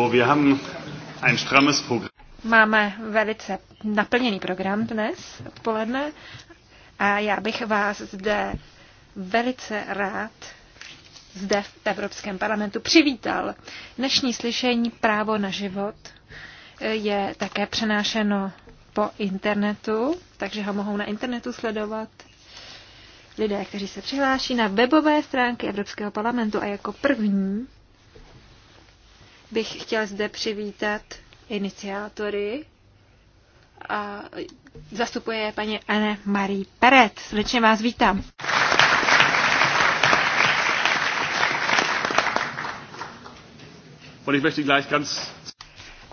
wir haben ein strammes Programm. Máme velice naplněný program dnes odpoledne a já bych vás zde velice rád zde v Evropském parlamentu přivítal. Dnešní slyšení Právo na život je také přenášeno po internetu, takže ho mohou na internetu sledovat lidé, kteří se přihláší na webové stránky Evropského parlamentu a jako první bych chtěla zde přivítat iniciátory a zastupuje je paní Anne Marie Peret. Srdečně vás vítám.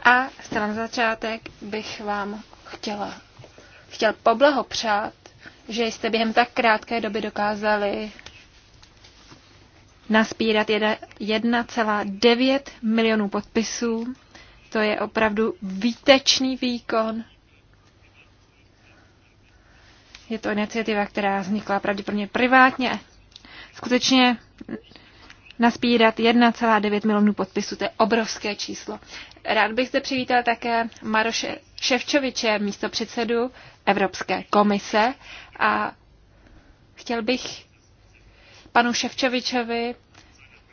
a zcela na začátek bych vám chtěla, chtěl poblahopřát, že jste během tak krátké doby dokázali naspírat 1,9 milionů podpisů. To je opravdu výtečný výkon. Je to iniciativa, která vznikla pravděpodobně privátně. Skutečně naspírat 1,9 milionů podpisů, to je obrovské číslo. Rád bych zde přivítal také Maroše Ševčoviče, místo předsedu Evropské komise a chtěl bych panu Ševčevičovi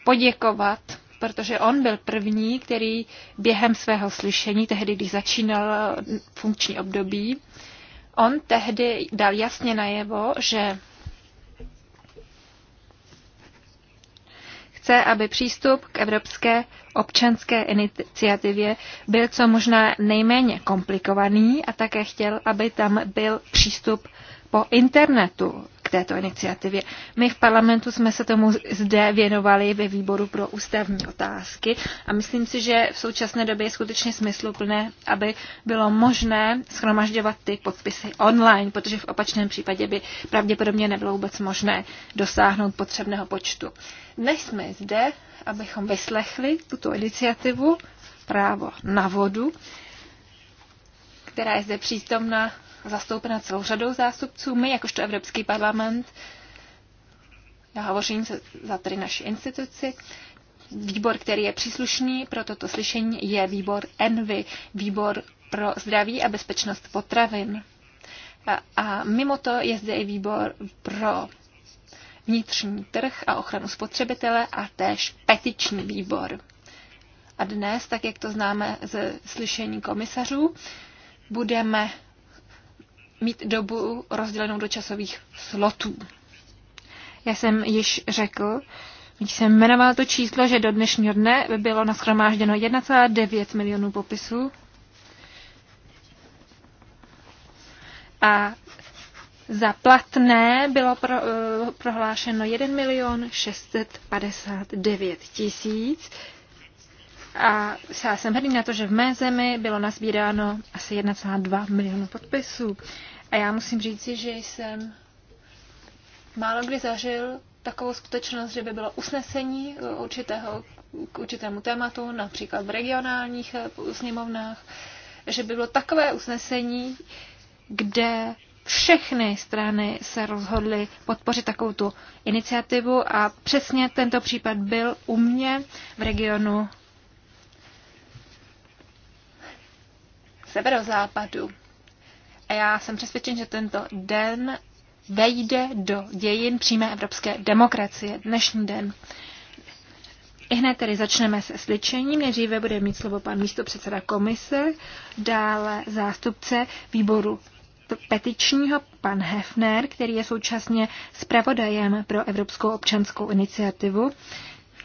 poděkovat, protože on byl první, který během svého slyšení, tehdy, když začínal funkční období, on tehdy dal jasně najevo, že chce, aby přístup k Evropské občanské iniciativě byl co možná nejméně komplikovaný a také chtěl, aby tam byl přístup po internetu k této iniciativě. My v parlamentu jsme se tomu zde věnovali ve výboru pro ústavní otázky a myslím si, že v současné době je skutečně smysluplné, aby bylo možné schromažďovat ty podpisy online, protože v opačném případě by pravděpodobně nebylo vůbec možné dosáhnout potřebného počtu. Dnes jsme zde, abychom vyslechli tuto iniciativu právo na vodu, která je zde přítomna zastoupena celou řadou zástupců. My, jakožto Evropský parlament, já hovořím za tedy naši instituci, výbor, který je příslušný pro toto slyšení, je výbor ENVY, výbor pro zdraví a bezpečnost potravin. A, a mimo to je zde i výbor pro vnitřní trh a ochranu spotřebitele a též petiční výbor. A dnes, tak jak to známe ze slyšení komisařů, budeme mít dobu rozdělenou do časových slotů. Já jsem již řekl, když jsem jmenoval to číslo, že do dnešního dne by bylo nashromážděno 1,9 milionů popisů a za platné bylo pro, eh, prohlášeno 1 milion 659 tisíc a já jsem hrdý na to, že v mé zemi bylo nasbíráno asi 1,2 milionu podpisů. A já musím říci, že jsem málo kdy zažil takovou skutečnost, že by bylo usnesení určitého, k určitému tématu, například v regionálních eh, sněmovnách, že by bylo takové usnesení, kde všechny strany se rozhodly podpořit takovou tu iniciativu a přesně tento případ byl u mě v regionu severozápadu. A já jsem přesvědčen, že tento den vejde do dějin přímé evropské demokracie, dnešní den. I hned tedy začneme se sličením. Nejdříve bude mít slovo pan místo předseda komise, dále zástupce výboru petičního pan Hefner, který je současně zpravodajem pro Evropskou občanskou iniciativu,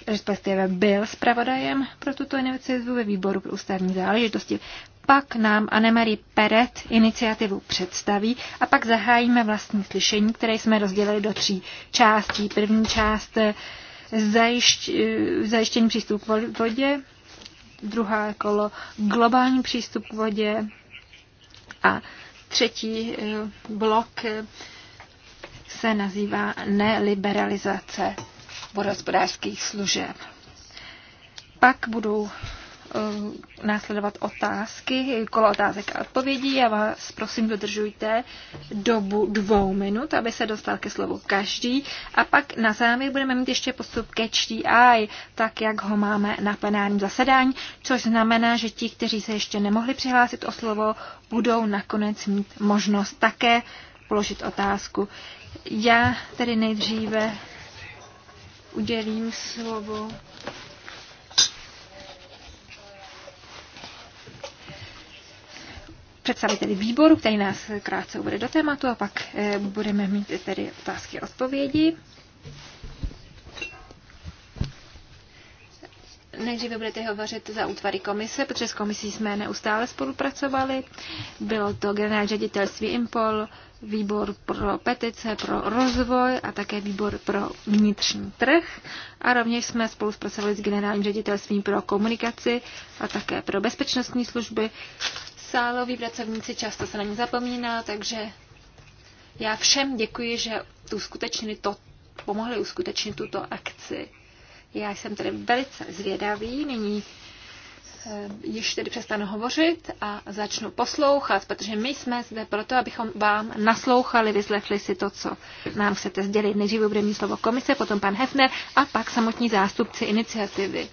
respektive byl zpravodajem pro tuto iniciativu ve výboru pro ústavní záležitosti pak nám Anemarie Peret iniciativu představí a pak zahájíme vlastní slyšení, které jsme rozdělili do tří částí. První část eh, zajišť, eh, zajištění přístup k vodě, druhá kolo globální přístup k vodě a třetí eh, blok se nazývá neliberalizace vodohospodářských služeb. Pak budou Eh, následovat otázky, kolo otázek a odpovědí. Já vás prosím dodržujte dobu dvou minut, aby se dostal ke slovu každý. A pak na závěr budeme mít ještě postup ke HDI, tak jak ho máme na plenárním zasedání, což znamená, že ti, kteří se ještě nemohli přihlásit o slovo, budou nakonec mít možnost také položit otázku. Já tedy nejdříve udělím slovo představiteli výboru, který nás krátce uvede do tématu a pak eh, budeme mít tedy otázky a odpovědi. Nejdříve budete hovořit za útvary komise, protože s komisí jsme neustále spolupracovali. Bylo to generální ředitelství IMPOL, výbor pro petice, pro rozvoj a také výbor pro vnitřní trh. A rovněž jsme spolupracovali s generálním ředitelstvím pro komunikaci a také pro bezpečnostní služby Sáloví pracovníci často se na ně zapomíná, takže já všem děkuji, že tu skutečně to, pomohli uskutečnit tuto akci. Já jsem tedy velice zvědavý, nyní eh, již tedy přestanu hovořit a začnu poslouchat, protože my jsme zde proto, abychom vám naslouchali, vyslechli si to, co nám chcete sdělit. Nejdříve bude mít slovo komise, potom pan Hefner a pak samotní zástupci iniciativy.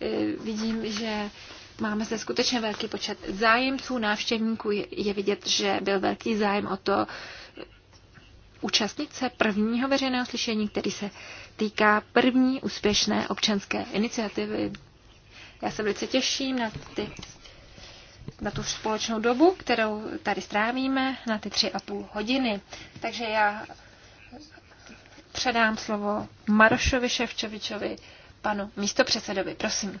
Eh, vidím, že Máme se skutečně velký počet zájemců, návštěvníků. Je vidět, že byl velký zájem o to eh, účastnit se prvního veřejného slyšení, který se týká první úspěšné občanské iniciativy. Já se velice těším na, ty, na tu společnou dobu, kterou tady strávíme, na ty tři a půl hodiny. Takže já předám slovo Marošovi Ševčovičovi, panu místopředsedovi. Prosím.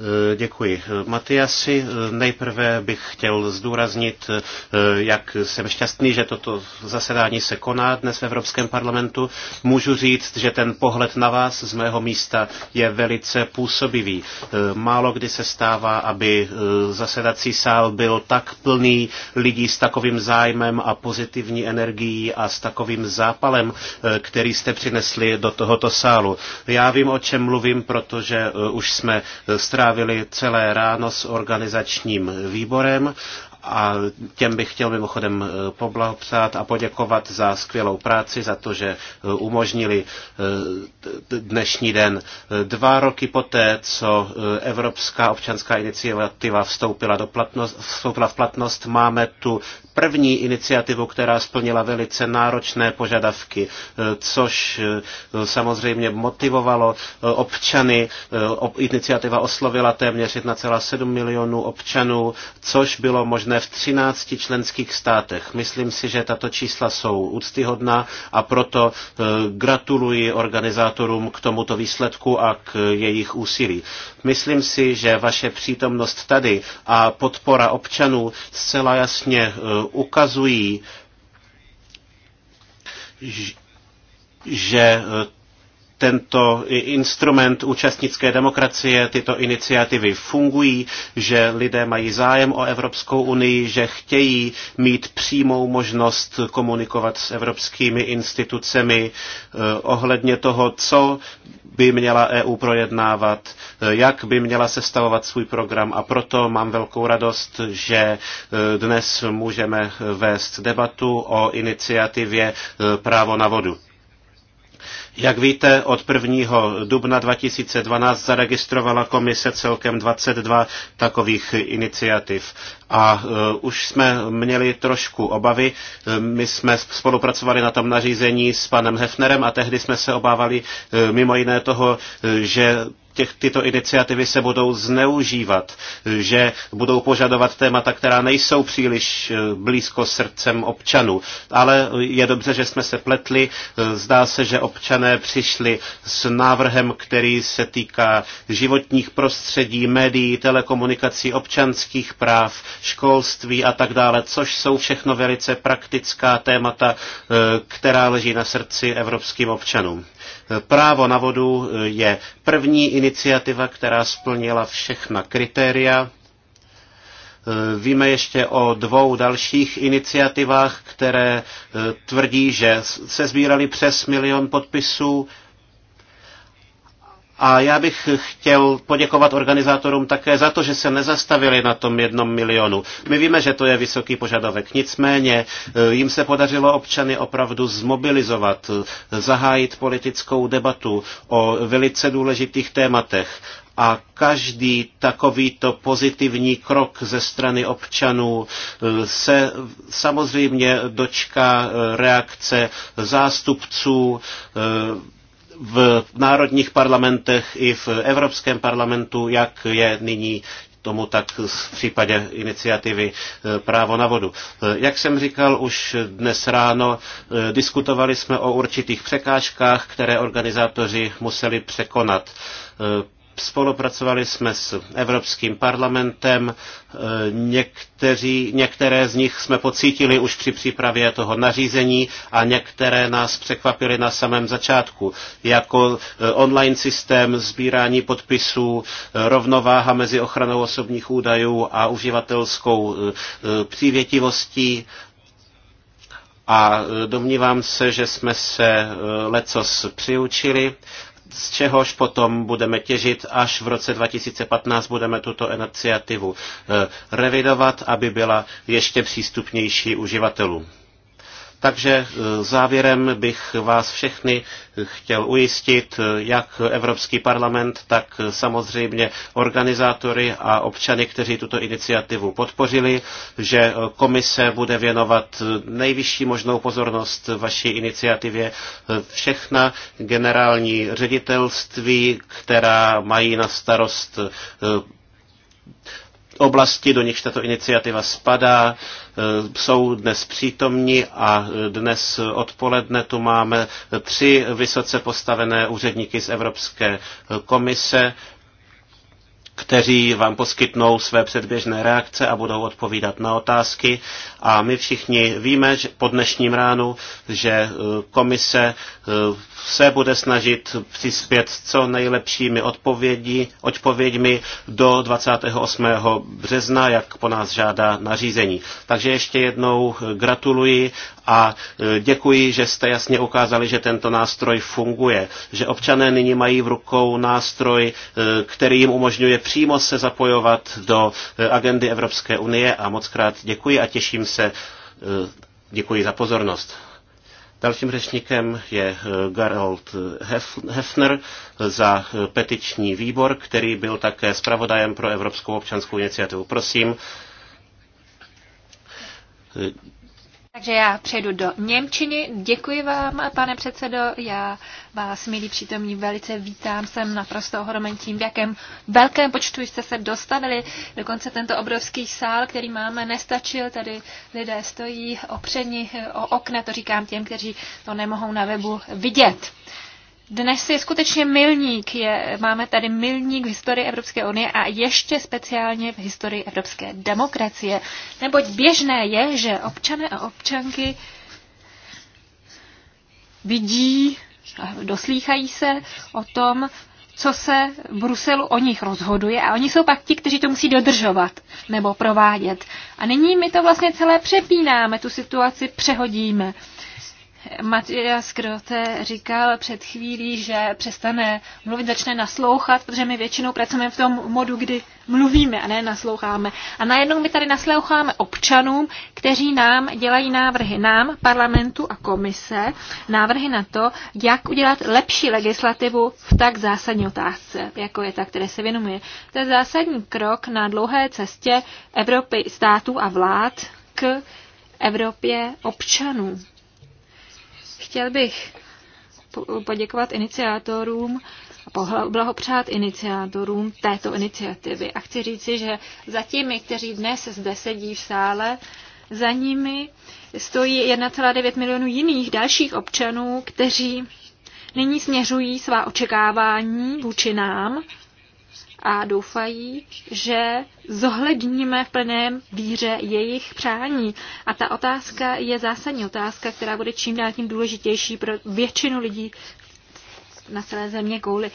Eh, děkuji. Matyasi, eh, nejprve bych chtěl zdůraznit, eh, jak jsem šťastný, že toto zasedání se koná dnes v Evropském parlamentu. Můžu říct, že ten pohled na vás z mého místa je velice působivý. Málo kdy se stává, aby zasedací sál byl tak plný lidí s takovým zájmem a pozitivní energií a s takovým zápalem, který jste přinesli do tohoto sálu. Já vím, o čem mluvím, protože už jsme strávili strávili celé ráno s organizačním výborem a těm bych chtěl mimochodem eh, poblahopřát a poděkovat za skvělou práci, za to, že eh, umožnili eh, dnešní den. Dva roky poté, co Evropská občanská iniciativa vstoupila, do platnost, vstoupila v platnost, máme tu první iniciativu, která splnila velice náročné požadavky, což samozřejmě motivovalo občany. Iniciativa oslovila téměř 1,7 milionů občanů, což bylo možné dostupné v 13 členských státech. Myslím si, že tato čísla jsou úctyhodná a proto e, gratuluji organizátorům k tomuto výsledku a k jejich úsilí. Myslím si, že vaše přítomnost tady a podpora občanů zcela jasně e, ukazují, že e, tento instrument účastnické demokracie, tyto iniciativy fungují, že lidé mají zájem o Evropskou unii, že chtějí mít přímou možnost komunikovat s evropskými institucemi eh, ohledně toho, co by měla EU projednávat, eh, jak by měla sestavovat svůj program a proto mám velkou radost, že eh, dnes můžeme vést debatu o iniciativě právo na vodu. Jak víte, od 1. dubna 2012 zaregistrovala komise celkem 22 takových iniciativ. A e, už jsme měli trošku obavy. E, my jsme spolupracovali na tom nařízení s panem Hefnerem a tehdy jsme se obávali e, mimo jiné toho, že těch, tyto iniciativy se budou zneužívat, že budou požadovat témata, která nejsou příliš eh, blízko srdcem občanů. Ale je dobře, že jsme se pletli. Eh, zdá se, že občané přišli s návrhem, který se týká životních prostředí, médií, telekomunikací, občanských práv, školství a tak dále, což jsou všechno velice praktická témata, eh, která leží na srdci evropským občanům. Právo na vodu je první iniciativa, která splnila všechna kritéria. Víme ještě o dvou dalších iniciativách, které tvrdí, že se sbírali přes milion podpisů a já bych chtěl poděkovat organizátorům také za to, že se nezastavili na tom jednom milionu. My víme, že to je vysoký požadavek. Nicméně eh, jim se podařilo občany opravdu zmobilizovat, eh, zahájit politickou debatu o velice důležitých tématech a každý takovýto pozitivní krok ze strany občanů eh, se samozřejmě dočká reakce zástupců v národních parlamentech i v Evropském parlamentu, jak je nyní tomu tak v případě iniciativy e, právo na vodu. E, jak jsem říkal už dnes ráno, e, diskutovali jsme o určitých překážkách, které organizátoři museli překonat Spolupracovali jsme s Evropským parlamentem, e, někteří, některé z nich jsme pocítili už při přípravě toho nařízení a některé nás překvapily na samém začátku, jako e, online systém sbírání podpisů, e, rovnováha mezi ochranou osobních údajů a uživatelskou přívětivostí a domnívám se, že jsme se lecos přiučili z čehož potom budeme těžit, až v roce 2015 budeme tuto iniciativu eh, revidovat, aby byla ještě přístupnější uživatelům. Takže e, závěrem bych vás všechny chtěl ujistit, e, jak Evropský parlament, tak e, samozřejmě organizátory a občany, kteří tuto iniciativu podpořili, že komise bude věnovat nejvyšší možnou pozornost vaší iniciativě všechna generální ředitelství, která mají na starost oblasti, do nichž tato iniciativa spadá, eh, jsou dnes přítomní a eh, dnes odpoledne tu máme tři vysoce postavené úředníky z Evropské eh, komise, kteří vám poskytnou své předběžné reakce a budou odpovídat na otázky. A my všichni víme že po dnešním ránu, že e, komise e, se bude snažit přispět co nejlepšími odpovědi, odpověďmi do 28. března, jak po nás žádá nařízení. Takže ještě jednou gratuluji a e, děkuji, že jste jasně ukázali, že tento nástroj funguje, že občané nyní mají v rukou nástroj, e, který jim umožňuje přímo se zapojovat do e, agendy Evropské unie a moc krát děkuji a těším se. Děkuji za pozornost. Dalším řečníkem je Gerald Hefner za petiční výbor, který byl také zpravodajem pro Evropskou občanskou iniciativu. Prosím. Takže já přejdu do Němčiny. Děkuji vám, pane předsedo. Já vás, milí přítomní, velice vítám. Jsem naprosto ohromen tím, v jakém velkém počtu jste se dostavili. Dokonce tento obrovský sál, který máme, nestačil. Tady lidé stojí opřeni o okna, to říkám těm, kteří to nemohou na webu vidět. Dnes je skutečně milník. Je, máme tady milník v historii Evropské unie a ještě speciálně v historii evropské demokracie. Neboť běžné je, že občané a občanky vidí a doslýchají se o tom, co se v Bruselu o nich rozhoduje a oni jsou pak ti, kteří to musí dodržovat nebo provádět. A nyní my to vlastně celé přepínáme, tu situaci přehodíme. Matěja Skrote říkal před chvílí, že přestane mluvit, začne naslouchat, protože my většinou pracujeme v tom modu, kdy mluvíme a ne nasloucháme. A najednou my tady nasloucháme občanům, kteří nám dělají návrhy, nám, parlamentu a komise, návrhy na to, jak udělat lepší legislativu v tak zásadní otázce, jako je ta, které se věnuje. To je zásadní krok na dlouhé cestě Evropy, států a vlád k Evropě občanů. Chtěl bych poděkovat iniciátorům a blahopřát iniciátorům této iniciativy. A chci říci, že za těmi, kteří dnes zde sedí v sále, za nimi stojí 1,9 milionů jiných dalších občanů, kteří nyní směřují svá očekávání vůči nám a doufají, že zohledníme v plném víře jejich přání. A ta otázka je zásadní otázka, která bude čím dál tím důležitější pro většinu lidí na celé země kouli.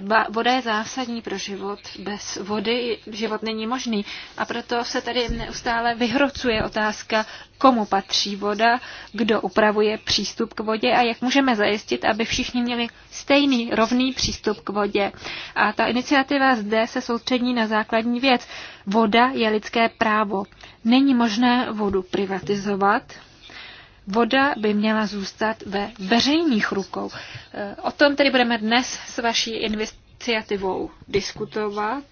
Ba, voda je zásadní pro život. Bez vody život není možný. A proto se tady neustále vyhrocuje otázka, komu patří voda, kdo upravuje přístup k vodě a jak můžeme zajistit, aby všichni měli stejný, rovný přístup k vodě. A ta iniciativa zde se soustředí na základní věc. Voda je lidské právo. Není možné vodu privatizovat, voda by měla zůstat ve veřejných rukou. Eh, o tom tedy budeme dnes s vaší iniciativou diskutovat,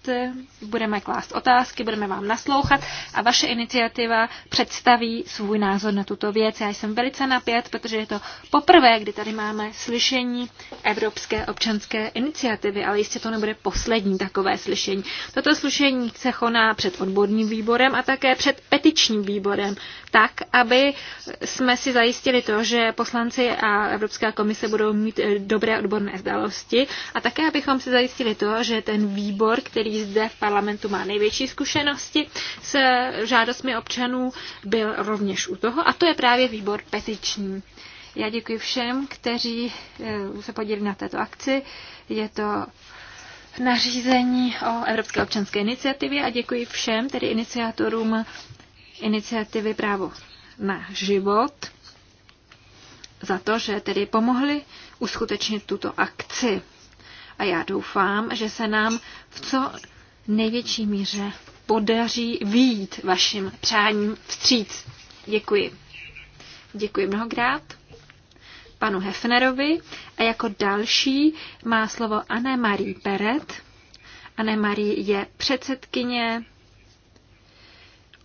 budeme klást otázky, budeme vám naslouchat a vaše iniciativa představí svůj názor na tuto věc. Já jsem velice napět, protože je to poprvé, kdy tady máme slyšení Evropské občanské iniciativy, ale jistě to nebude poslední takové slyšení. Toto slyšení se koná před odborným výborem a také před petičním výborem, tak, aby jsme si zajistili to, že poslanci a Evropská komise budou mít eh, dobré odborné zdalosti a také, abychom si zajistili zajistili to, že ten výbor, který zde v parlamentu má největší zkušenosti s žádostmi občanů, byl rovněž u toho a to je právě výbor petiční. Já děkuji všem, kteří eh, se podělili na této akci. Je to nařízení o Evropské občanské iniciativě a děkuji všem, tedy iniciátorům iniciativy Právo na život, za to, že tedy pomohli uskutečnit tuto akci a já doufám, že se nám v co největší míře podaří výjít vašim přáním vstříc. Děkuji. Děkuji mnohokrát panu Hefnerovi a jako další má slovo Anne Marie Peret. Anne Marie je předsedkyně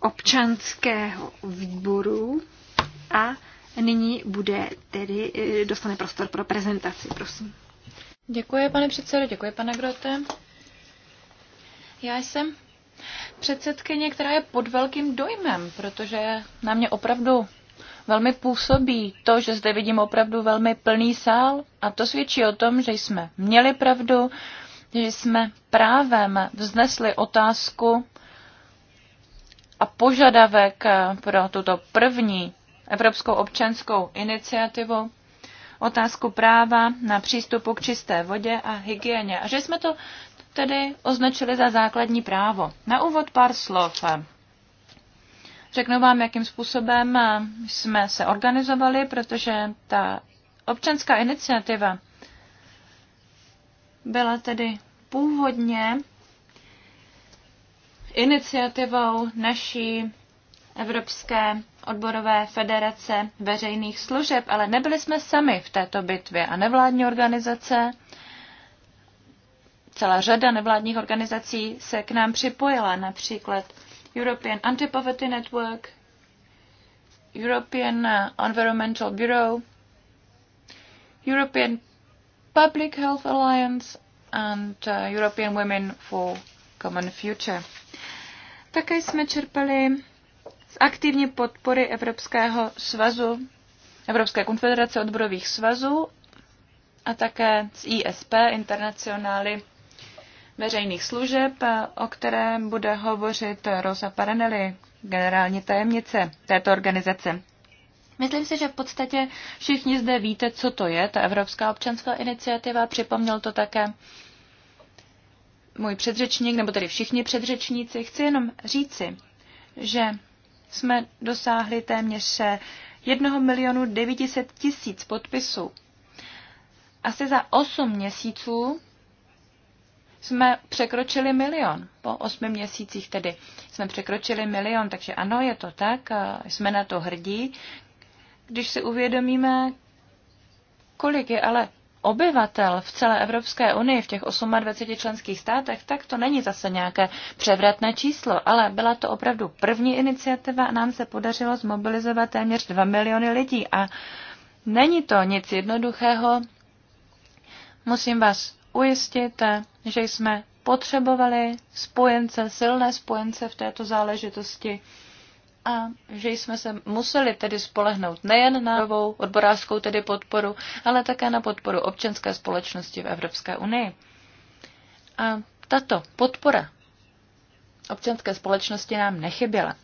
občanského výboru a nyní bude tedy, eh, dostane prostor pro prezentaci, prosím. Děkuji, pane předsedo, děkuji, pane Grote. Já jsem předsedkyně, která je pod velkým dojmem, protože na mě opravdu velmi působí to, že zde vidím opravdu velmi plný sál a to svědčí o tom, že jsme měli pravdu, že jsme právem vznesli otázku a požadavek pro tuto první Evropskou občanskou iniciativu otázku práva na přístupu k čisté vodě a hygieně a že jsme to tedy označili za základní právo. Na úvod pár slov. Řeknu vám, jakým způsobem jsme se organizovali, protože ta občanská iniciativa byla tedy původně iniciativou naší evropské odborové federace veřejných služeb, ale nebyli jsme sami v této bitvě a nevládní organizace, celá řada nevládních organizací se k nám připojila, například European Anti-Poverty Network, European Environmental Bureau, European Public Health Alliance and uh, European Women for Common Future. Také jsme čerpali z aktivní podpory Evropského svazu, Evropské konfederace odborových svazů a také z ISP, Internacionály veřejných služeb, o kterém bude hovořit Rosa Paranelli, generální tajemnice této organizace. Myslím si, že v podstatě všichni zde víte, co to je, ta Evropská občanská iniciativa. Připomněl to také můj předřečník, nebo tedy všichni předřečníci. Chci jenom říci, že jsme dosáhli téměř 1 eh, milionu 900 tisíc podpisů. Asi za 8 měsíců jsme překročili milion. Po 8 měsících tedy jsme překročili milion, takže ano, je to tak, eh, jsme na to hrdí. Když si uvědomíme, kolik je ale obyvatel v celé Evropské unii, v těch 28 členských státech, tak to není zase nějaké převratné číslo, ale byla to opravdu první iniciativa a nám se podařilo zmobilizovat téměř 2 miliony lidí a není to nic jednoduchého. Musím vás ujistit, že jsme potřebovali spojence, silné spojence v této záležitosti a že jsme se museli tedy spolehnout nejen na novou odborářskou tedy podporu, ale také na podporu občanské společnosti v Evropské unii. A tato podpora občanské společnosti nám nechyběla.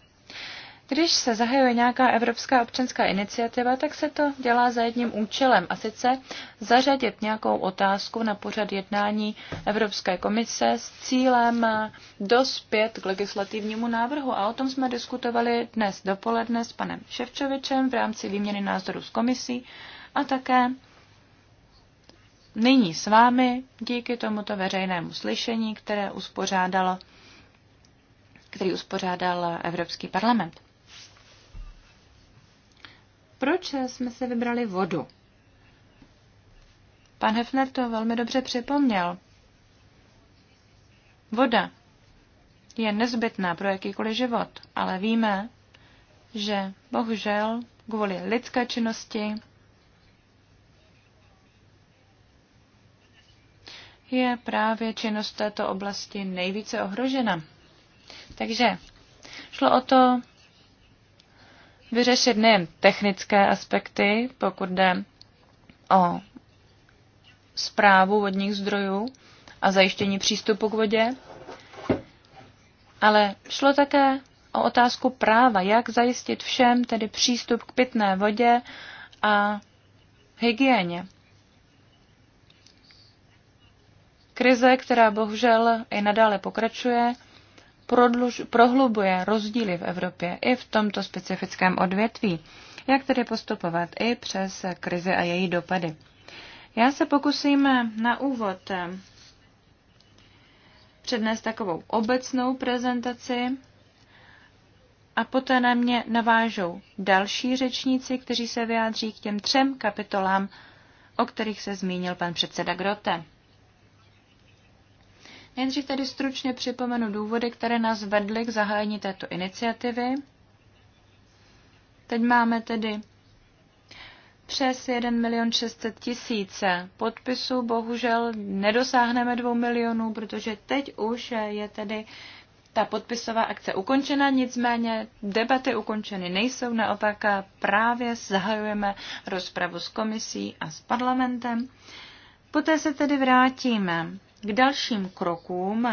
Když se zahajuje nějaká evropská občanská iniciativa, tak se to dělá za jedním účelem, a sice zařadit nějakou otázku na pořad jednání Evropské komise s cílem eh, dospět k legislativnímu návrhu. A o tom jsme diskutovali dnes dopoledne s panem Ševčovičem v rámci výměny názorů s komisí a také nyní s vámi díky tomuto veřejnému slyšení, které uspořádalo který uspořádal Evropský parlament. Proč jsme se vybrali vodu? Pan Hefner to velmi dobře připomněl. Voda je nezbytná pro jakýkoliv život, ale víme, že bohužel kvůli lidské činnosti je právě činnost této oblasti nejvíce ohrožena. Takže šlo o to vyřešit nejen technické aspekty, pokud jde o zprávu vodních zdrojů a zajištění přístupu k vodě, ale šlo také o otázku práva, jak zajistit všem tedy přístup k pitné vodě a hygieně. Krize, která bohužel i nadále pokračuje, prodluž, prohlubuje rozdíly v Evropě i v tomto specifickém odvětví. Jak tedy postupovat i přes krizi a její dopady? Já se pokusím na úvod eh, přednést takovou obecnou prezentaci a poté na mě navážou další řečníci, kteří se vyjádří k těm třem kapitolám, o kterých se zmínil pan předseda Grote. Nejdřív tedy stručně připomenu důvody, které nás vedly k zahájení této iniciativy. Teď máme tedy přes 1 milion 600 tisíc podpisů. Bohužel nedosáhneme 2 milionů, protože teď už je tedy ta podpisová akce ukončena, nicméně debaty ukončeny nejsou, naopak právě zahajujeme rozpravu s komisí a s parlamentem. Poté se tedy vrátíme k dalším krokům,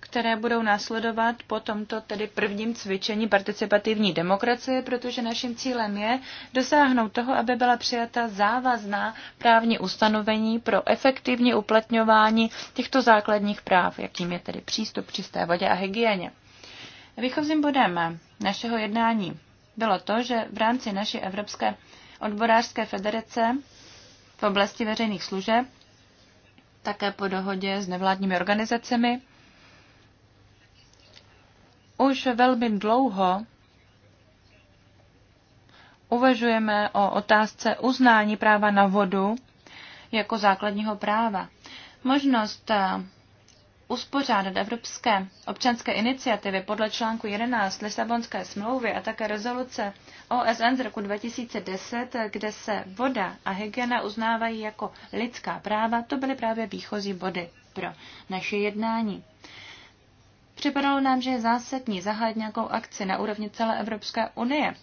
které budou následovat po tomto tedy prvním cvičení participativní demokracie, protože naším cílem je dosáhnout toho, aby byla přijata závazná právní ustanovení pro efektivní uplatňování těchto základních práv, jakým je tedy přístup k čisté vodě a hygieně. Výchozím bodem našeho jednání bylo to, že v rámci naší Evropské odborářské federace v oblasti veřejných služeb také po dohodě s nevládními organizacemi. Už velmi dlouho uvažujeme o otázce uznání práva na vodu jako základního práva. Možnost uspořádat evropské občanské iniciativy podle článku 11 Lisabonské smlouvy a také rezoluce OSN z roku 2010, kde se voda a hygiena uznávají jako lidská práva, to byly právě výchozí body pro naše jednání. Připadalo nám, že je zásadní zahájit nějakou akci na úrovni celé Evropské unie,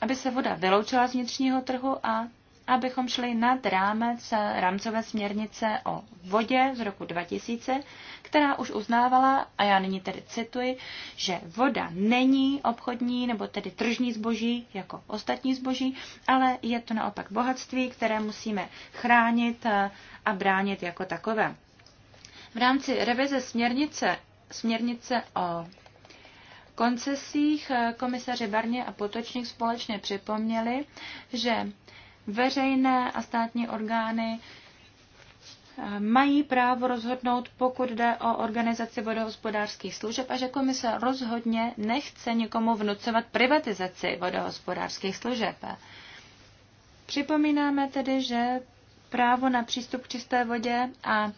aby se voda vyloučila z vnitřního trhu a abychom šli nad rámec rámcové směrnice o vodě z roku 2000, která už uznávala, a já nyní tedy cituji, že voda není obchodní nebo tedy tržní zboží jako ostatní zboží, ale je to naopak bohatství, které musíme chránit eh, a bránit jako takové. V rámci revize směrnice, směrnice o koncesích eh, komisaři Barně a Potočník společně připomněli, že veřejné a státní orgány eh, mají právo rozhodnout, pokud jde o organizaci vodohospodářských služeb a že komise rozhodně nechce nikomu vnucovat privatizaci vodohospodářských služeb. Připomínáme tedy, že právo na přístup k čisté vodě a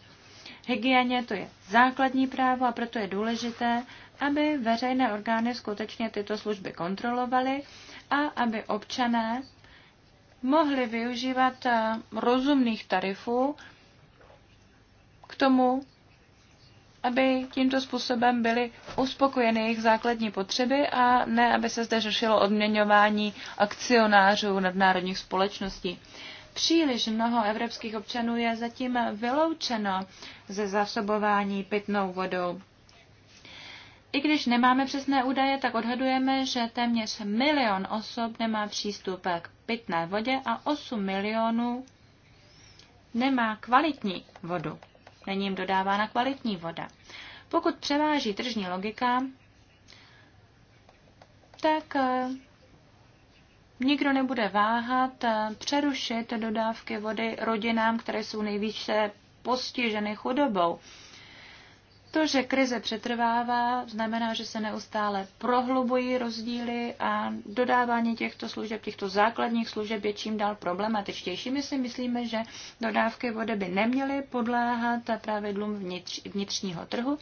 hygieně to je základní právo a proto je důležité, aby veřejné orgány skutečně tyto služby kontrolovaly a aby občané mohli využívat eh, rozumných tarifů k tomu, aby tímto způsobem byly uspokojeny jejich základní potřeby a ne, aby se zde řešilo odměňování akcionářů nadnárodních společností. Příliš mnoho evropských občanů je zatím vyloučeno ze zásobování pitnou vodou. I když nemáme přesné údaje, tak odhadujeme, že téměř milion osob nemá přístup k pitné vodě a 8 milionů nemá kvalitní vodu. Není jim dodávána kvalitní voda. Pokud převáží tržní logika, tak eh, nikdo nebude váhat eh, přerušit dodávky vody rodinám, které jsou nejvíce postiženy chudobou. To, že krize přetrvává, znamená, že se neustále prohlubují rozdíly a dodávání těchto služeb, těchto základních služeb je čím dál problematičtější. My si myslíme, že dodávky vody by neměly podléhat pravidlům vnitř, vnitřního trhu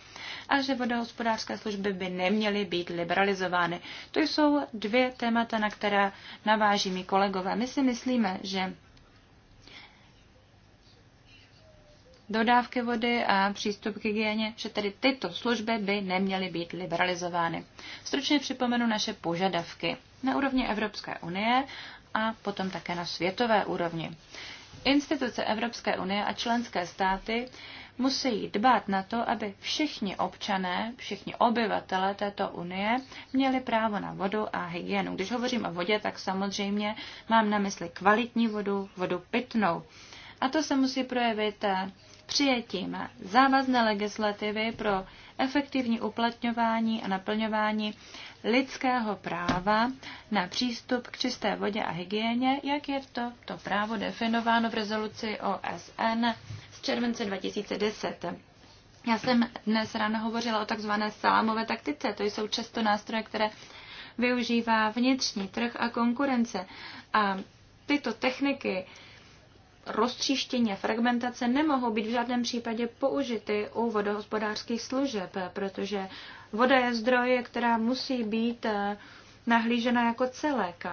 a že vodohospodářské služby by neměly být liberalizovány. To jsou dvě témata, na která naváží mi kolegové. My si myslíme, že dodávky vody a přístup k hygieně, že tedy tyto služby by neměly být liberalizovány. Stručně připomenu naše požadavky na úrovni Evropské unie a potom také na světové úrovni. Instituce Evropské unie a členské státy musí dbát na to, aby všichni občané, všichni obyvatele této unie měli právo na vodu a hygienu. Když hovořím o vodě, tak samozřejmě mám na mysli kvalitní vodu, vodu pitnou. A to se musí projevit přijetím závazné legislativy pro efektivní uplatňování a naplňování lidského práva na přístup k čisté vodě a hygieně, jak je to, to právo definováno v rezoluci OSN z července 2010. Já jsem dnes ráno hovořila o takzvané salámové taktice. To jsou často nástroje, které využívá vnitřní trh a konkurence. A tyto techniky roztříštění a fragmentace nemohou být v žádném případě použity u vodohospodářských služeb, protože voda je zdroj, která musí být eh, nahlížena jako celek.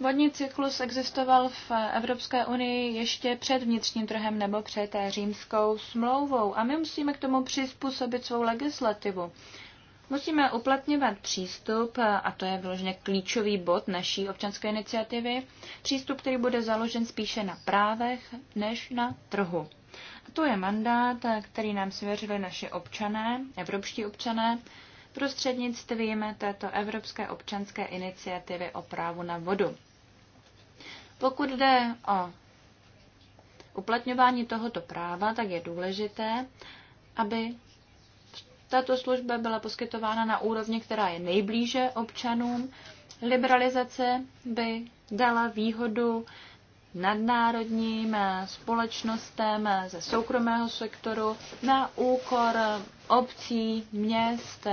Vodní cyklus existoval v Evropské unii ještě před vnitřním trhem nebo před římskou smlouvou a my musíme k tomu přizpůsobit svou legislativu. Musíme uplatňovat přístup, a to je vyloženě klíčový bod naší občanské iniciativy, přístup, který bude založen spíše na právech než na trhu. A to je mandát, který nám svěřili naše občané, evropští občané, prostřednictvím této Evropské občanské iniciativy o právu na vodu. Pokud jde o uplatňování tohoto práva, tak je důležité, aby tato služba byla poskytována na úrovni, která je nejblíže občanům. Liberalizace by dala výhodu nadnárodním společnostem ze soukromého sektoru na úkor obcí, měst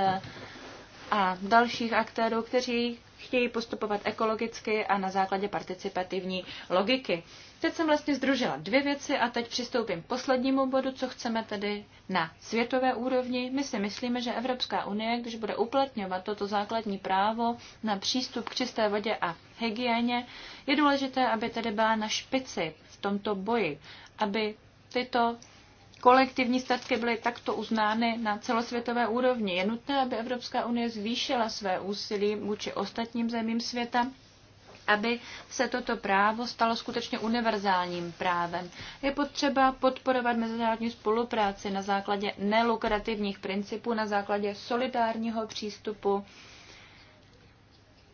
a dalších aktérů, kteří chtějí postupovat ekologicky a na základě participativní logiky. Teď jsem vlastně združila dvě věci a teď přistoupím k poslednímu bodu, co chceme tedy na světové úrovni. My si myslíme, že Evropská unie, když bude uplatňovat toto základní právo na přístup k čisté vodě a hygieně, je důležité, aby tedy byla na špici v tomto boji, aby tyto kolektivní statky byly takto uznány na celosvětové úrovni. Je nutné, aby Evropská unie zvýšila své úsilí vůči ostatním zemím světa, aby se toto právo stalo skutečně univerzálním právem. Je potřeba podporovat mezinárodní spolupráci na základě nelukrativních principů, na základě solidárního přístupu,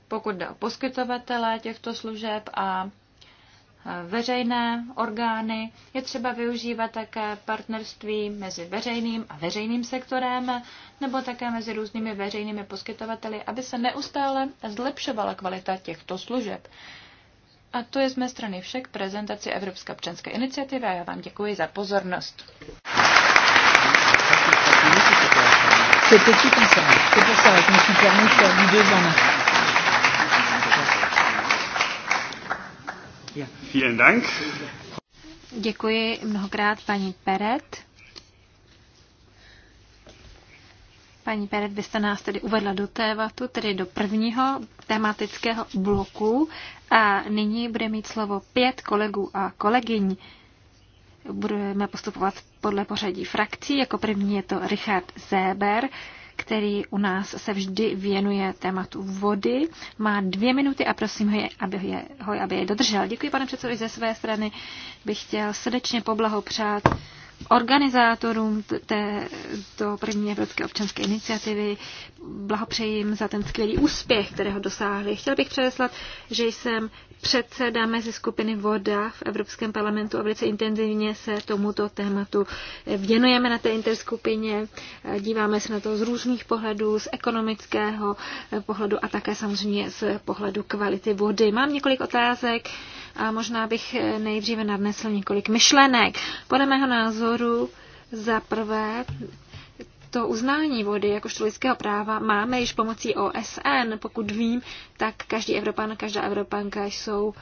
pokud jde o poskytovatele těchto služeb a veřejné orgány. Je třeba využívat také partnerství mezi veřejným a veřejným sektorem, nebo také mezi různými veřejnými poskytovateli, aby se neustále zlepšovala kvalita těchto služeb. A to je z mé strany vše k prezentaci Evropské občanské iniciativy a já vám děkuji za pozornost. C'est petit comme ça. C'est pour ça que deux Vielen Dank. Děkuji mnohokrát paní Peret. Paní Peret, byste nás tedy uvedla do tématu, tedy do prvního tematického bloku a nyní bude mít slovo pět kolegů a kolegyň. Budeme postupovat podle pořadí frakcí. Jako první je to Richard Zéber, který u nás se vždy věnuje tématu vody. Má dvě minuty a prosím ho, aby, je, ho, aby je dodržel. Děkuji, pane předsedo, i ze své strany bych chtěl srdečně poblahopřát organizátorům této první evropské občanské iniciativy. Blahopřeji jim za ten skvělý úspěch, kterého dosáhli. Chtěl bych předeslat, že jsem předseda mezi skupiny Voda v Evropském parlamentu a velice intenzivně se tomuto tématu věnujeme na té interskupině. Díváme se na to z různých pohledů, z ekonomického pohledu a také samozřejmě z pohledu kvality vody. Mám několik otázek a možná bych eh, nejdříve nadnesl několik myšlenek. Podle mého názoru za prvé to uznání vody jakožto lidského práva máme již pomocí OSN. Pokud vím, tak každý Evropan, každá Evropanka jsou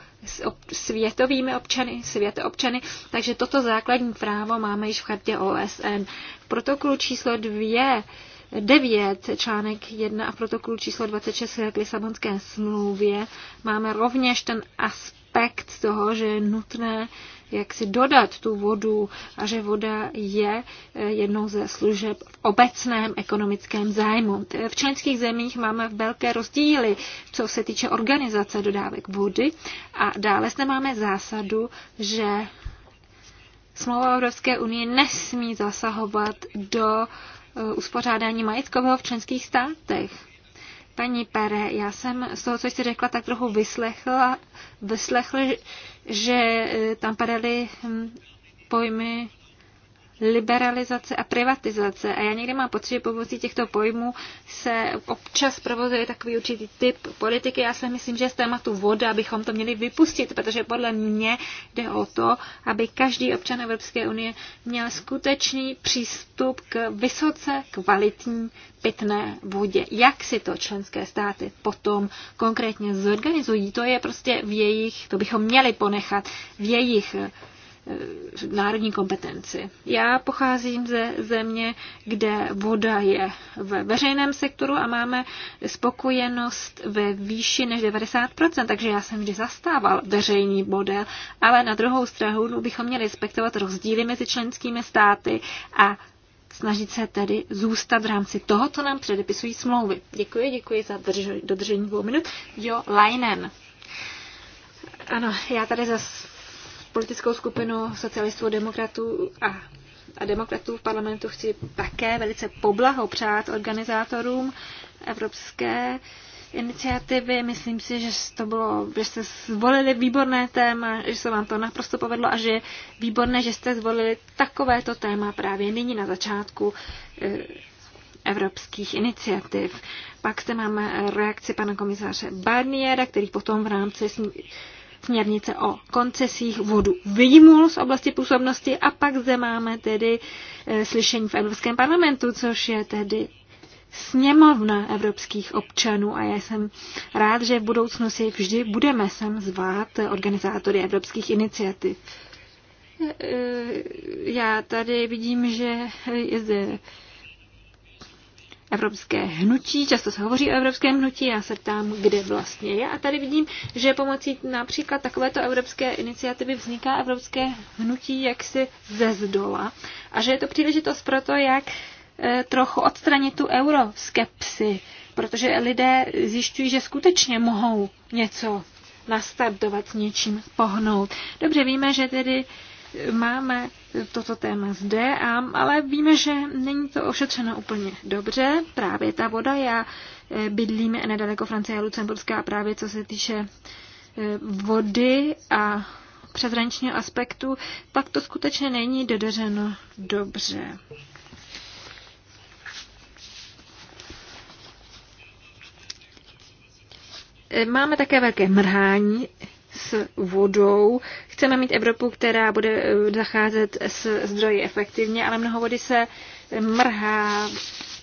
světovými občany, občany, takže toto základní právo máme již v chartě OSN. V protokolu číslo dvě 9, článek 1 a protokol číslo 26 k Lisabonské smlouvě máme rovněž ten aspekt toho, že je nutné jak si dodat tu vodu a že voda je eh, jednou ze služeb v obecném ekonomickém zájmu. V členských zemích máme velké rozdíly, co se týče organizace dodávek vody a dále zde máme zásadu, že smlouva Evropské unie nesmí zasahovat do Eh, uspořádání majetkového v členských státech. Paní Pere, já jsem z toho, co jste řekla, tak trochu vyslechla, Vyslechla, že eh, tam padaly hm, pojmy liberalizace a privatizace. A já někdy mám pocit, že pomocí těchto pojmů se občas provozuje takový určitý typ politiky. Já si myslím, že z tématu voda bychom to měli vypustit, protože podle mě jde o to, aby každý občan Evropské unie měl skutečný přístup k vysoce kvalitní pitné vodě. Jak si to členské státy potom konkrétně zorganizují, to je prostě v jejich, to bychom měli ponechat v jejich Eh, národní kompetenci. Já pocházím ze země, kde voda je ve veřejném sektoru a máme spokojenost ve výši než 90%, takže já jsem vždy zastával veřejný model, ale na druhou stranu bychom měli respektovat rozdíly mezi členskými státy a snažit se tedy zůstat v rámci toho, co nám předepisují smlouvy. Děkuji, děkuji za drž- dodržení dvou minut. Jo, Leinen. Ano, já tady zase politickou skupinu socialistů, demokratů a, a demokratů v parlamentu chci také velice poblahopřát organizátorům Evropské iniciativy. Myslím si, že to bylo, že jste zvolili výborné téma, že se vám to naprosto povedlo a že je výborné, že jste zvolili takovéto téma právě nyní na začátku eh, evropských iniciativ. Pak zde máme reakci pana komisáře Barniera, který potom v rámci směrnice o koncesích vodu vyjmul z oblasti působnosti a pak zde máme tedy e, slyšení v Evropském parlamentu, což je tedy sněmovna evropských občanů a já jsem rád, že v budoucnu si vždy budeme sem zvát organizátory evropských iniciativ. E, e, já tady vidím, že je zde evropské hnutí, často se hovoří o evropském hnutí, já se ptám, kde vlastně je. A tady vidím, že pomocí například takovéto evropské iniciativy vzniká evropské hnutí jaksi ze zdola a že je to příležitost pro to, jak eh, trochu odstranit tu euroskepsy, protože lidé zjišťují, že skutečně mohou něco nastartovat, s něčím pohnout. Dobře víme, že tedy máme toto téma zde, a, ale víme, že není to ošetřeno úplně dobře. Právě ta voda, já eh, bydlím nedaleko Francie a Lucemburská a právě co se týče eh, vody a přezraničního aspektu, tak to skutečně není dodrženo dobře. Eh, máme také velké mrhání s vodou. Chceme mít Evropu, která bude eh, zacházet s zdroji efektivně, ale mnoho vody se mrhá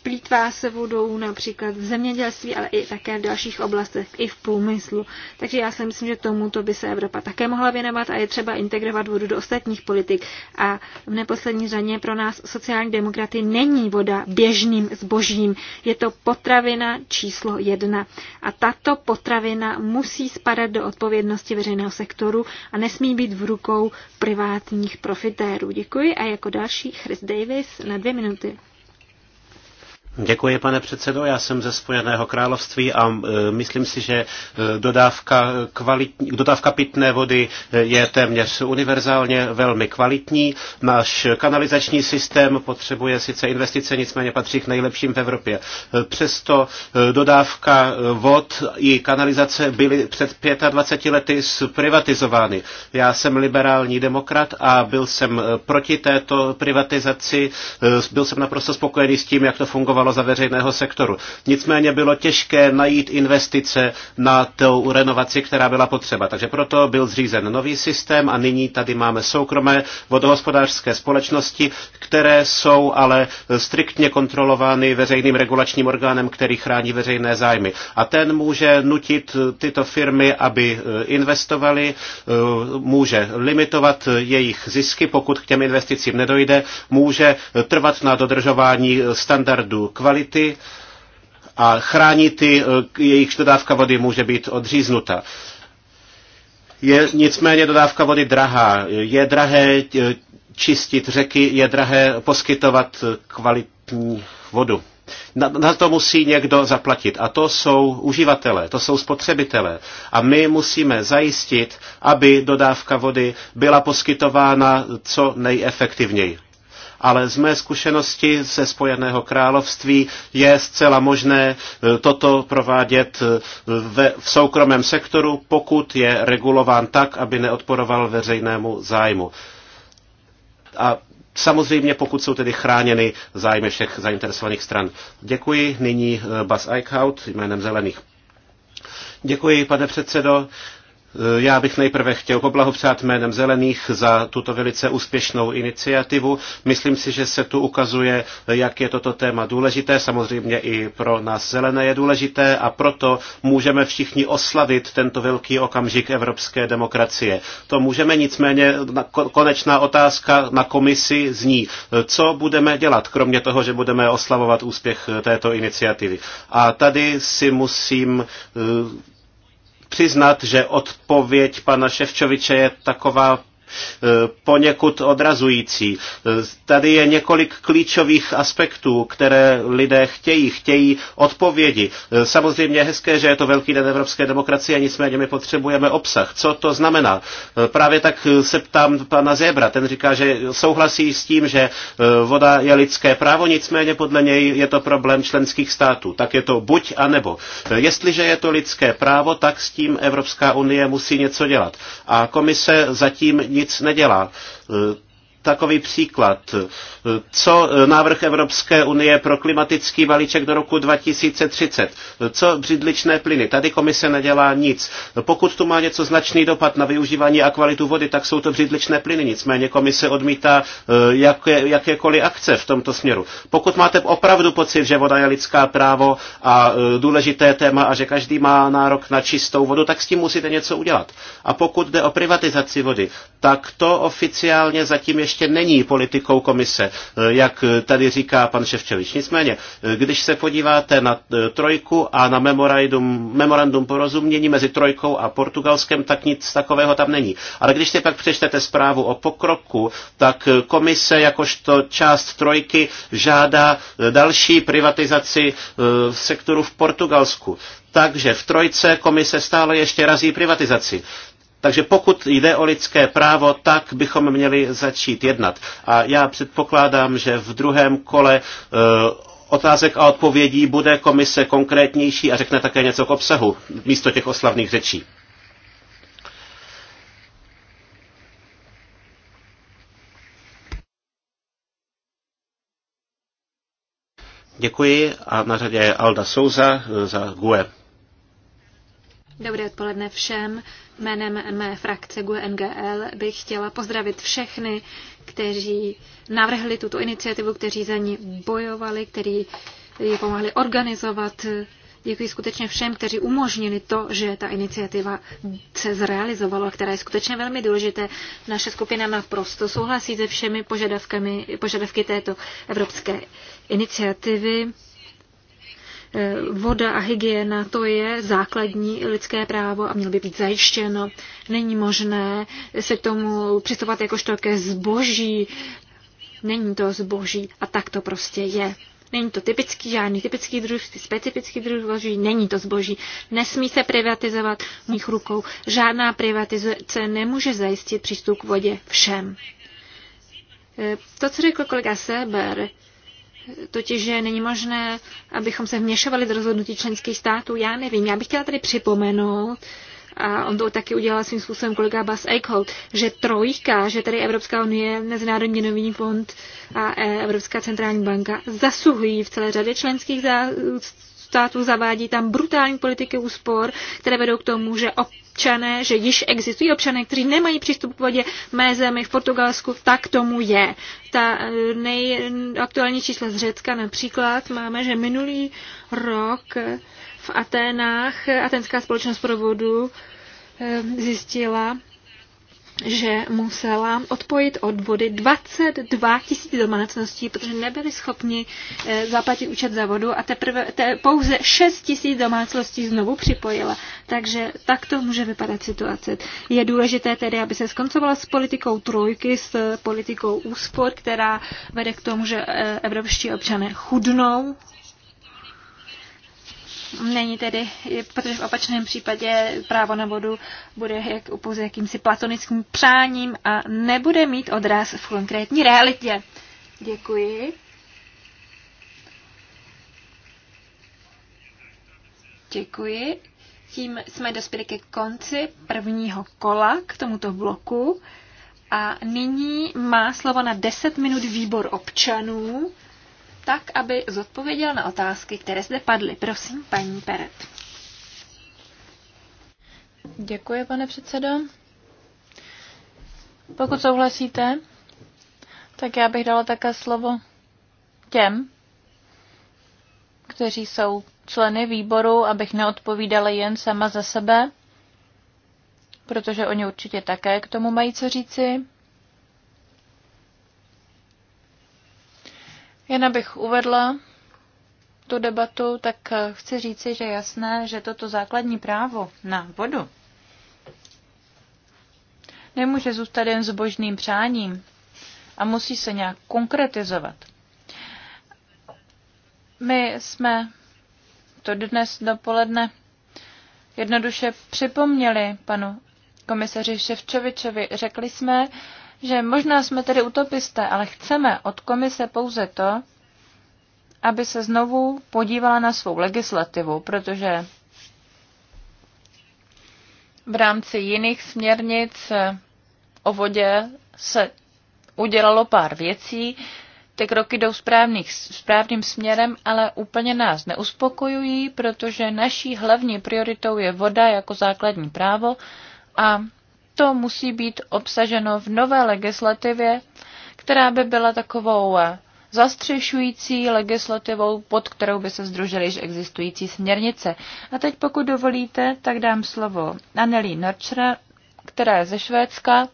splítvá se vodou například v zemědělství, ale i také v dalších oblastech, i v průmyslu. Takže já si myslím, že tomuto by se Evropa také mohla věnovat a je třeba integrovat vodu do ostatních politik. A v neposlední řadě pro nás sociální demokraty není voda běžným zbožím. Je to potravina číslo jedna. A tato potravina musí spadat do odpovědnosti veřejného sektoru a nesmí být v rukou privátních profitérů. Děkuji a jako další Chris Davis na dvě minuty. Děkuji, pane předsedo. Já jsem ze Spojeného království a e, myslím si, že e, dodávka, kvalitní, dodávka pitné vody e, je téměř univerzálně velmi kvalitní. Náš kanalizační systém potřebuje sice investice, nicméně patří k nejlepším v Evropě. Přesto dodávka vod i kanalizace byly před 25 lety zprivatizovány. Já jsem liberální demokrat a byl jsem proti této privatizaci. Byl jsem naprosto spokojený s tím, jak to fungovalo investovalo za veřejného sektoru. Nicméně bylo těžké najít investice na tou renovaci, která byla potřeba. Takže proto byl zřízen nový systém a nyní tady máme soukromé vodohospodářské společnosti, které jsou ale striktně kontrolovány veřejným regulačním orgánem, který chrání veřejné zájmy. A ten může nutit tyto firmy, aby e, investovali, e, může limitovat jejich zisky, pokud k těm investicím nedojde, může trvat na dodržování standardů kvality a chránit ty, eh, jejich dodávka vody může být odříznuta. Je nicméně dodávka vody drahá. Je drahé eh, čistit řeky, je drahé poskytovat eh, kvalitní vodu. Na, na to musí někdo zaplatit. A to jsou uživatelé, to jsou spotřebitelé. A my musíme zajistit, aby dodávka vody byla poskytována co nejefektivněji ale z mé zkušenosti ze Spojeného království je zcela možné e, toto provádět e, ve, v soukromém sektoru, pokud je regulován tak, aby neodporoval veřejnému zájmu. A Samozřejmě, pokud jsou tedy chráněny zájmy všech zainteresovaných stran. Děkuji. Nyní e, Bas Eichhout jménem Zelených. Děkuji, pane předsedo. Eh, já bych nejprve chtěl poblahopřát jménem Zelených za tuto velice úspěšnou iniciativu. Myslím si, že se tu ukazuje, jak je toto téma důležité. Samozřejmě i pro nás Zelené je důležité a proto můžeme všichni oslavit tento velký okamžik evropské demokracie. To můžeme nicméně, konečná otázka na komisi zní, eh, co budeme dělat, kromě toho, že budeme oslavovat úspěch eh, této iniciativy. A tady si musím přiznat, že odpověď pana Ševčoviče je taková Eh, poněkud odrazující. Eh, tady je několik klíčových aspektů, které lidé chtějí. Chtějí odpovědi. Eh, samozřejmě je hezké, že je to velký den evropské demokracie, nicméně my potřebujeme obsah. Co to znamená? Právě tak se ptám pana Zebra. Ten říká, že souhlasí s tím, že voda je lidské právo, nicméně podle něj je to problém členských států. Tak je to buď a nebo. Jestliže je to lidské právo, tak s tím Evropská unie musí něco dělat. A komise zatím nic nic nedělá takový příklad. Co návrh Evropské unie pro klimatický balíček do roku 2030? Co břidličné plyny? Tady komise nedělá nic. Pokud tu má něco značný dopad na využívání a kvalitu vody, tak jsou to břidličné plyny. Nicméně komise odmítá eh, jaké, jakékoliv akce v tomto směru. Pokud máte opravdu pocit, že voda je lidská právo a eh, důležité téma a že každý má nárok na čistou vodu, tak s tím musíte něco udělat. A pokud jde o privatizaci vody, tak to oficiálně zatím ještě ještě není politikou komise, eh, jak tady říká pan Ševčevič. Nicméně, eh, když se podíváte na eh, trojku a na memorandum, memorandum porozumění mezi trojkou a Portugalskem, tak nic takového tam není. Ale když si pak přečtete zprávu o pokroku, tak komise jakožto část trojky žádá další privatizaci v sektoru v Portugalsku. Takže v trojce komise stále ještě razí privatizaci. Takže pokud jde o lidské právo, tak bychom měli začít jednat. A já předpokládám, že v druhém kole e, otázek a odpovědí bude komise konkrétnější a řekne také něco k obsahu místo těch oslavných řečí. Děkuji a na řadě je Alda Souza e, za GUE. Dobré odpoledne všem. Jménem mé frakce GUNGL bych chtěla pozdravit všechny, kteří navrhli tuto iniciativu, kteří za ní bojovali, kteří ji pomohli organizovat. Děkuji skutečně všem, kteří umožnili to, že ta iniciativa se zrealizovala, která je skutečně velmi důležité. Naše skupina naprosto souhlasí se všemi požadavkami, požadavky této evropské iniciativy. Eh, voda a hygiena, to je základní lidské právo a mělo by být zajištěno. Není možné se k tomu přistupovat jakožto ke zboží. Není to zboží a tak to prostě je. Není to typický, žádný typický druh, specifický druh zboží, není to zboží. Nesmí se privatizovat mých rukou. Žádná privatizace nemůže zajistit přístup k vodě všem. Eh, to, co řekl kolega Seber, totiž že není možné, abychom se vměšovali do rozhodnutí členských států. Já nevím, já bych chtěla tady připomenout, a on to taky udělal svým způsobem kolega Bas Eichholt, že trojka, že tady Evropská unie, Mezinárodní měnový fond a e, Evropská centrální banka zasuhují v celé řadě členských států zavádí tam brutální politiky úspor, které vedou k tomu, že občané, že již existují občané, kteří nemají přístup k vodě v mé zemi, v Portugalsku, tak tomu je. Ta eh, nejaktuální čísla z Řecka například máme, že minulý rok v Aténách atenská společnost pro vodu eh, zjistila, že musela odpojit od vody 22 tisíc domácností, protože nebyli schopni eh, zaplatit účet za vodu a teprve te, pouze 6 tisíc domácností znovu připojila. Takže tak to může vypadat situace. Je důležité tedy, aby se skoncovala s politikou trojky, s politikou úspor, která vede k tomu, že eh, evropští občané chudnou, Není tedy, protože v opačném případě právo na vodu bude jak, pouze jakýmsi platonickým přáním a nebude mít odraz v konkrétní realitě. Děkuji. Děkuji. Tím jsme dospěli ke konci prvního kola k tomuto bloku. A nyní má slovo na 10 minut výbor občanů tak, aby zodpověděl na otázky, které zde padly. Prosím, paní Peret. Děkuji, pane předsedo. Pokud souhlasíte, tak já bych dala také slovo těm, kteří jsou členy výboru, abych neodpovídala jen sama za sebe, protože oni určitě také k tomu mají co říci. Jen abych uvedla tu debatu, tak eh, chci říci, že jasné, že toto základní právo na vodu nemůže zůstat jen zbožným přáním a musí se nějak konkretizovat. My jsme to dnes dopoledne jednoduše připomněli panu komisaři Ševčovičovi. Řekli jsme, že možná jsme tedy utopisté, ale chceme od komise pouze to, aby se znovu podívala na svou legislativu, protože v rámci jiných směrnic o vodě se udělalo pár věcí. Ty kroky jdou správných, správným směrem, ale úplně nás neuspokojují, protože naší hlavní prioritou je voda jako základní právo a to musí být obsaženo v nové legislativě, která by byla takovou eh, zastřešující legislativou, pod kterou by se združily již existující směrnice. A teď pokud dovolíte, tak dám slovo Anneli Norčra, která je ze Švédska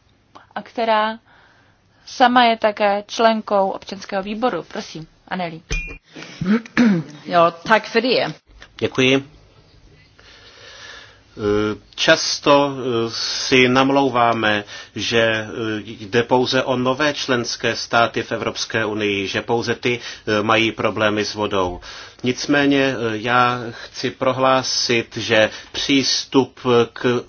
a která sama je také členkou občanského výboru. Prosím, Anneli. Jo, tak for Děkuji. Často eh, si namlouváme, že eh, jde pouze o nové členské státy v Evropské unii, že pouze ty eh, mají problémy s vodou. Nicméně já chci prohlásit, že přístup k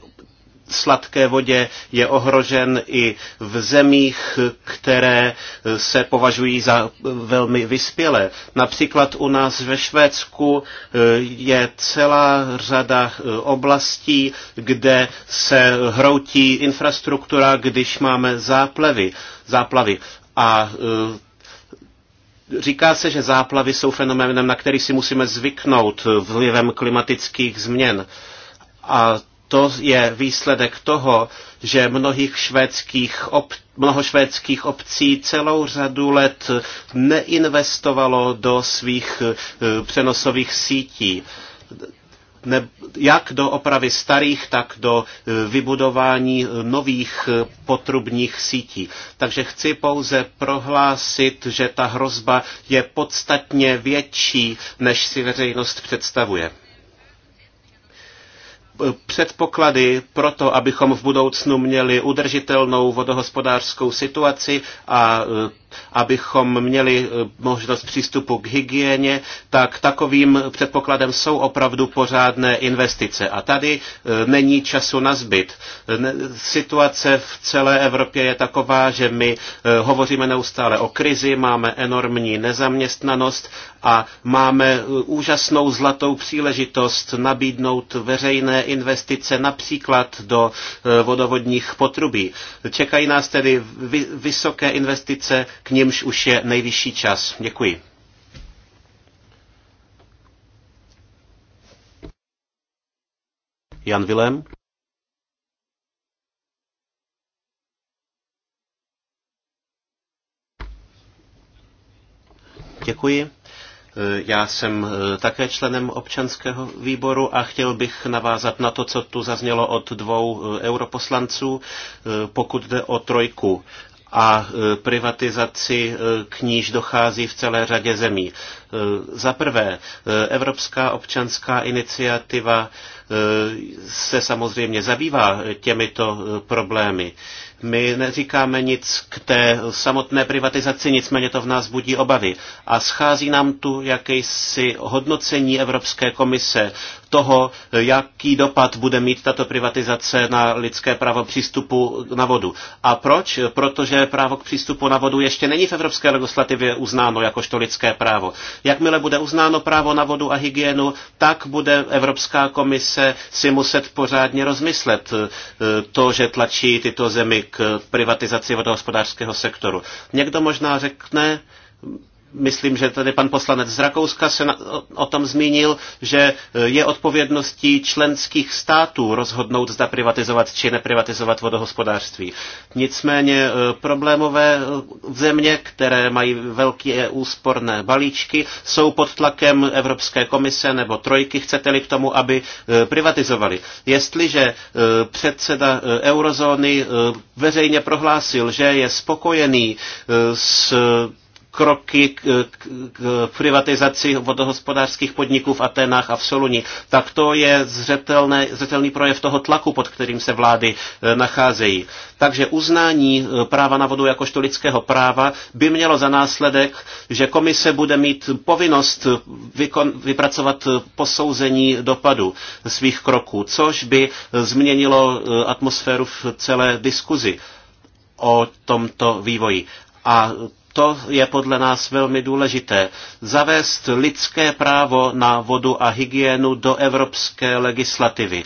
sladké vodě je ohrožen i v zemích, které se považují za velmi vyspělé. Například u nás ve Švédsku eh, je celá řada eh, oblastí, kde se hroutí infrastruktura, když máme záplavy. záplavy. A eh, Říká se, že záplavy jsou fenoménem, na který si musíme zvyknout vlivem klimatických změn. A to je výsledek toho, že mnohých švédských ob, mnoho švédských obcí celou řadu let neinvestovalo do svých eh, přenosových sítí ne, jak do opravy starých, tak do eh, vybudování eh, nových potrubních sítí. Takže chci pouze prohlásit, že ta hrozba je podstatně větší, než si veřejnost představuje předpoklady pro to, abychom v budoucnu měli udržitelnou vodohospodářskou situaci a abychom měli eh, možnost přístupu k hygieně, tak takovým předpokladem jsou opravdu pořádné investice. A tady eh, není času na zbyt. Situace v celé Evropě je taková, že my eh, hovoříme neustále o krizi, máme enormní nezaměstnanost a máme úžasnou zlatou příležitost nabídnout veřejné investice například do vodovodních potrubí. Čekají nás tedy vysoké investice k nímž už je nejvyšší čas. Děkuji. Jan Vilém. Děkuji. Já jsem eh, také členem občanského výboru a chtěl bych navázat na to, co tu zaznělo od dvou eh, europoslanců, eh, pokud jde o trojku a e, privatizaci e, k níž dochází v celé řadě zemí. E, za prvé, Evropská občanská iniciativa se samozřejmě zabývá těmito problémy. My neříkáme nic k té samotné privatizaci, nicméně to v nás budí obavy. A schází nám tu jakési hodnocení Evropské komise toho, jaký dopad bude mít tato privatizace na lidské právo přístupu na vodu. A proč? Protože právo k přístupu na vodu ještě není v evropské legislativě uznáno jakožto lidské právo. Jakmile bude uznáno právo na vodu a hygienu, tak bude Evropská komise si muset pořádně rozmyslet eh, to, že tlačí tyto zemi k privatizaci vodohospodářského sektoru. Někdo možná řekne, myslím, že tady pan poslanec z Rakouska se na, o tom zmínil, že e, je odpovědností členských států rozhodnout, zda privatizovat či neprivatizovat vodohospodářství. Nicméně e, problémové e, země, které mají velké úsporné balíčky, jsou pod tlakem Evropské komise nebo trojky, chcete-li k tomu, aby privatizovali. Jestliže předseda eurozóny veřejně prohlásil, že je spokojený s kroky k, k, k privatizaci vodohospodářských podniků v Atenách a v Soluni, tak to je zřetelné, zřetelný projev toho tlaku, pod kterým se vlády e, nacházejí. Takže uznání e, práva na vodu jakožto lidského práva by mělo za následek, že komise bude mít povinnost vykon, vypracovat e, posouzení dopadu svých kroků, což by změnilo atmosféru v celé diskuzi o tomto vývoji. A to je podle nás velmi důležité. Zavést lidské právo na vodu a hygienu do evropské legislativy,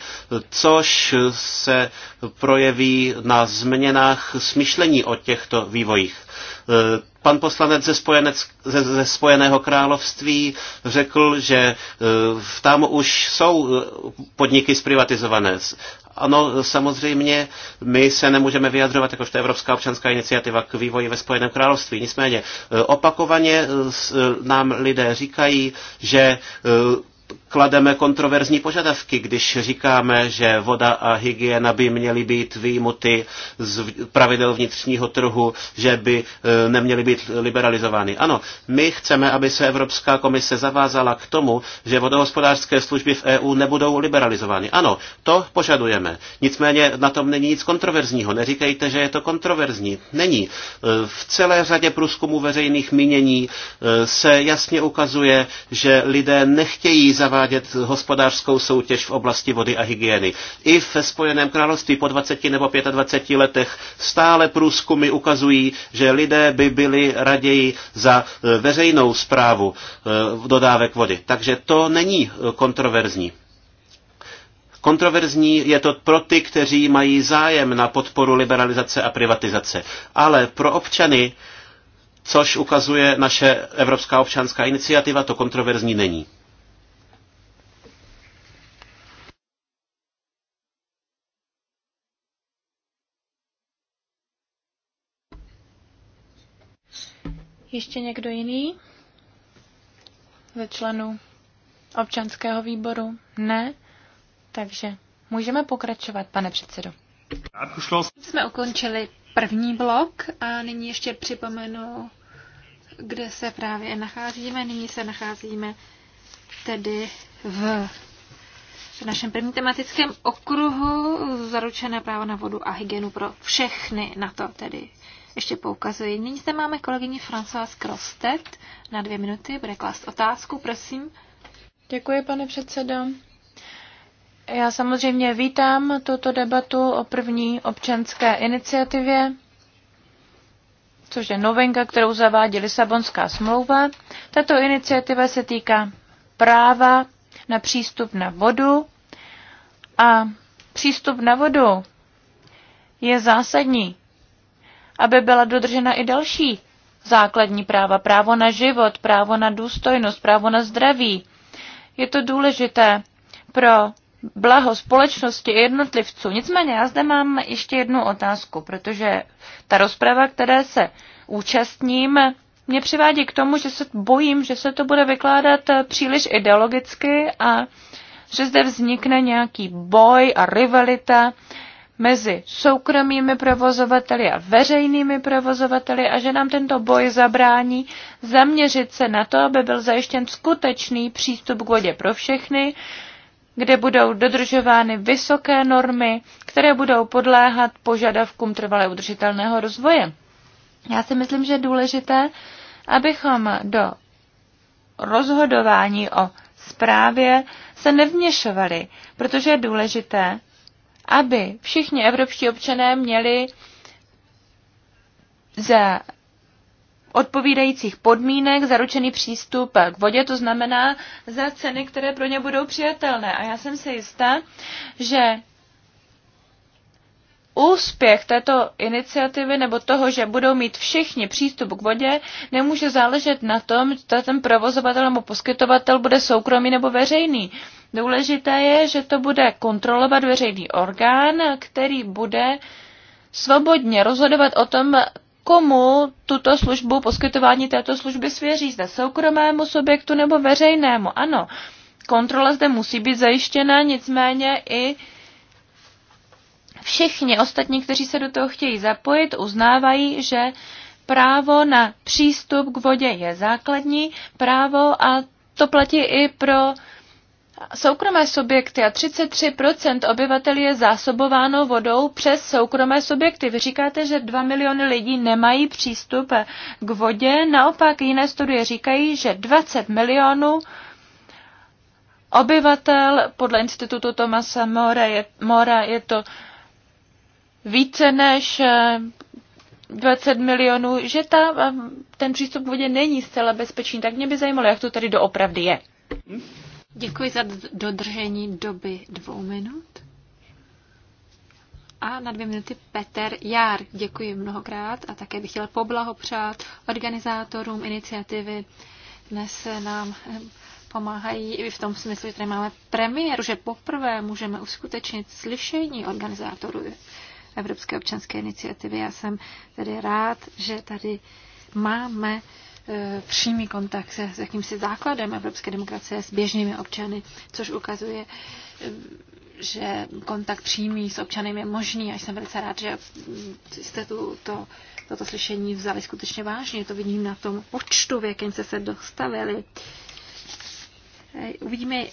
což se projeví na změnách smyšlení o těchto vývojích. Pan poslanec ze, spojenec, ze, ze Spojeného království řekl, že eh, tam už jsou eh, podniky zprivatizované ano, samozřejmě my se nemůžeme vyjadřovat, jakožto Evropská občanská iniciativa k vývoji ve Spojeném království. Nicméně eh, opakovaně eh, eh, nám lidé říkají, že klademe kontroverzní požadavky, když říkáme, že voda a hygiena by měly být výjimuty z pravidel vnitřního trhu, že by e, neměly být liberalizovány. Ano, my chceme, aby se Evropská komise zavázala k tomu, že vodohospodářské služby v EU nebudou liberalizovány. Ano, to požadujeme. Nicméně na tom není nic kontroverzního. Neříkejte, že je to kontroverzní. Není. E, v celé řadě průzkumů veřejných mínění e, se jasně ukazuje, že lidé nechtějí zavádět provádět hospodářskou soutěž v oblasti vody a hygieny. I ve Spojeném království po 20 nebo 25 letech stále průzkumy ukazují, že lidé by byli raději za e, veřejnou zprávu e, dodávek vody. Takže to není e, kontroverzní. Kontroverzní je to pro ty, kteří mají zájem na podporu liberalizace a privatizace. Ale pro občany, což ukazuje naše Evropská občanská iniciativa, to kontroverzní není. Ještě někdo jiný? Ze členů občanského výboru? Ne? Takže můžeme pokračovat, pane předsedo. Jsme ukončili první blok a nyní ještě připomenu, kde se právě nacházíme. Nyní se nacházíme tedy v v našem prvním tematickém okruhu zaručené právo na vodu a hygienu pro všechny, na to tedy ještě poukazuji. Nyní zde máme kolegyni François Krostet na dvě minuty. Bude klást otázku, prosím. Děkuji, pane předsedo. Já samozřejmě vítám tuto debatu o první občanské iniciativě, což je novinka, kterou zavádí Lisabonská smlouva. Tato iniciativa se týká práva na přístup na vodu a přístup na vodu je zásadní aby byla dodržena i další základní práva. Právo na život, právo na důstojnost, právo na zdraví. Je to důležité pro blaho společnosti i jednotlivců. Nicméně já zde mám ještě jednu otázku, protože ta rozprava, které se účastním, mě přivádí k tomu, že se bojím, že se to bude vykládat příliš ideologicky a že zde vznikne nějaký boj a rivalita mezi soukromými provozovateli a veřejnými provozovateli a že nám tento boj zabrání zaměřit se na to, aby byl zajištěn skutečný přístup k vodě pro všechny, kde budou dodržovány vysoké normy, které budou podléhat požadavkům trvale udržitelného rozvoje. Já si myslím, že je důležité, abychom do rozhodování o zprávě se nevměšovali, protože je důležité, aby všichni evropští občané měli za odpovídajících podmínek zaručený přístup k vodě, to znamená za ceny, které pro ně budou přijatelné. A já jsem si jistá, že úspěch této iniciativy nebo toho, že budou mít všichni přístup k vodě, nemůže záležet na tom, zda ten provozovatel nebo poskytovatel bude soukromý nebo veřejný. Důležité je, že to bude kontrolovat veřejný orgán, který bude svobodně rozhodovat o tom, komu tuto službu, poskytování této služby svěří, zda soukromému subjektu nebo veřejnému. Ano, kontrola zde musí být zajištěna, nicméně i všichni ostatní, kteří se do toho chtějí zapojit, uznávají, že právo na přístup k vodě je základní právo a to platí i pro soukromé subjekty a 33% obyvatel je zásobováno vodou přes soukromé subjekty. Vy říkáte, že 2 miliony lidí nemají přístup k vodě, naopak jiné studie říkají, že 20 milionů obyvatel, podle institutu Tomasa Mora je, Mora je to více než 20 eh, milionů, že ta, eh, ten přístup k vodě není zcela bezpečný. Tak mě by zajímalo, jak to tady doopravdy je. Hm? Děkuji za dodržení doby dvou minut. A na dvě minuty Peter Jár. Děkuji mnohokrát a také bych chtěl poblahopřát organizátorům iniciativy. Dnes nám eh, pomáhají i v tom smyslu, že tady máme premiéru, že poprvé můžeme uskutečnit slyšení organizátorů Evropské občanské iniciativy. Já jsem tedy rád, že tady máme E, přímý kontakt se, s jakýmsi základem evropské demokracie, s běžnými občany, což ukazuje, e, že kontakt přímý s občanem je možný a jsem velice rád, že jste tu to, toto slyšení vzali skutečně vážně. To vidím na tom počtu, v jakém jste se dostavili. E, uvidíme,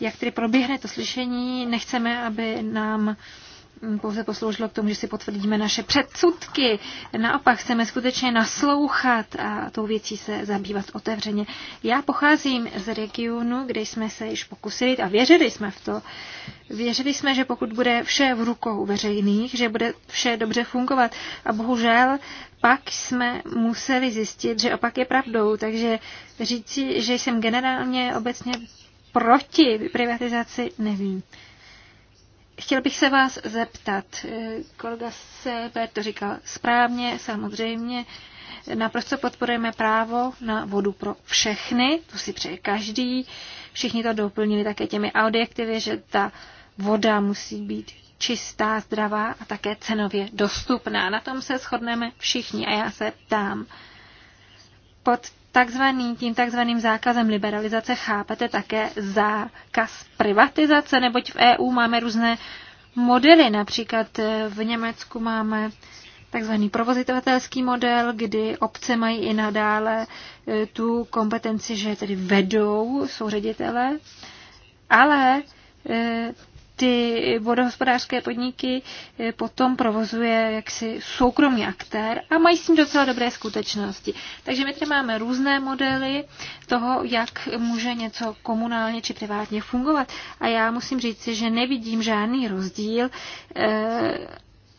jak tedy proběhne to slyšení. Nechceme, aby nám Mm, pouze posloužilo k tomu, že si potvrdíme naše předsudky. Naopak chceme skutečně naslouchat a tou věcí se zabývat otevřeně. Já pocházím z regionu, kde jsme se již pokusili a věřili jsme v to. Věřili jsme, že pokud bude vše v rukou veřejných, že bude vše dobře fungovat. A bohužel pak jsme museli zjistit, že opak je pravdou. Takže říci, že jsem generálně obecně proti privatizaci, nevím. Chtěl bych se vás zeptat, eh, kolega Seber to říkal správně, samozřejmě, naprosto podporujeme právo na vodu pro všechny, to si přeje každý, všichni to doplnili také těmi adjektivy, že ta voda musí být čistá, zdravá a také cenově dostupná. Na tom se shodneme všichni a já se ptám, pod takzvaný, tím takzvaným zákazem liberalizace chápete také zákaz privatizace, neboť v EU máme různé modely, například eh, v Německu máme takzvaný provozitelský model, kdy obce mají i nadále eh, tu kompetenci, že tedy vedou, jsou ale eh, ty vodohospodářské podniky eh, potom provozuje jaksi soukromý aktér a mají s tím docela dobré skutečnosti. Takže my tady máme různé modely toho, jak může něco komunálně či privátně fungovat. A já musím říct, že nevidím žádný rozdíl eh,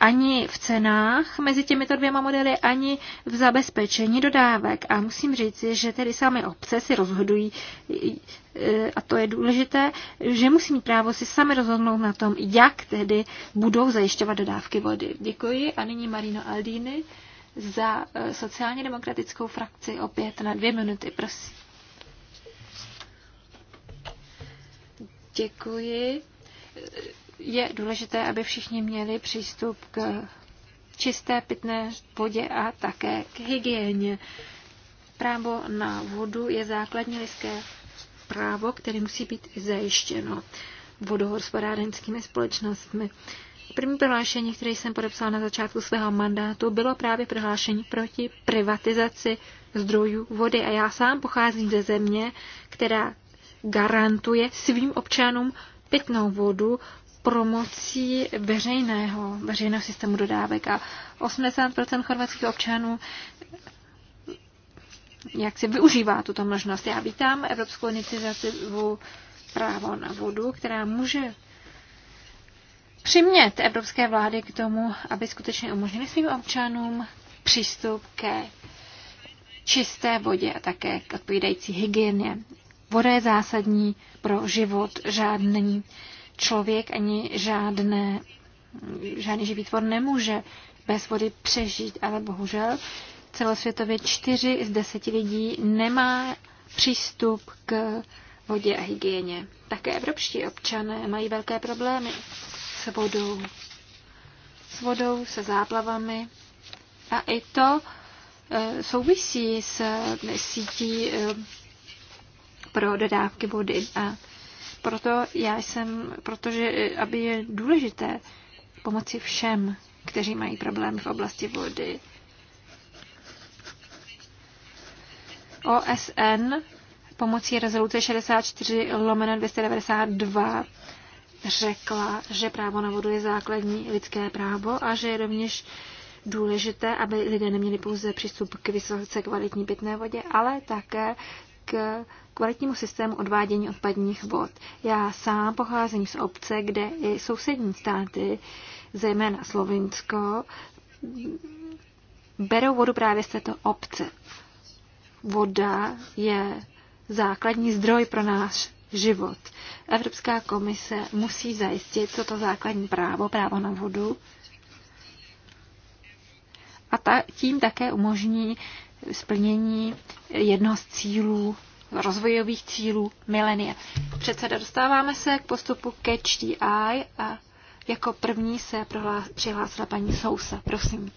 ani v cenách mezi těmito dvěma modely, ani v zabezpečení dodávek. A musím říci, že tedy sami obce si rozhodují, eh, a to je důležité, že musí mít právo si sami rozhodnout na tom, jak tedy budou zajišťovat dodávky vody. Děkuji a nyní Marino Aldini za eh, sociálně demokratickou frakci opět na dvě minuty, prosím. Děkuji je důležité, aby všichni měli přístup k čisté pitné vodě a také k hygieně. Právo na vodu je základní lidské právo, které musí být zajištěno vodohospodárenskými společnostmi. První prohlášení, které jsem podepsala na začátku svého mandátu, bylo právě prohlášení proti privatizaci zdrojů vody. A já sám pocházím ze země, která garantuje svým občanům pitnou vodu promocí veřejného, veřejného systému dodávek a 80% chorvatských občanů jak si využívá tuto možnost. Já vítám Evropskou iniciativu právo na vodu, která může přimět evropské vlády k tomu, aby skutečně umožnili svým občanům přístup ke čisté vodě a také k odpovídající hygieně. Voda je zásadní pro život, žádný člověk ani žádné, žádný živý tvor nemůže bez vody přežít, ale bohužel celosvětově čtyři z deseti lidí nemá přístup k vodě a hygieně. Také evropští občané mají velké problémy s vodou. S vodou, se záplavami. A i to e, souvisí s e, sítí e, pro dodávky vody a proto já jsem, protože eh, aby je důležité pomoci všem, kteří mají problémy v oblasti vody. OSN pomocí rezoluce 64 lomeno 292 řekla, že právo na vodu je základní lidské právo a že je rovněž důležité, aby lidé neměli pouze přístup k vysoce kvalitní pitné vodě, ale také k kvalitnímu systému odvádění odpadních vod. Já sám pocházím z obce, kde i sousední státy, zejména Slovinsko, berou vodu právě z této obce. Voda je základní zdroj pro náš život. Evropská komise musí zajistit toto základní právo, právo na vodu, a ta, tím také umožní splnění jednoho z cílů, rozvojových cílů milenie. Předseda, dostáváme se k postupu Catch the Eye a jako první se prohlás, přihlásila paní Sousa. Prosím.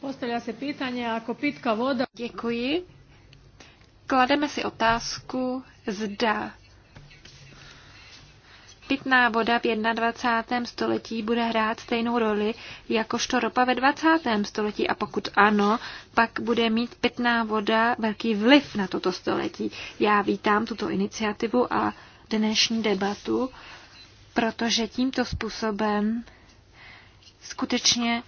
Postavila se pitanje, ako pitka voda... Děkuji. Klademe si otázku, zda pitná voda v 21. století bude hrát stejnou roli jakožto ropa ve 20. století a pokud ano, pak bude mít pitná voda velký vliv na toto století. Já vítám tuto iniciativu a dnešní debatu, protože tímto způsobem skutečně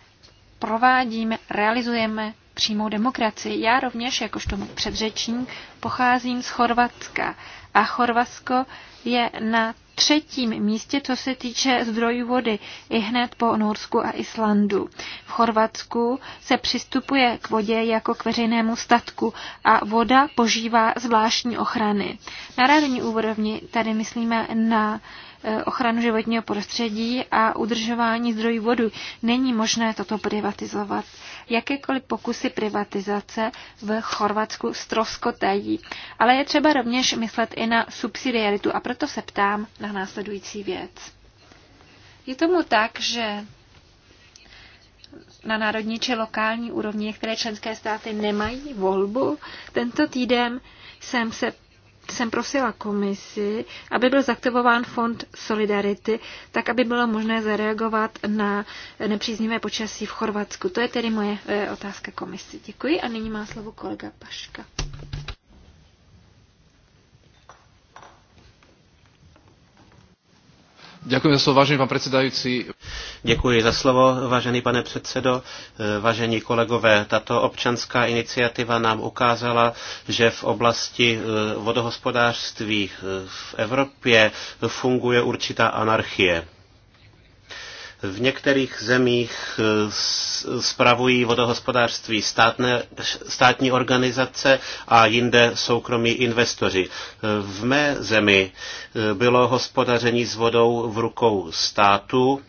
provádíme, realizujeme přímou demokracii. Já rovněž, jakožto předřečník, pocházím z Chorvatska a Chorvatsko je na třetím místě, co se týče zdrojů vody, i hned po Norsku a Islandu. V Chorvatsku se přistupuje k vodě jako k veřejnému statku a voda požívá zvláštní ochrany. Na národní úrovni tady myslíme na ochranu životního prostředí a udržování zdrojů vodu. Není možné toto privatizovat. Jakékoliv pokusy privatizace v Chorvatsku stroskotají. Ale je třeba rovněž myslet i na subsidiaritu a proto se ptám na následující věc. Je tomu tak, že na národní či lokální úrovni některé členské státy nemají volbu. Tento týden jsem se jsem prosila komisi, aby byl zaktivován fond Solidarity, tak aby bylo možné zareagovat na nepříznivé počasí v Chorvatsku. To je tedy moje eh, otázka komisi. Děkuji a nyní má slovo kolega Paška. Ďakujem za slovo, vážený pán predsedajúci. Děkuji za slovo, vážený pane předsedo. Vážení kolegové, tato občanská iniciativa nám ukázala, že v oblasti eh, vodohospodářství eh, v Evropě funguje určitá anarchie. V některých zemích eh, spravují vodohospodářství státné, státní organizace a jinde soukromí investoři. V mé zemi bylo hospodaření s vodou v rukou státu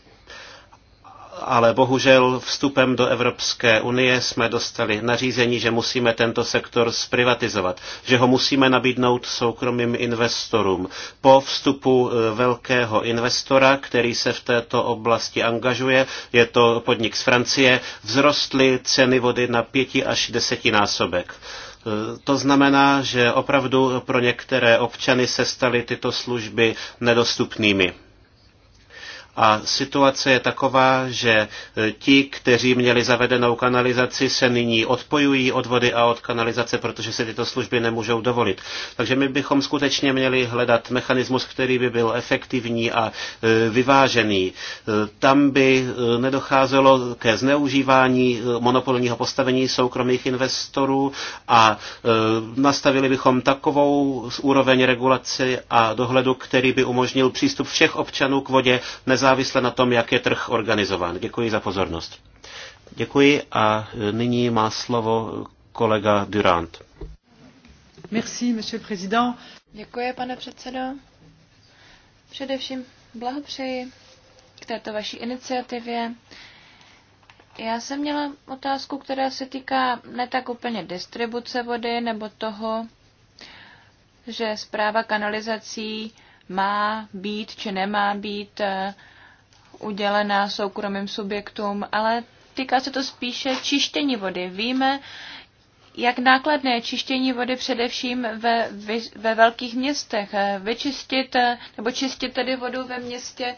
ale bohužel vstupem do Evropské unie jsme dostali nařízení, že musíme tento sektor zprivatizovat, že ho musíme nabídnout soukromým investorům. Po vstupu e, velkého investora, který se v této oblasti angažuje, je to podnik z Francie, vzrostly ceny vody na pěti až desetinásobek. E, to znamená, že opravdu pro některé občany se staly tyto služby nedostupnými. A situace je taková, že e, ti, kteří měli zavedenou kanalizaci, se nyní odpojují od vody a od kanalizace, protože se tyto služby nemůžou dovolit. Takže my bychom skutečně měli hledat mechanismus, který by byl efektivní a e, vyvážený. E, tam by nedocházelo ke zneužívání monopolního postavení soukromých investorů a nastavili bychom takovou úroveň regulace a dohledu, který by umožnil přístup všech občanů k vodě, nez závisle na tom, jak je trh organizován. Děkuji za pozornost. Děkuji a nyní má slovo kolega Durant. Merci, monsieur le président. Děkuji, pane předsedo. Především blahopřeji k této vaší iniciativě. Já jsem měla otázku, která se týká ne tak úplně distribuce vody nebo toho, že zpráva kanalizací má být či nemá být eh, udělená soukromým subjektům, ale týká se to spíše čištění vody. Víme, jak nákladné je čištění vody především ve, ve velkých městech. Vyčistit nebo čistit tedy vodu ve městě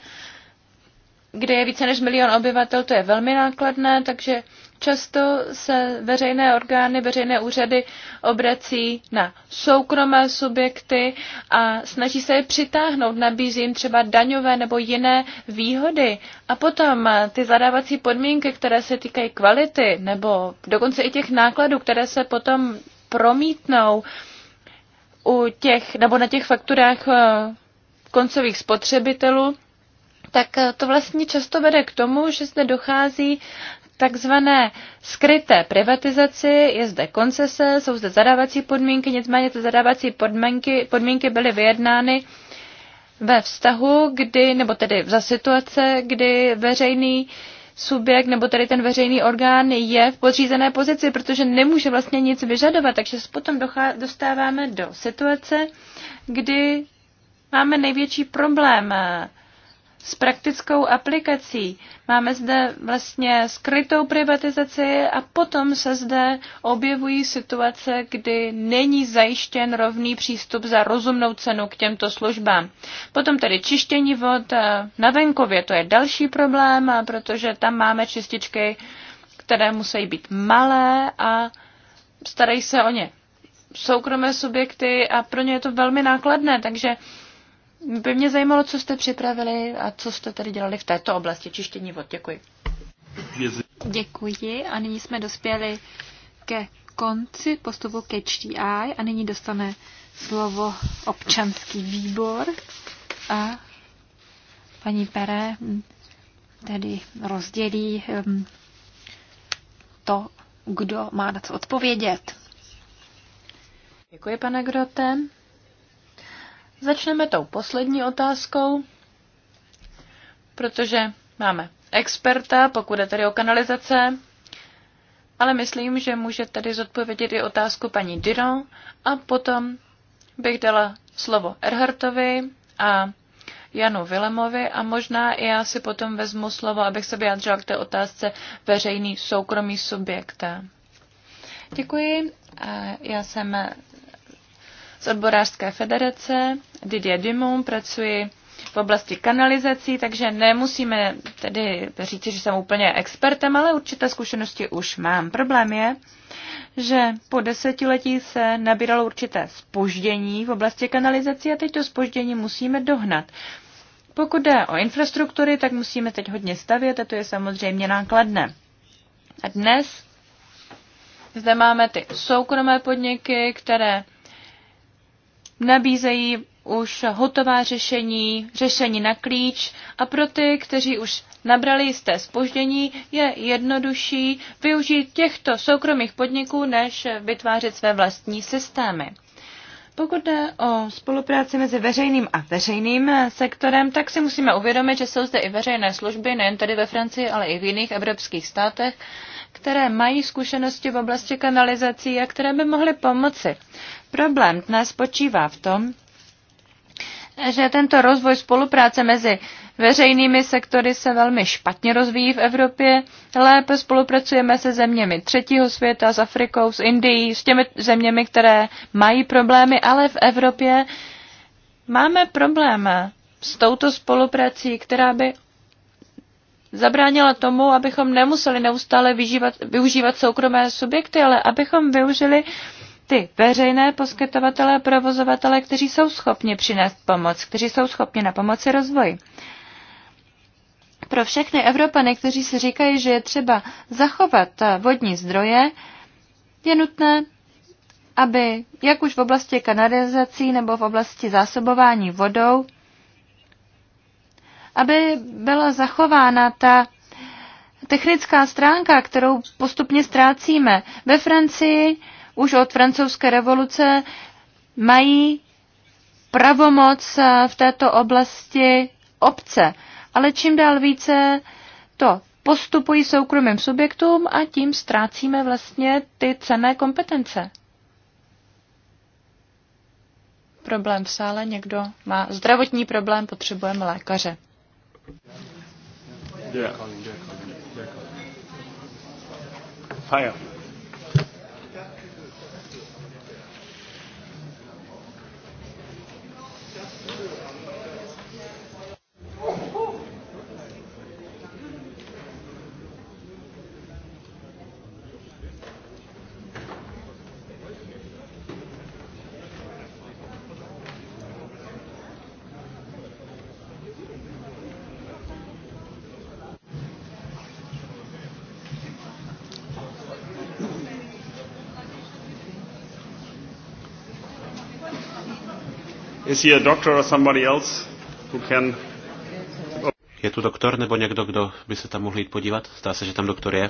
kde je více než milion obyvatel, to je velmi nákladné, takže často se veřejné orgány, veřejné úřady obrací na soukromé subjekty a snaží se je přitáhnout, nabízí jim třeba daňové nebo jiné výhody. A potom ty zadávací podmínky, které se týkají kvality nebo dokonce i těch nákladů, které se potom promítnou u těch, nebo na těch fakturách eh, koncových spotřebitelů, tak eh, to vlastně často vede k tomu, že zde dochází takzvané skryté privatizaci, je zde koncese, jsou zde zadávací podmínky, nicméně ty zadávací podmínky, podmínky byly vyjednány ve vztahu, kdy, nebo tedy za situace, kdy veřejný subjekt nebo tedy ten veřejný orgán je v podřízené pozici, protože nemůže vlastně nic vyžadovat. Takže se potom dostáváme do situace, kdy máme největší problém eh, s praktickou aplikací. Máme zde vlastně skrytou privatizaci a potom se zde objevují situace, kdy není zajištěn rovný přístup za rozumnou cenu k těmto službám. Potom tedy čištění vod na venkově, to je další problém, protože tam máme čističky, které musí být malé a starají se o ně soukromé subjekty a pro ně je to velmi nákladné, takže by mě zajímalo, co jste připravili a co jste tady dělali v této oblasti čištění vod. Děkuji. Děkuji a nyní jsme dospěli ke konci postupu ke HDI a nyní dostane slovo občanský výbor a paní Pere tedy rozdělí hm, to, kdo má na co odpovědět. Děkuji, pane Grote. Začneme tou poslední otázkou, protože máme experta, pokud je tady o kanalizace, ale myslím, že může tady zodpovědět i otázku paní Dino a potom bych dala slovo Erhartovi a Janu Vilemovi a možná i já si potom vezmu slovo, abych se vyjádřila k té otázce veřejný soukromý subjekt. Děkuji. Já jsem odborářské federace Didier Dumont, pracuji v oblasti kanalizací, takže nemusíme tedy říct, že jsem úplně expertem, ale určité zkušenosti už mám. Problém je, že po desetiletí se nabíralo určité spoždění v oblasti kanalizací a teď to spoždění musíme dohnat. Pokud jde o infrastruktury, tak musíme teď hodně stavět a to je samozřejmě nákladné. A dnes zde máme ty soukromé podniky, které nabízejí už hotová řešení, řešení na klíč a pro ty, kteří už nabrali jisté spoždění, je jednodušší využít těchto soukromých podniků, než vytvářet své vlastní systémy. Pokud jde o spolupráci mezi veřejným a veřejným sektorem, tak si musíme uvědomit, že jsou zde i veřejné služby, nejen tady ve Francii, ale i v jiných evropských státech, které mají zkušenosti v oblasti kanalizací a které by mohly pomoci. Problém dnes spočívá v tom, že tento rozvoj spolupráce mezi veřejnými sektory se velmi špatně rozvíjí v Evropě. Lépe spolupracujeme se zeměmi třetího světa, s Afrikou, s Indií, s těmi zeměmi, které mají problémy, ale v Evropě máme problém s touto spoluprací, která by zabránila tomu, abychom nemuseli neustále vyžívat, využívat soukromé subjekty, ale abychom využili ty veřejné poskytovatele a provozovatele, kteří jsou schopni přinést pomoc, kteří jsou schopni na pomoci rozvoji. Pro všechny Evropany, kteří si říkají, že je třeba zachovat vodní zdroje, je nutné, aby jak už v oblasti kanalizací nebo v oblasti zásobování vodou, aby byla zachována ta technická stránka, kterou postupně ztrácíme. Ve Francii už od francouzské revoluce mají pravomoc eh, v této oblasti obce, ale čím dál více to postupují soukromým subjektům a tím ztrácíme vlastně ty cené kompetence. Problém v sále, někdo má zdravotní problém, potřebujeme lékaře. Yeah. Fire. Is he a doctor or somebody else who can... Je tu doktor nebo někdo, kdo by se tam mohl jít podívat? Zdá se, že tam doktor je.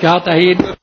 Kaata Hiin.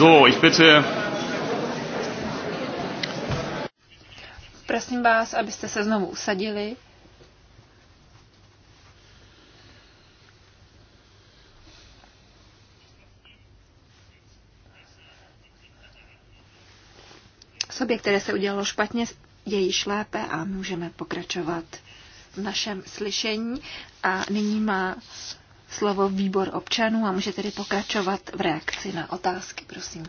So, ich bitte. Prosím vás, abyste se znovu usadili. Sobě, které se udělalo špatně, je již lépe a můžeme pokračovat v našem slyšení. A nyní má slovo výbor občanů a může tedy pokračovat v reakci na otázky, prosím.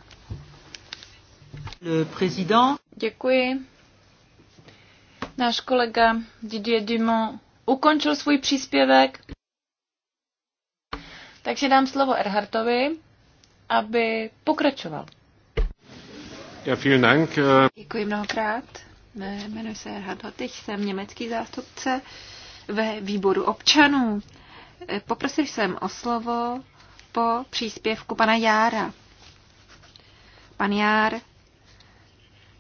Le président. Děkuji. Náš kolega Didier Dumont ukončil svůj příspěvek, takže dám slovo Erhartovi, aby pokračoval. Ja, vielen Dank. Eh. Děkuji mnohokrát. Jmenuji se Erhard Hottich, jsem německý zástupce ve výboru občanů. Eh, poprosil jsem o slovo po příspěvku pana Jára. Pan Jár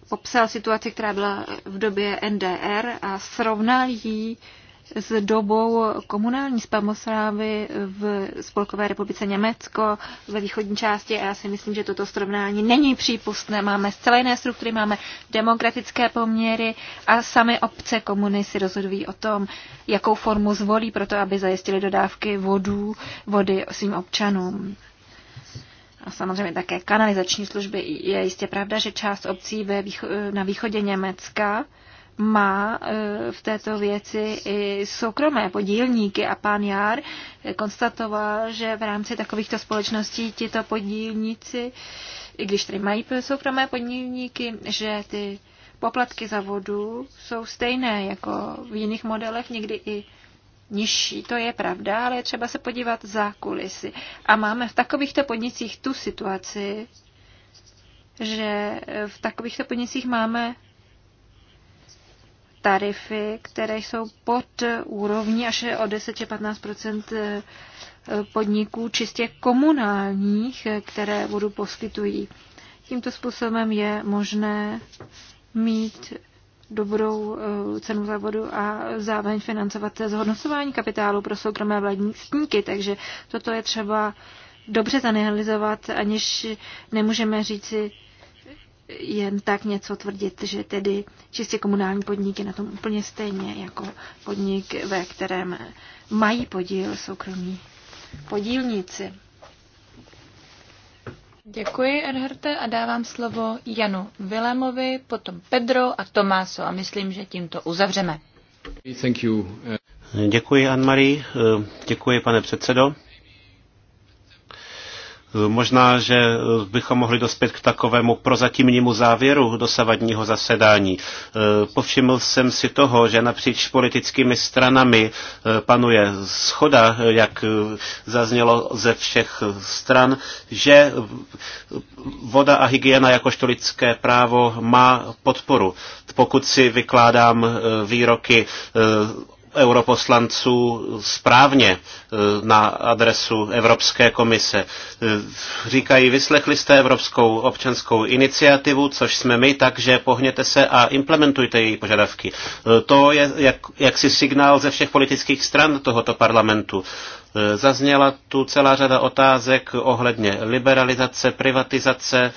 popsal situaci, která byla v době NDR a srovnal ji s dobou komunální samozprávy v Spolkové republice Německo ve východní části a já si myslím, že toto srovnání není přípustné. Máme zcela jiné struktury, máme demokratické poměry a sami obce komuny si rozhodují o tom, jakou formu zvolí pro to, aby zajistili dodávky vodů, vody svým občanům. A samozřejmě také kanalizační služby. Je jistě pravda, že část obcí ve na východě Německa má eh, v této věci i soukromé podílníky a pán Jár eh, konstatoval, že v rámci takovýchto společností tito podílníci, i když tady mají soukromé podílníky, že ty poplatky za vodu jsou stejné jako v jiných modelech, někdy i nižší. To je pravda, ale je třeba se podívat za kulisy. A máme v takovýchto podnicích tu situaci, že v takovýchto podnicích máme tarify, které jsou pod úrovní až o 10-15 eh, podniků čistě komunálních, eh, které vodu poskytují. Tímto způsobem je možné mít dobrou eh, cenu za vodu a zároveň financovat zhodnocování kapitálu pro soukromé vlastníky. Takže toto je třeba dobře zanalizovat, aniž nemůžeme říci, jen tak něco tvrdit, že tedy čistě komunální podnik je na tom úplně stejně jako podnik, ve kterém mají podíl soukromí podílníci. Děkuji, Erharte, a dávám slovo Janu Vilémovi, potom Pedro a Tomáso a myslím, že tím to uzavřeme. Thank you. Děkuji, Anne-Marie. Děkuji, pane předsedo. Možná, že bychom mohli dospět k takovému prozatímnímu závěru dosavadního zasedání. Povšiml jsem si toho, že napříč politickými stranami panuje schoda, jak zaznělo ze všech stran, že voda a hygiena jakožto lidské právo má podporu. Pokud si vykládám výroky europoslanců správně e, na adresu Evropské komise. E, říkají, vyslechli jste Evropskou občanskou iniciativu, což jsme my, takže pohněte se a implementujte její požadavky. E, to je jak, jaksi signál ze všech politických stran tohoto parlamentu. Zazněla tu celá řada otázek ohledně liberalizace, privatizace,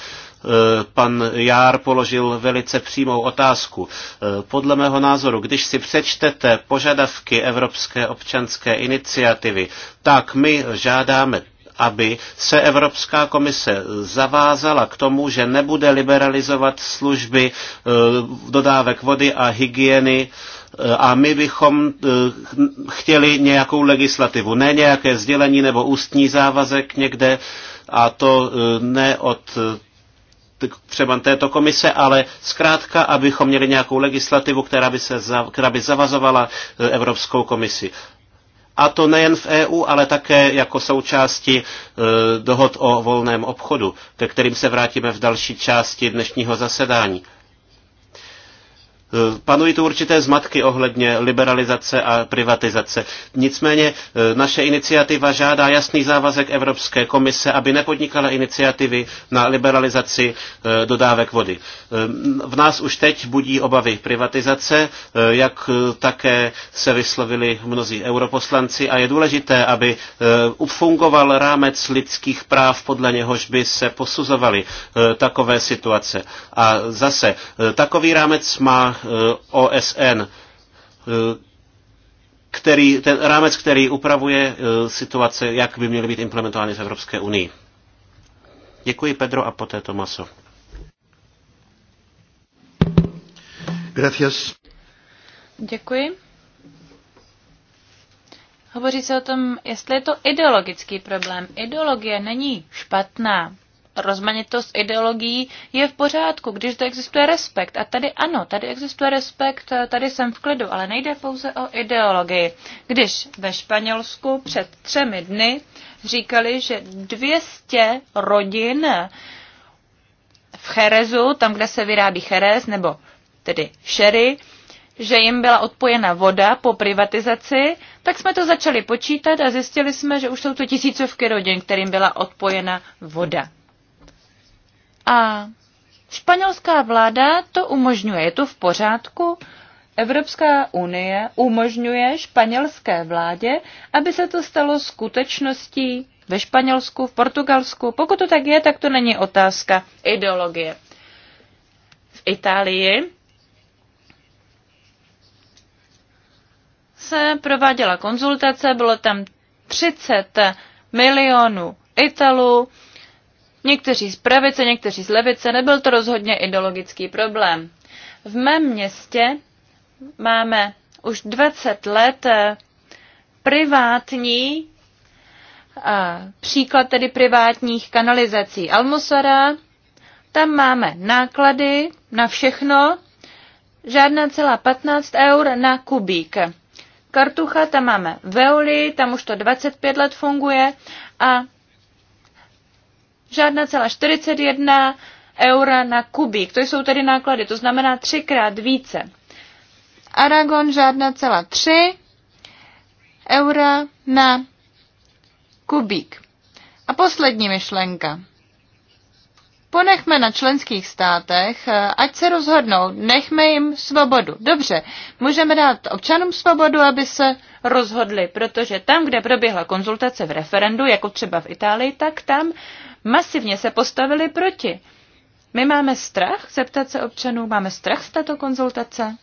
Eh, pan Jár položil velice přímou otázku. Eh, podle mého názoru, když si přečtete požadavky Evropské občanské iniciativy, tak my žádáme aby se Evropská komise zavázala k tomu, že nebude liberalizovat služby eh, dodávek vody a hygieny a my bychom chtěli nějakou legislativu, ne nějaké sdělení nebo ústní závazek někde, a to ne od třeba této komise, ale zkrátka, abychom měli nějakou legislativu, která by, se, která by zavazovala e, Evropskou komisi. A to nejen v EU, ale také jako součásti e, dohod o volném obchodu, ke kterým se vrátíme v další části dnešního zasedání. Eh, panují tu určité zmatky ohledně liberalizace a privatizace. Nicméně eh, naše iniciativa žádá jasný závazek Evropské komise, aby nepodnikala iniciativy na liberalizaci eh, dodávek vody. V nás už teď budí obavy privatizace, jak také se vyslovili mnozí europoslanci a je důležité, aby fungoval rámec lidských práv, podle něhož by se posuzovaly takové situace. A zase, takový rámec má Eh, OSN, eh, který, ten rámec, který upravuje eh, situace, jak by měly být implementovány v Evropské unii. Děkuji Pedro a poté Tomaso. Gracias. Děkuji. Hovoří se o tom, jestli je to ideologický problém. Ideologie není špatná rozmanitost ideologií je v pořádku, když to existuje respekt. A tady ano, tady existuje respekt, eh, tady jsem v klidu, ale nejde pouze o ideologii. Když ve Španělsku před třemi dny říkali, že 200 rodin v Cherezu, tam, kde se vyrábí Cherez, nebo tedy Sherry, že jim byla odpojena voda po privatizaci, tak jsme to začali počítat a zjistili jsme, že už jsou to tisícovky rodin, kterým byla odpojena voda. A španělská vláda to umožňuje. Je to v pořádku? Evropská unie umožňuje španělské vládě, aby se to stalo skutečností ve Španělsku, v Portugalsku. Pokud to tak je, tak to není otázka ideologie. V Itálii se prováděla konzultace, bylo tam 30 milionů Italů, Někteří z pravice, někteří z levice, nebyl to rozhodně ideologický problém. V mém městě máme už 20 let eh, privátní eh, příklad tedy privátních kanalizací Almosara. Tam máme náklady na všechno, žádná celá 15 eur na kubík. Kartucha, tam máme Veoli, tam už to 25 let funguje a žádná celá 41 eura na kubík. To jsou tedy náklady, to znamená třikrát více. Aragon žádná celá 3 eura na kubík. A poslední myšlenka. Ponechme na členských státech, eh, ať se rozhodnou, nechme jim svobodu. Dobře, můžeme dát občanům svobodu, aby se rozhodli, protože tam, kde proběhla konzultace v referendu, jako třeba v Itálii, tak tam uh, masivně se postavili proti. My máme strach zeptat se občanů, máme strach z této konzultace?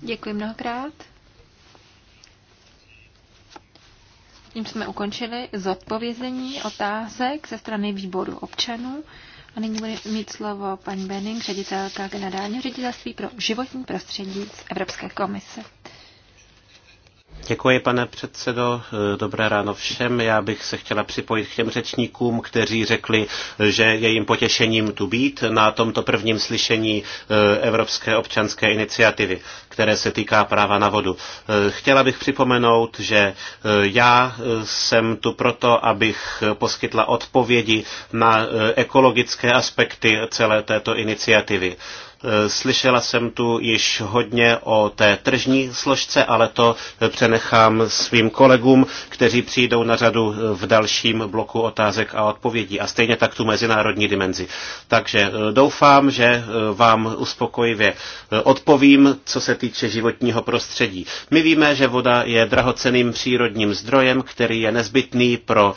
Děkuji mnohokrát. Tím jsme ukončili zodpovězení otázek ze strany výboru občanů. A nyní bude mít slovo paní Benning, ředitelka generálního ředitelství pro životní prostředí z Evropské komise. Děkuji, pane předsedo. Dobré ráno všem. Já bych se chtěla připojit k těm řečníkům, kteří řekli, že je jim potěšením tu být na tomto prvním slyšení eh, Evropské občanské iniciativy, které se týká práva na vodu. Eh, chtěla bych připomenout, že eh, já jsem tu proto, abych poskytla odpovědi na ekologické aspekty celé této iniciativy. Eh, slyšela jsem tu již hodně o té tržní složce, ale to přenechám svým kolegům, kteří přijdou na řadu eh, v dalším bloku otázek a odpovědí a stejně tak tu mezinárodní dimenzi. Takže eh, doufám, že vám uspokojivě odpovím, co se týče životního prostředí. My víme, že voda je drahoceným přírodním zdrojem, který je nezbytný pro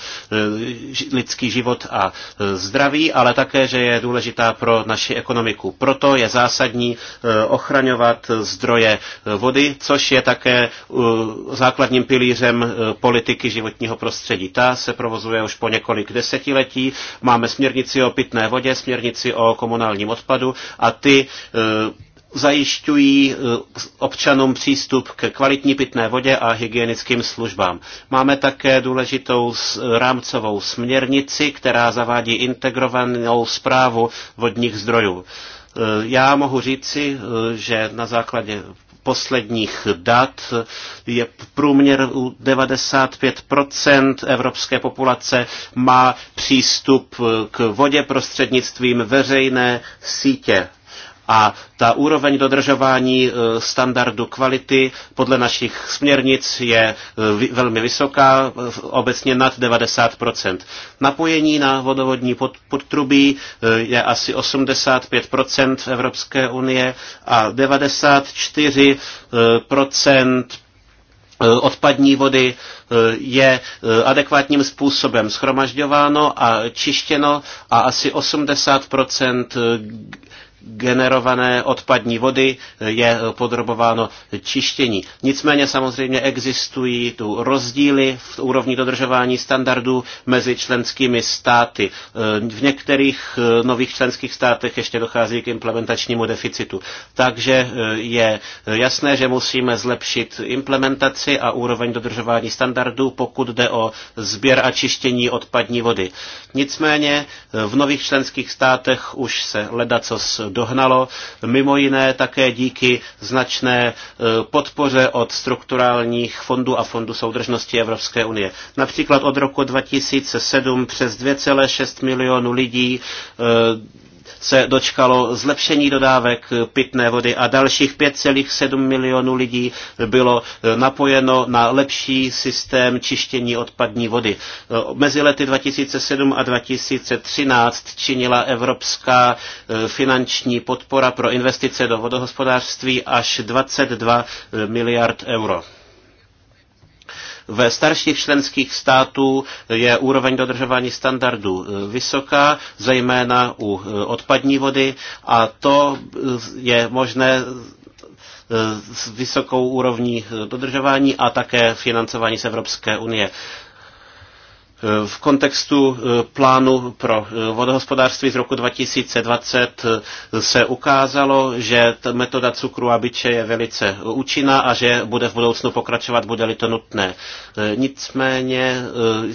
lidský život a zdraví, ale také, že je důležitá pro naši ekonomiku. Proto je zásadní eh, ochraňovat zdroje eh, vody, což je také eh, základním pilířem politiky životního prostředí. Ta se provozuje už po několik desetiletí. Máme směrnici o pitné vodě, směrnici o komunálním odpadu a ty zajišťují občanům přístup k kvalitní pitné vodě a hygienickým službám. Máme také důležitou rámcovou směrnici, která zavádí integrovanou zprávu vodních zdrojů. Eh, já mohu říci, eh, že na základě posledních dat je průměr u 95% evropské populace má přístup eh, k vodě prostřednictvím veřejné sítě a ta úroveň dodržování e, standardu kvality podle našich směrnic je e, velmi vysoká, e, obecně nad 90%. Napojení na vodovodní podtrubí je asi 85% v Evropské unie a 94% odpadní vody je adekvátním způsobem schromažďováno a čištěno a asi 80 generované odpadní vody je podrobováno čištění. Nicméně samozřejmě existují tu rozdíly v úrovni dodržování standardů mezi členskými státy. V některých eh, nových členských státech ještě dochází k implementačnímu deficitu. Takže eh, je jasné, že musíme zlepšit implementaci a úroveň dodržování standardů, pokud jde o sběr a čištění odpadní vody. Nicméně eh, v nových členských státech už se ledacos dohnalo, mimo jiné také díky značné e, podpoře od strukturálních fondů a fondů soudržnosti Evropské unie. Například od roku 2007 přes 2,6 milionů lidí e, se dočkalo zlepšení dodávek pitné vody a dalších 5,7 milionů lidí bylo eh, napojeno na lepší systém čištění odpadní vody. Eh, mezi lety 2007 a 2013 činila evropská eh, finanční podpora pro investice do vodohospodářství až 22 miliard euro. Ve starších členských států je úroveň dodržování standardů eh, vysoká, zejména u eh, odpadní vody a to eh, je možné s vysokou úrovní dodržování a také financování z Evropské unie. Eh, v kontextu eh, plánu pro eh, vodohospodářství z roku 2020 se ukázalo, že metoda cukru a byče je velice účinná a že bude v budoucnu pokračovat, bude-li to nutné. Nicméně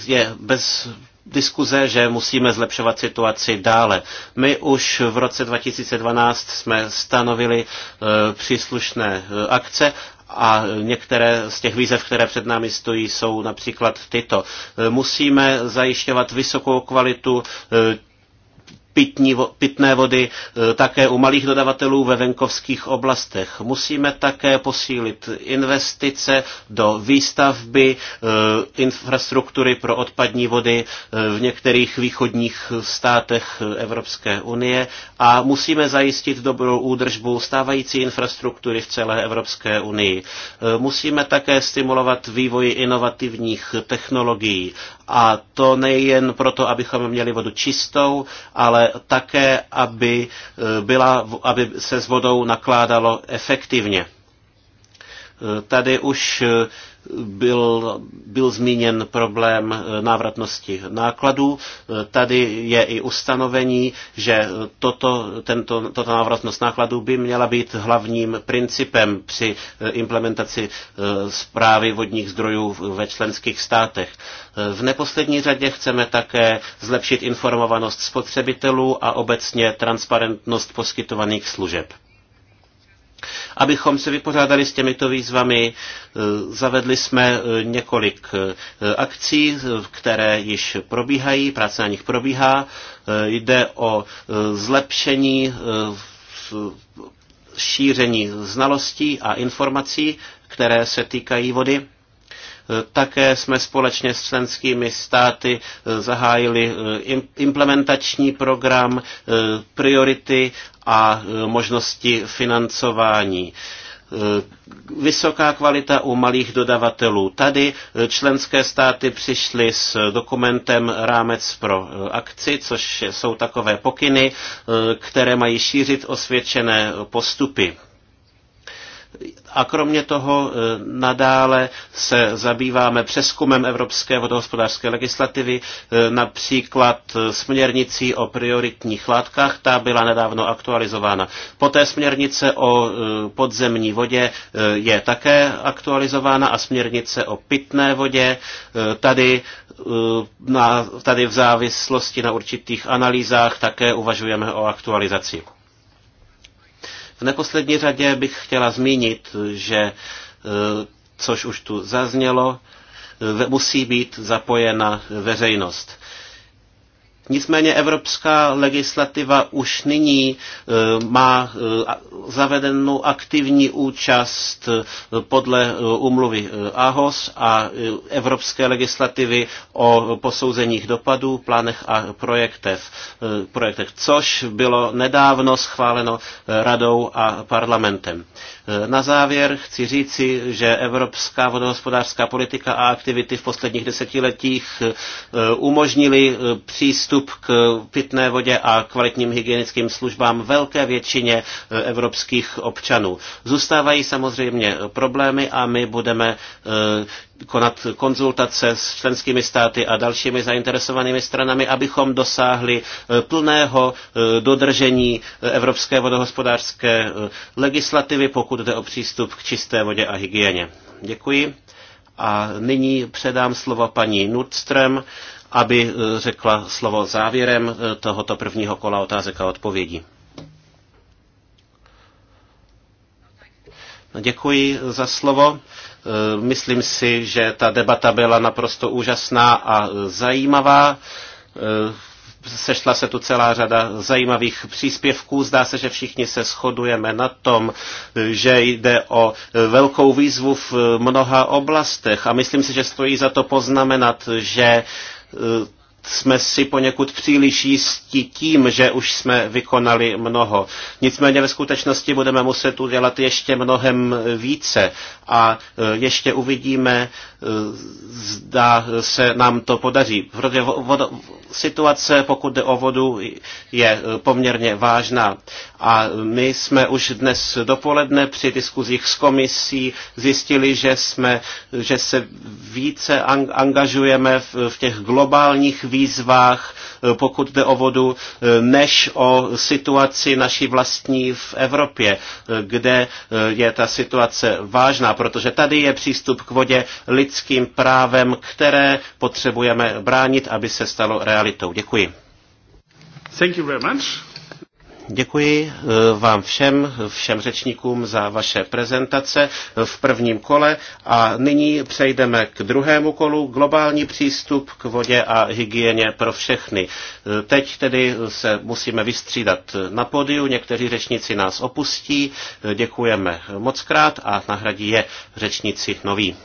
je bez diskuze, že musíme zlepšovat situaci dále. My už v roce 2012 jsme stanovili příslušné akce a některé z těch výzev, které před námi stojí, jsou například tyto. Musíme zajišťovat vysokou kvalitu eh, pitní, pitné vody e, také u malých dodavatelů ve venkovských oblastech. Musíme také posílit investice do výstavby e, infrastruktury pro odpadní vody e, v některých východních státech Evropské unie a musíme zajistit dobrou údržbu stávající infrastruktury v celé Evropské unii. Musíme také stimulovat vývoj inovativních technologií a to nejen proto, abychom měli vodu čistou, ale také, aby, e, byla, aby se s vodou nakládalo efektivně. Tady už eh, byl, byl zmíněn problém eh, návratnosti nákladů. Eh, tady je i ustanovení, že toto, tento, toto návratnost nákladů by měla být hlavním principem při implementaci zprávy vodních zdrojů ve členských státech. V neposlední řadě chceme také zlepšit informovanost spotřebitelů a obecně transparentnost poskytovaných služeb. Abychom se vypořádali s těmito výzvami, eh, zavedli jsme eh, několik eh, akcí, které již probíhají, práce na nich probíhá. Jde o zlepšení šíření znalostí a informací, které se týkají vody. Také jsme společně s členskými státy eh, zahájili eh, implementační program, eh, priority a možnosti financování vysoká kvalita u malých dodavatelů. Tady členské státy přišly s dokumentem Rámec pro akci, což jsou takové pokyny, které mají šířit osvědčené postupy a kromě toho e, nadále se zabýváme přeskumem evropské vodohospodářské legislativy, e, například e, směrnicí o prioritních látkách, ta byla nedávno aktualizována. Poté směrnice o podzemní vodě je také aktualizována a směrnice o pitné vodě tady, na, tady v závislosti na určitých analýzách také uvažujeme o aktualizaci. V neposlední řadě bych chtěla zmínit, že, e, což už tu zaznělo, e, musí být zapojena veřejnost. Nicméně evropská legislativa už nyní e, má e, zavedenou aktivní účast e, podle umluvy AHOS a evropské legislativy o posouzeních dopadů, plánech a projektech, projektech což bylo nedávno schváleno radou a parlamentem. Na závěr chci říci, že evropská vodohospodářská politika a aktivity v posledních desetiletích eh, umožnili eh, přístup k pitné vodě a kvalitním hygienickým službám velké většině eh, evropských občanů. Zůstávají samozřejmě problémy a my budeme konat konzultace s členskými státy a dalšími zainteresovanými stranami, abychom dosáhli e, plného e, dodržení e, evropské vodohospodářské legislativy, pokud jde o přístup k čisté vodě a hygieně. Děkuji. A nyní předám slovo paní Nudström, aby řekla slovo závěrem tohoto prvního kola otázek a odpovědí. Děkuji za slovo. Eh, myslím si, že ta debata byla naprosto úžasná a zajímavá. Eh, sešla se tu celá řada zajímavých příspěvků. Zdá se, že všichni se shodujeme na tom, že jde o velkou výzvu v mnoha oblastech. A myslím si, že stojí za to poznamenat, že eh, jsme si poněkud příliš jistí tím, že už jsme vykonali mnoho. Nicméně ve skutečnosti budeme muset udělat ještě mnohem více a e, ještě uvidíme, zda se nám to podaří. Protože voda, situace, pokud jde o vodu, je poměrně vážná. A my jsme už dnes dopoledne při diskuzích s komisí zjistili, že, jsme, že se více angažujeme v, v těch globálních výzvách, eh, pokud jde o vodu, eh, než o situaci naší vlastní v Evropě, eh, kde je ta situace vážná, protože tady je přístup k vodě lidské lidským právem, které potřebujeme bránit, aby se stalo realitou. Děkuji. Thank you very much. Děkuji eh, vám všem, všem řečníkům za vaše prezentace v prvním kole a nyní přejdeme k druhému kolu globální přístup k vodě a hygieně pro všechny. Eh, teď tedy se musíme vystřídat na podiu, někteří řečníci nás opustí, eh, děkujeme moc krát a nahradí je řečníci noví.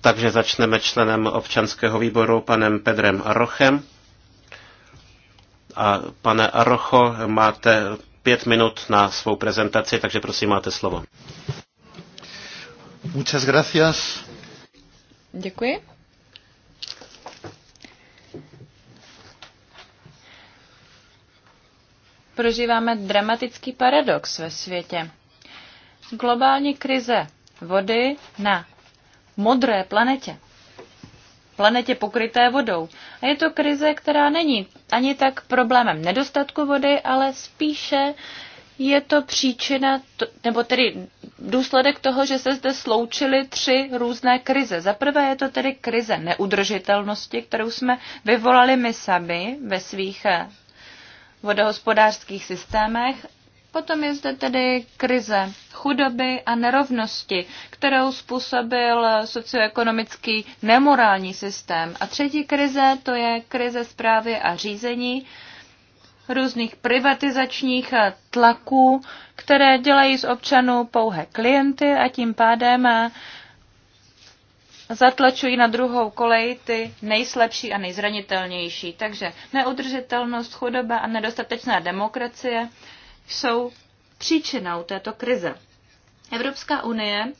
Takže začneme členem občanského výboru panem Pedrem Arochem. A pane Arocho, máte pět minut na svou prezentaci, takže prosím, máte slovo. Muchas gracias. Děkuji. Prožíváme dramatický paradox ve světě globální krize vody na modré planetě. Planetě pokryté vodou. A je to krize, která není ani tak problémem nedostatku vody, ale spíše je to příčina, nebo tedy důsledek toho, že se zde sloučily tři různé krize. Za prvé je to tedy krize neudržitelnosti, kterou jsme vyvolali my sami ve svých eh, vodohospodářských systémech Potom je zde tedy krize chudoby a nerovnosti, kterou způsobil socioekonomický nemorální systém. A třetí krize to je krize zprávy a řízení různých privatizačních tlaků, které dělají z občanů pouhé klienty a tím pádem zatlačují na druhou kolej ty nejslabší a nejzranitelnější. Takže neudržitelnost, chudoba a nedostatečná demokracie jsou příčinou této krize. Evropská unie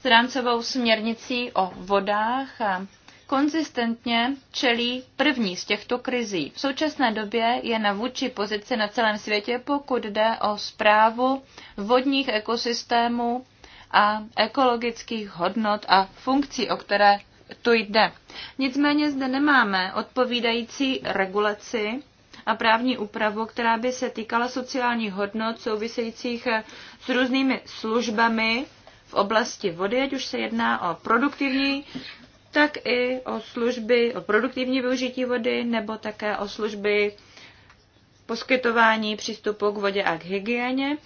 s rámcovou směrnicí o vodách konzistentně čelí první z těchto krizí. V současné době je na vůči pozici na celém světě, pokud jde o zprávu vodních ekosystémů a ekologických hodnot a funkcí, o které tu jde. Nicméně zde nemáme odpovídající regulaci a právní úpravu, která by se týkala sociálních hodnot souvisejících eh, s různými službami v oblasti vody, ať už se jedná o produktivní tak i o služby, o produktivní využití vody, nebo také o služby poskytování přístupu k vodě a k hygieně.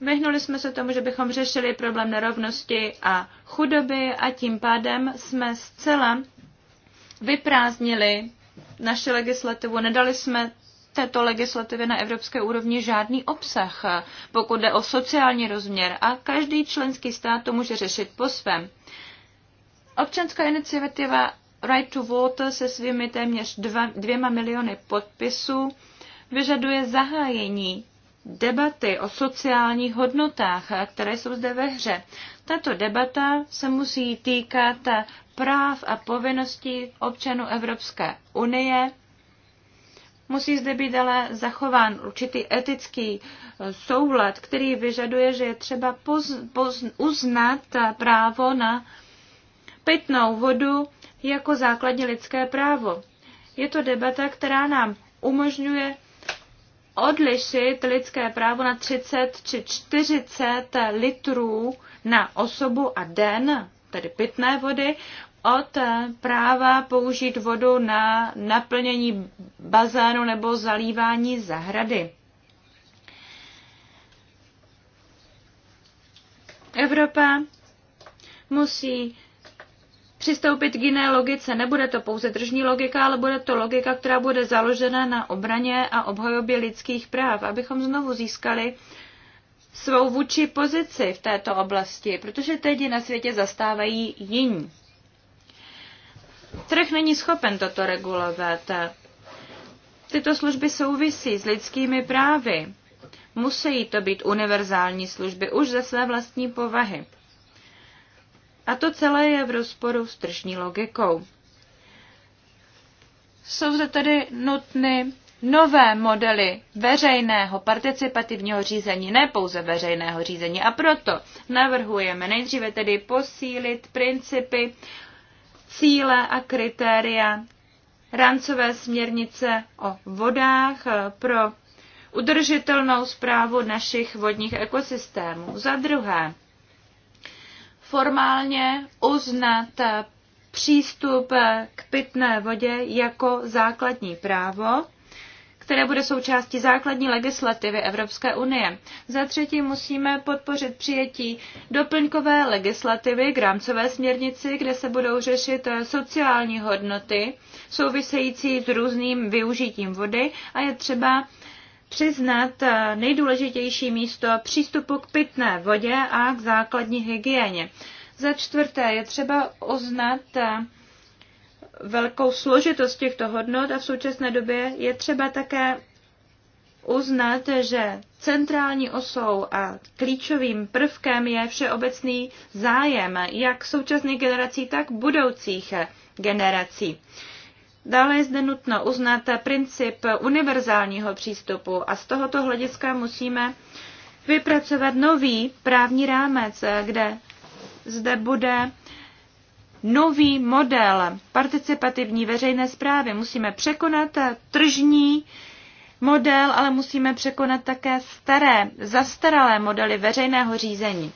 Vyhnuli jsme se tomu, že bychom řešili problém nerovnosti a chudoby a tím pádem jsme zcela vyprázdnili naši legislativu, nedali jsme této legislativě na evropské úrovni žádný obsah, pokud jde o sociální rozměr a každý členský stát to může řešit po svém. Občanská iniciativa Right to Vote se svými téměř dva, dvěma miliony podpisů vyžaduje zahájení debaty o sociálních hodnotách, které jsou zde ve hře. Tato debata se musí týkat práv a povinností občanů Evropské unie. Musí zde být ale zachován určitý etický eh, soulad, který vyžaduje, že je třeba poz, poz, uznat právo na pitnou vodu jako základní lidské právo. Je to debata, která nám umožňuje odlišit lidské právo na 30 či 40 litrů na osobu a den, tedy pitné vody, od eh, práva použít vodu na naplnění bazénu nebo zalívání zahrady. Evropa musí přistoupit k jiné logice. Nebude to pouze držní logika, ale bude to logika, která bude založena na obraně a obhajobě lidských práv, abychom znovu získali svou vůči pozici v této oblasti, protože teď na světě zastávají jiní. Trh není schopen toto regulovat. Tyto služby souvisí s lidskými právy. Musí to být univerzální služby už ze své vlastní povahy. A to celé je v rozporu s tržní logikou. Jsou zde tedy nutny nové modely veřejného participativního řízení, ne pouze veřejného řízení. A proto navrhujeme nejdříve tedy posílit principy, cíle a kritéria rancové směrnice o vodách pro udržitelnou zprávu našich vodních ekosystémů. Za druhé, formálně uznat přístup k pitné vodě jako základní právo které bude součástí základní legislativy Evropské unie. Za třetí musíme podpořit přijetí doplňkové legislativy k rámcové směrnici, kde se budou řešit eh, sociální hodnoty související s různým využitím vody a je třeba přiznat eh, nejdůležitější místo přístupu k pitné vodě a k základní hygieně. Za čtvrté je třeba oznat. Eh, velkou složitost těchto hodnot a v současné době je třeba také uznat, že centrální osou a klíčovým prvkem je všeobecný zájem jak současných generací, tak budoucích generací. Dále je zde nutno uznat princip univerzálního přístupu a z tohoto hlediska musíme vypracovat nový právní rámec, kde zde bude nový model participativní veřejné zprávy. Musíme překonat tržní model, ale musíme překonat také staré, zastaralé modely veřejného řízení.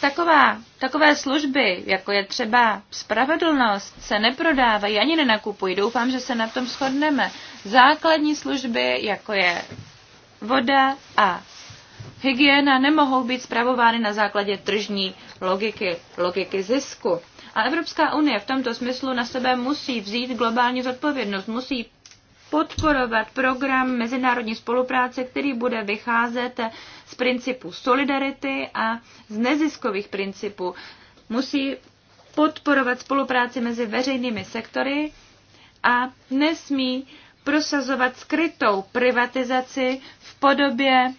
Taková, takové služby, jako je třeba spravedlnost, se neprodávají ani nenakupují. Doufám, že se na tom shodneme. Základní služby, jako je voda a hygiena nemohou být zpravovány na základě tržní logiky, logiky zisku. A Evropská unie v tomto smyslu na sebe musí vzít globální zodpovědnost, musí podporovat program mezinárodní spolupráce, který bude vycházet z principu solidarity a z neziskových principů. Musí podporovat spolupráci mezi veřejnými sektory a nesmí prosazovat skrytou privatizaci v podobě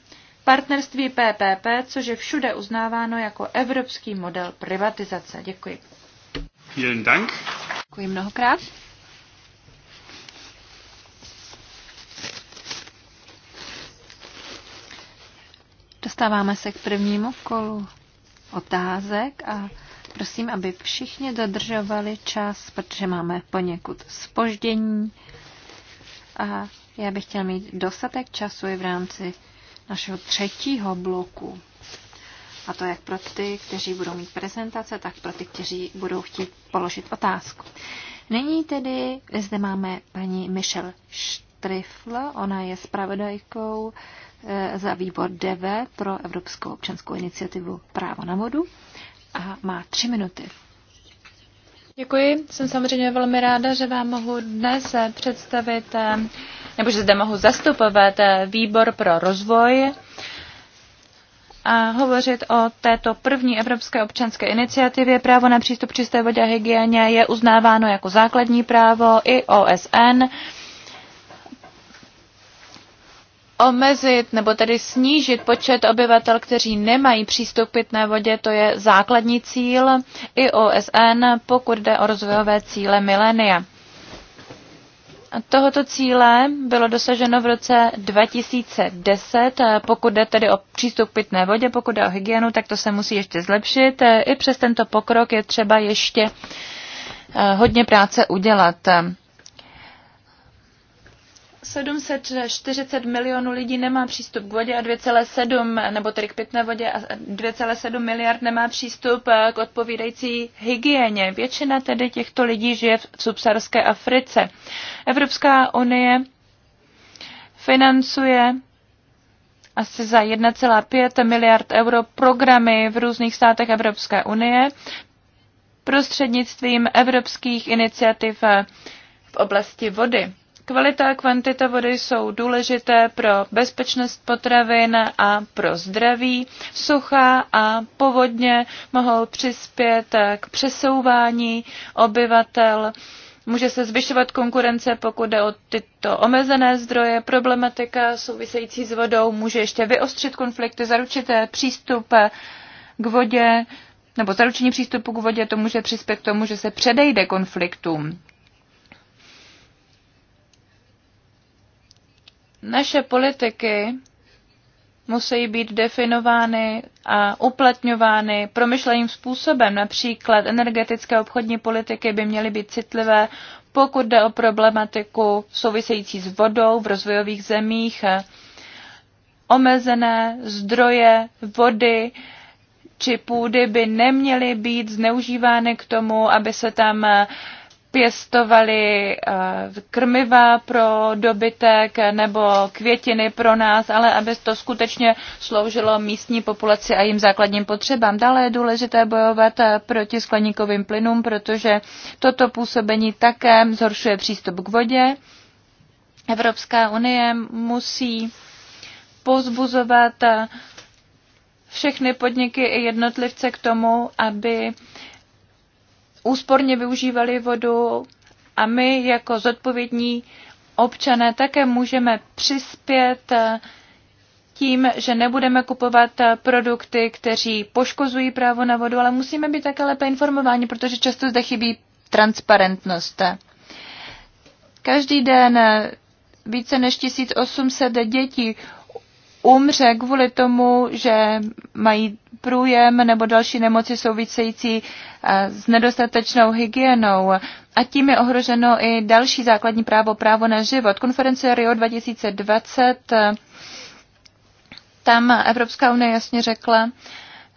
partnerství PPP, což je všude uznáváno jako evropský model privatizace. Děkuji. Vielen Dank. Děkuji mnohokrát. Dostáváme se k prvnímu kolu otázek a prosím, aby všichni dodržovali čas, protože máme poněkud spoždění a já bych chtěl mít dostatek času i v rámci našeho třetího bloku. A to jak pro ty, kteří budou mít prezentace, tak pro ty, kteří budou chtít položit otázku. Nyní tedy zde máme paní Michelle Štrifl, ona je spravodajkou e, za výbor DV pro Evropskou občanskou iniciativu Právo na vodu a má tři minuty. Děkuji. Jsem samozřejmě velmi ráda, že vám mohu dnes představit e, nebo že zde mohu zastupovat eh, výbor pro rozvoj a hovořit o této první evropské občanské iniciativě. Právo na přístup čisté vodě a hygieně je uznáváno jako základní právo i OSN. Omezit nebo tedy snížit počet obyvatel, kteří nemají přístup k pitné vodě, to je základní cíl i OSN, pokud jde o rozvojové cíle milénia tohoto cíle bylo dosaženo v roce 2010. Pokud jde tedy o přístup k pitné vodě, pokud jde o hygienu, tak to se musí ještě zlepšit. I přes tento pokrok je třeba ještě eh, hodně práce udělat. 740 milionů lidí nemá přístup k vodě a 2,7, nebo tedy k pitné vodě a 2,7 miliard nemá přístup eh, k odpovídající hygieně. Většina tedy těchto lidí žije v subsaharské Africe. Evropská unie financuje asi za 1,5 miliard euro programy v různých státech Evropské unie prostřednictvím evropských iniciativ eh, v oblasti vody. Kvalita a kvantita vody jsou důležité pro bezpečnost potravin a pro zdraví. Suchá a povodně mohou přispět k přesouvání obyvatel. Může se zvyšovat konkurence, pokud jde o tyto omezené zdroje. Problematika související s vodou může ještě vyostřit konflikty, zaručit přístup k vodě, nebo zaručení přístupu k vodě, to může přispět k tomu, že se předejde konfliktům. Naše politiky musí být definovány a uplatňovány promyšleným způsobem. Například energetické obchodní politiky by měly být citlivé, pokud jde o problematiku související s vodou v rozvojových zemích, omezené zdroje vody či půdy by neměly být zneužívány k tomu, aby se tam pěstovali eh, krmiva pro dobytek nebo květiny pro nás, ale aby to skutečně sloužilo místní populaci a jim základním potřebám. Dále je důležité bojovat eh, proti skleníkovým plynům, protože toto působení také zhoršuje přístup k vodě. Evropská unie musí pozbuzovat eh, všechny podniky i jednotlivce k tomu, aby úsporně využívali vodu a my jako zodpovědní občané také můžeme přispět eh, tím, že nebudeme kupovat eh, produkty, kteří poškozují právo na vodu, ale musíme být také lépe informováni, protože často zde chybí transparentnost. Každý den eh, více než 1800 dětí umře kvůli tomu, že mají průjem nebo další nemoci související eh, s nedostatečnou hygienou. A tím je ohroženo i další základní právo, právo na život. Konference Rio 2020, eh, tam Evropská unie jasně řekla,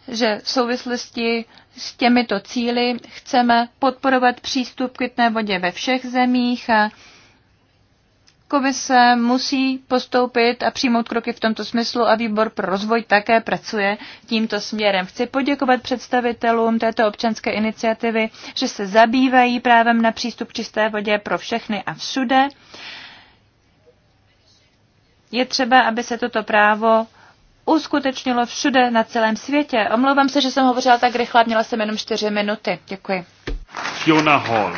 že v souvislosti s těmito cíly chceme podporovat přístup k pitné vodě ve všech zemích a eh, Komise musí postoupit a přijmout kroky v tomto smyslu a výbor pro rozvoj také pracuje tímto směrem. Chci poděkovat představitelům této občanské iniciativy, že se zabývají právem na přístup k čisté vodě pro všechny a všude. Je třeba, aby se toto právo uskutečnilo všude na celém světě. Omlouvám se, že jsem hovořila tak rychle, měla jsem jenom čtyři minuty. Děkuji. Fiona Hall.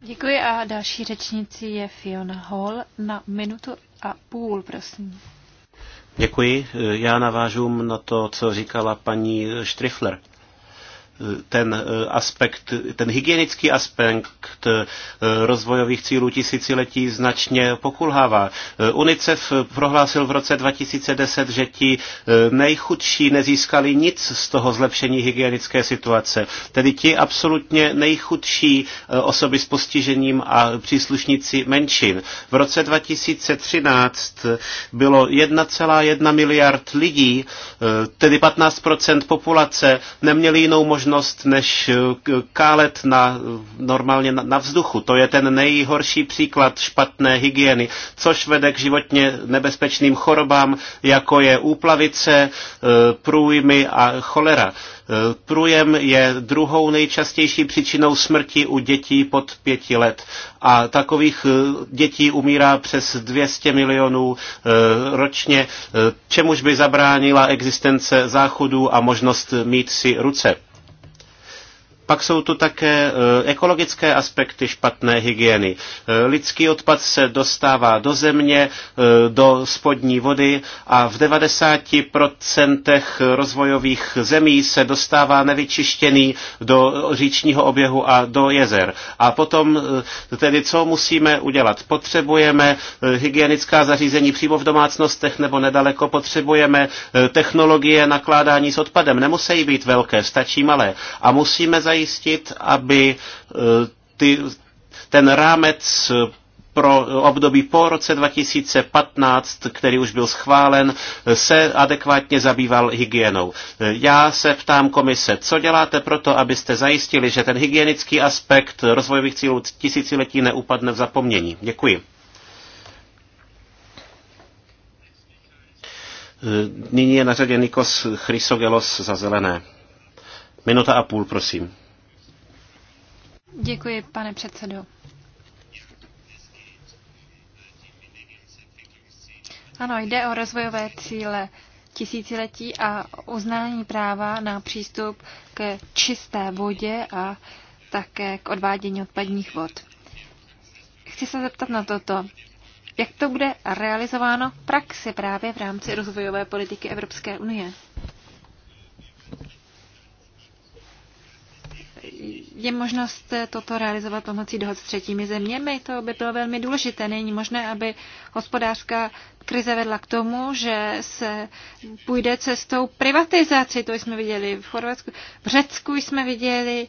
Děkuji a další řečnici je Fiona Hall na minutu a půl, prosím. Děkuji. Já navážu na to, co říkala paní Štrifler ten eh, aspekt, ten hygienický aspekt eh, rozvojových cílů tisíciletí značně pokulhává. Eh, UNICEF prohlásil v roce 2010, že ti nejchudší nezískali nic z toho zlepšení hygienické situace. Tedy ti absolutně nejchudší osoby s postižením a příslušníci menšin. V roce 2013 bylo 1,1 miliard lidí, tedy 15% populace, neměli jinou možnost možnost než eh, kálet na, normálně na, na vzduchu. To je ten nejhorší příklad špatné hygieny, což vede k životně nebezpečným chorobám, jako je úplavice, eh, průjmy a cholera. Eh, průjem je druhou nejčastější příčinou smrti u dětí pod pěti let. A takových dětí umírá přes 200 milionů ročně, čemuž by zabránila existence záchodů a možnost mít si ruce. Pak jsou tu také eh, ekologické aspekty špatné hygieny. Eh, lidský odpad se dostává do země, eh, do spodní vody a v 90% rozvojových zemí se dostává nevyčištěný do říčního oběhu a do jezer. A potom tedy co musíme udělat? Potřebujeme hygienická zařízení přímo v domácnostech nebo nedaleko, potřebujeme technologie nakládání s odpadem. Nemusí být velké, stačí malé. A musíme zajistit zajistit, aby e, ty, ten rámec pro období po roce 2015, který už byl schválen, se adekvátně zabýval hygienou. Já se ptám komise, co děláte pro to, abyste zajistili, že ten hygienický aspekt rozvojových cílů tisíciletí neupadne v zapomnění? Děkuji. Nyní je na řadě Nikos Chrysogelos za zelené. Minuta a půl, prosím. Děkuji, pane předsedo. Ano, jde o rozvojové cíle tisíciletí a uznání práva na přístup k čisté vodě a také k odvádění odpadních vod. Chci se zeptat na toto. Jak to bude realizováno v praxi právě v rámci rozvojové politiky Evropské unie? je možnost toto realizovat pomocí dohod s třetími zeměmi. To by bylo velmi důležité. Není možné, aby hospodářská krize vedla k tomu, že se půjde cestou privatizaci. To jsme viděli v Chorvatsku. V Řecku jsme viděli,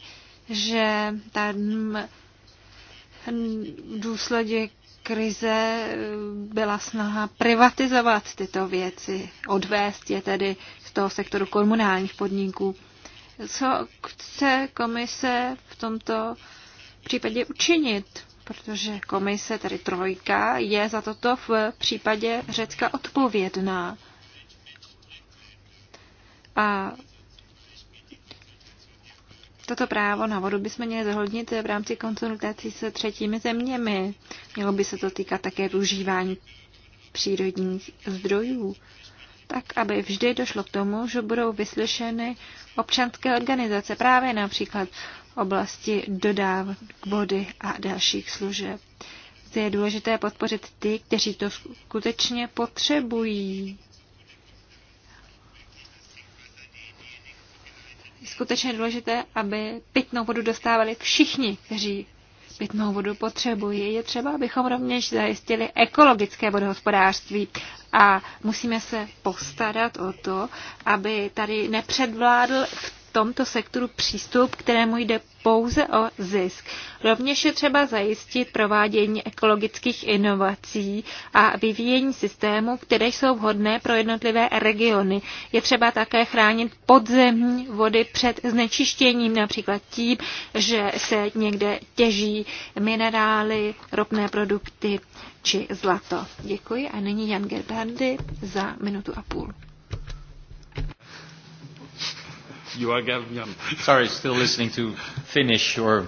že tam důsledek krize byla snaha privatizovat tyto věci, odvést je tedy z toho sektoru komunálních podniků co chce komise v tomto případě učinit, protože komise, tedy trojka, je za toto v případě Řecka odpovědná. A Toto právo na vodu bychom měli zhodnit v rámci konzultací se třetími zeměmi. Mělo by se to týkat také využívání přírodních zdrojů tak aby vždy došlo k tomu, že budou vyslyšeny občanské organizace právě například v oblasti dodávek vody a dalších služeb. Zde je důležité podpořit ty, kteří to skutečně potřebují. Je skutečně důležité, aby pitnou vodu dostávali všichni, kteří pitnou vodu potřebují. Je třeba, abychom rovněž zajistili ekologické vodohospodářství a musíme se postarat o to, aby tady nepředvládl v tomto sektoru přístup, kterému jde pouze o zisk. Rovněž je třeba zajistit provádění ekologických inovací a vyvíjení systémů, které jsou vhodné pro jednotlivé regiony. Je třeba také chránit podzemní vody před znečištěním, například tím, že se někde těží minerály, ropné produkty či zlato. Děkuji a nyní Jan Gerbardy za minutu a půl. you are Galvian. Sorry, still listening to Finnish or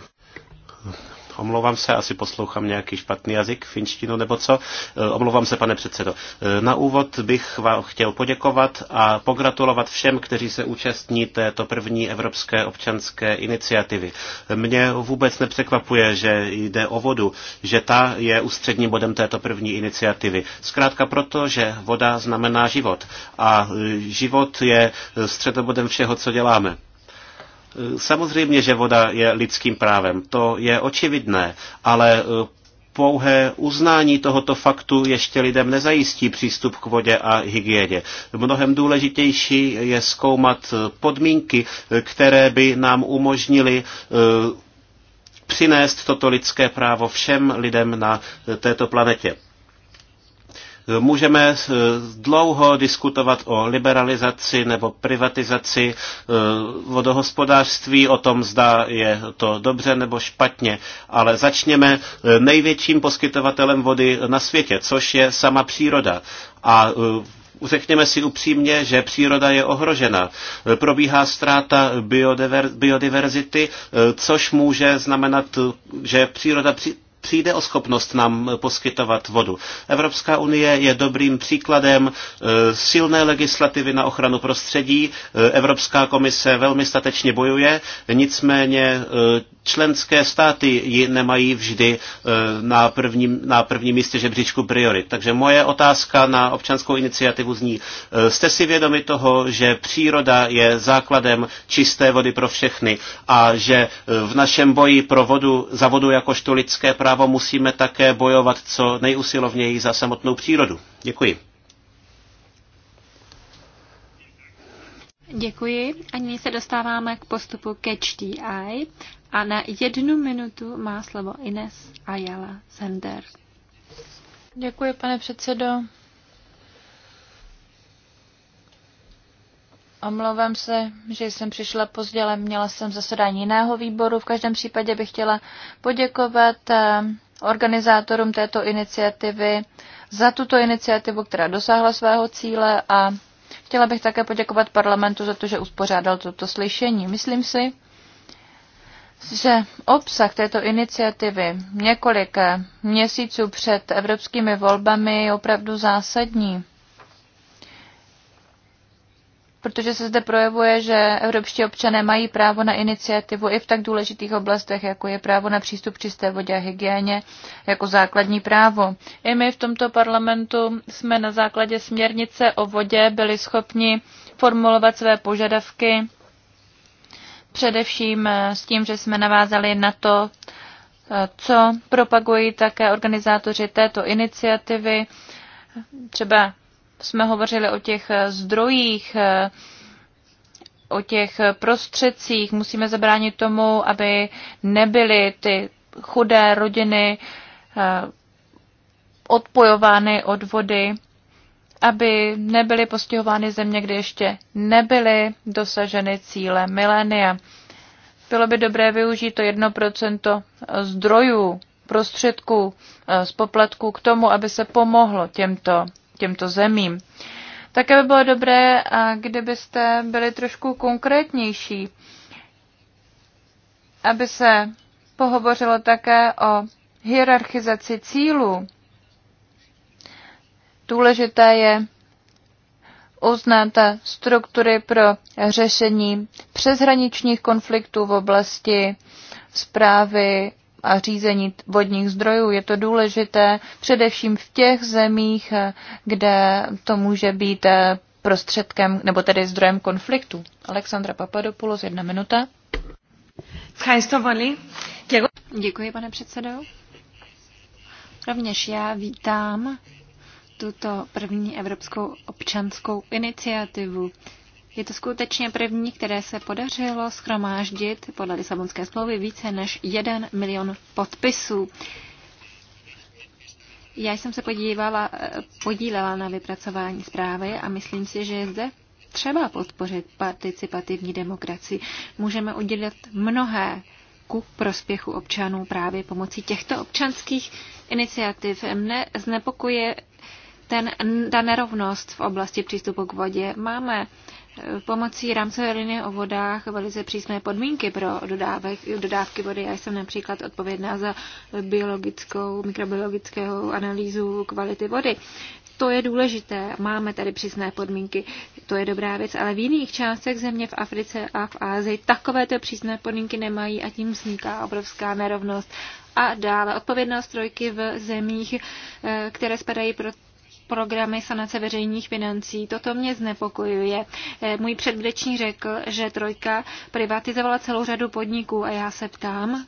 Omlouvám se, asi poslouchám nějaký špatný jazyk, finštinu nebo co. E, omlouvám se, pane předsedo. E, na úvod bych vám chtěl poděkovat a pogratulovat všem, kteří se účastní této první evropské občanské iniciativy. Mě vůbec nepřekvapuje, že jde o vodu, že ta je ústředním bodem této první iniciativy. Zkrátka proto, že voda znamená život a e, život je středobodem všeho, co děláme. Samozřejmě, že voda je lidským právem, to je očividné, ale e, pouhé uznání tohoto faktu ještě lidem nezajistí přístup k vodě a hygieně. Mnohem důležitější je zkoumat podmínky, které by nám umožnily e, přinést toto lidské právo všem lidem na e, této planetě. Můžeme eh, dlouho diskutovat o liberalizaci nebo privatizaci eh, vodohospodářství, o tom zda je to dobře nebo špatně, ale začněme eh, největším poskytovatelem vody na světě, což je sama příroda. A řekněme si upřímně, že příroda je ohrožena. Probíhá ztráta biodiverzity, což může znamenat, že příroda přijde o schopnost nám poskytovat vodu. Evropská unie je dobrým příkladem e, silné legislativy na ochranu prostředí. E, Evropská komise velmi statečně bojuje, nicméně e, členské státy ji nemají vždy eh, na prvním, na prvním místě žebříčku priorit. Takže moje otázka na občanskou iniciativu zní, eh, jste si vědomi toho, že příroda je základem čisté vody pro všechny a že eh, v našem boji pro vodu, za vodu jakožto lidské právo musíme také bojovat co nejusilovněji za samotnou přírodu. Děkuji. Děkuji. A nyní se dostáváme k postupu Catch the Eye. A na jednu minutu má slovo Ines Ayala Sender. Děkuji, pane předsedo. Omlouvám se, že jsem přišla pozdě, ale měla jsem zasedání jiného výboru. V každém případě bych chtěla poděkovat eh, organizátorům této iniciativy za tuto iniciativu, která dosáhla svého cíle a chtěla bych také poděkovat parlamentu za to, že uspořádal toto slyšení. Myslím si, že obsah této iniciativy několik měsíců před evropskými volbami je opravdu zásadní. Protože se zde projevuje, že evropští občané mají právo na iniciativu i v tak důležitých oblastech, jako je právo na přístup k čisté vodě a hygieně, jako základní právo. I my v tomto parlamentu jsme na základě směrnice o vodě byli schopni formulovat své požadavky Především eh, s tím, že jsme navázali na to, eh, co propagují také organizátoři této iniciativy. Třeba jsme hovořili o těch eh, zdrojích, o těch prostředcích. Musíme zabránit tomu, aby nebyly ty chudé rodiny odpojovány od vody aby nebyly postihovány země, kde ještě nebyly dosaženy cíle milénia. Bylo by dobré využít to 1% zdrojů, prostředků eh, z poplatků k tomu, aby se pomohlo těmto, těmto zemím. Také by bylo dobré, kdybyste byli trošku konkrétnější, aby se pohovořilo také o hierarchizaci cílů Důležité je uznat struktury pro řešení přeshraničních konfliktů v oblasti zprávy a řízení vodních zdrojů. Je to důležité především v těch zemích, kde to může být prostředkem nebo tedy zdrojem konfliktu. Alexandra Papadopoulos, jedna minuta. Děkuji, pane předsedo. Rovněž já vítám tuto první evropskou občanskou iniciativu. Je to skutečně první, které se podařilo schromáždit podle Lisabonské smlouvy více než 1 milion podpisů. Já jsem se podívala, podílela na vypracování zprávy a myslím si, že je zde třeba podpořit participativní demokracii. Můžeme udělat mnohé ku prospěchu občanů právě pomocí těchto občanských iniciativ. Mne znepokuje ten, ta nerovnost v oblasti přístupu k vodě. Máme eh, pomocí rámcové linie o vodách velice přísné podmínky pro dodávek, dodávky vody. Já jsem například odpovědná za biologickou, mikrobiologickou analýzu kvality vody. To je důležité, máme tady přísné podmínky, to je dobrá věc, ale v jiných částech země v Africe a v Ázii takovéto přísné podmínky nemají a tím vzniká obrovská nerovnost. A dále odpovědnost trojky v zemích, eh, které spadají pro programy sanace veřejných financí. Toto mě znepokojuje. Eh, můj předvdeční řekl, že Trojka privatizovala celou řadu podniků a já se ptám,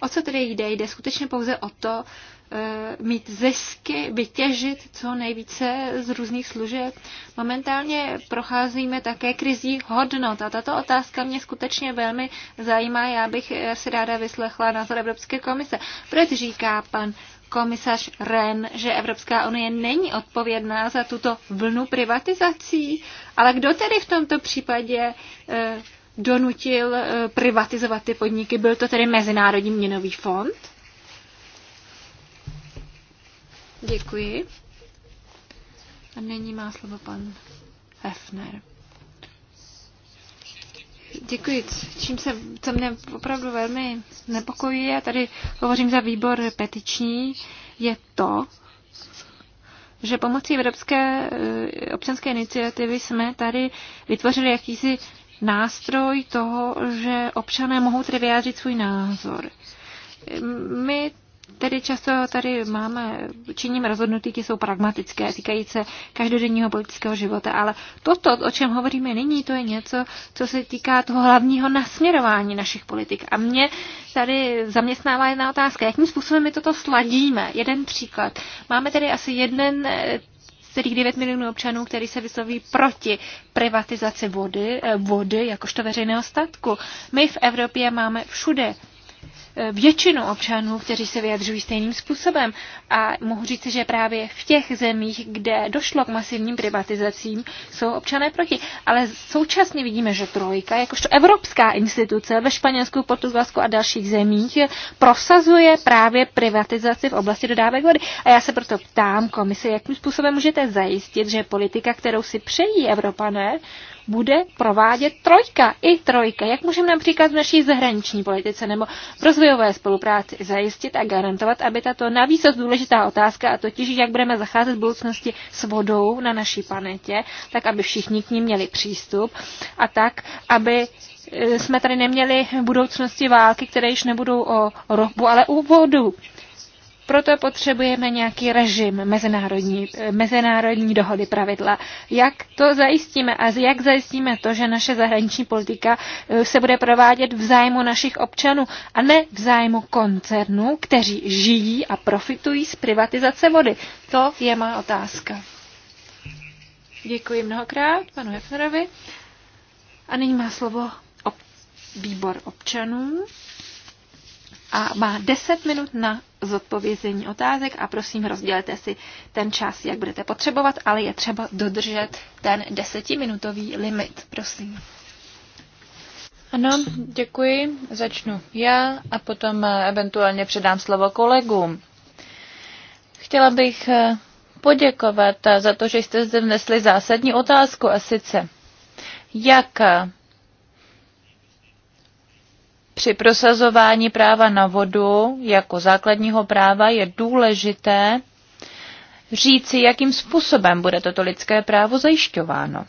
O co tedy jde? Jde skutečně pouze o to, eh, mít zisky, vytěžit co nejvíce z různých služeb. Momentálně procházíme také krizí hodnot a tato otázka mě skutečně velmi zajímá. Já bych eh, si ráda vyslechla názor Evropské komise. Proč říká pan komisař Ren, že Evropská unie není odpovědná za tuto vlnu privatizací, ale kdo tedy v tomto případě e, donutil e, privatizovat ty podniky? Byl to tedy Mezinárodní měnový fond? Děkuji. A nyní má slovo pan Hefner. Děkuji. Čím se, co mě opravdu velmi nepokojí, a tady hovořím za výbor petiční, je to, že pomocí Evropské eh, občanské iniciativy jsme tady vytvořili jakýsi nástroj toho, že občané mohou tedy vyjádřit svůj názor. My Tedy často tady máme, činím rozhodnutí, ty jsou pragmatické, týkají se každodenního politického života, ale toto, o čem hovoříme nyní, to je něco, co se týká toho hlavního nasměrování našich politik. A mě tady zaměstnává jedna otázka, jakým způsobem my toto sladíme. Jeden příklad. Máme tady asi jeden celých 9 milionů občanů, který se vysloví proti privatizaci vody, eh, vody jakožto veřejného statku. My v Evropě máme všude většinu občanů, kteří se vyjadřují stejným způsobem. A mohu říct, že právě v těch zemích, kde došlo k masivním privatizacím, jsou občané proti. Ale současně vidíme, že Trojka, jakožto evropská instituce ve Španělsku, Portugalsku a dalších zemích, prosazuje právě privatizaci v oblasti dodávek vody. A já se proto ptám komise, jakým způsobem můžete zajistit, že politika, kterou si přejí Evropané, bude provádět trojka, i trojka. Jak můžeme například v naší zahraniční politice nebo v rozvojové spolupráci zajistit a garantovat, aby tato navíc důležitá otázka, a totiž jak budeme zacházet v budoucnosti s vodou na naší planetě, tak aby všichni k ní měli přístup a tak, aby e, jsme tady neměli v budoucnosti války, které již nebudou o ropu, ale o vodu. Proto potřebujeme nějaký režim mezinárodní, mezinárodní dohody pravidla. Jak to zajistíme a jak zajistíme to, že naše zahraniční politika eh, se bude provádět v zájmu našich občanů a ne v zájmu koncernů, kteří žijí a profitují z privatizace vody. To je má otázka. Děkuji mnohokrát panu Hefnerovi. A nyní má slovo výbor občanů a má 10 minut na zodpovězení otázek a prosím rozdělte si ten čas, jak budete potřebovat, ale je třeba dodržet ten desetiminutový limit. Prosím. Ano, děkuji. Začnu já a potom eh, eventuálně předám slovo kolegům. Chtěla bych eh, poděkovat eh, za to, že jste zde vnesli zásadní otázku a sice, jak při prosazování práva na vodu jako základního práva je důležité říci, jakým způsobem bude toto lidské právo zajišťováno.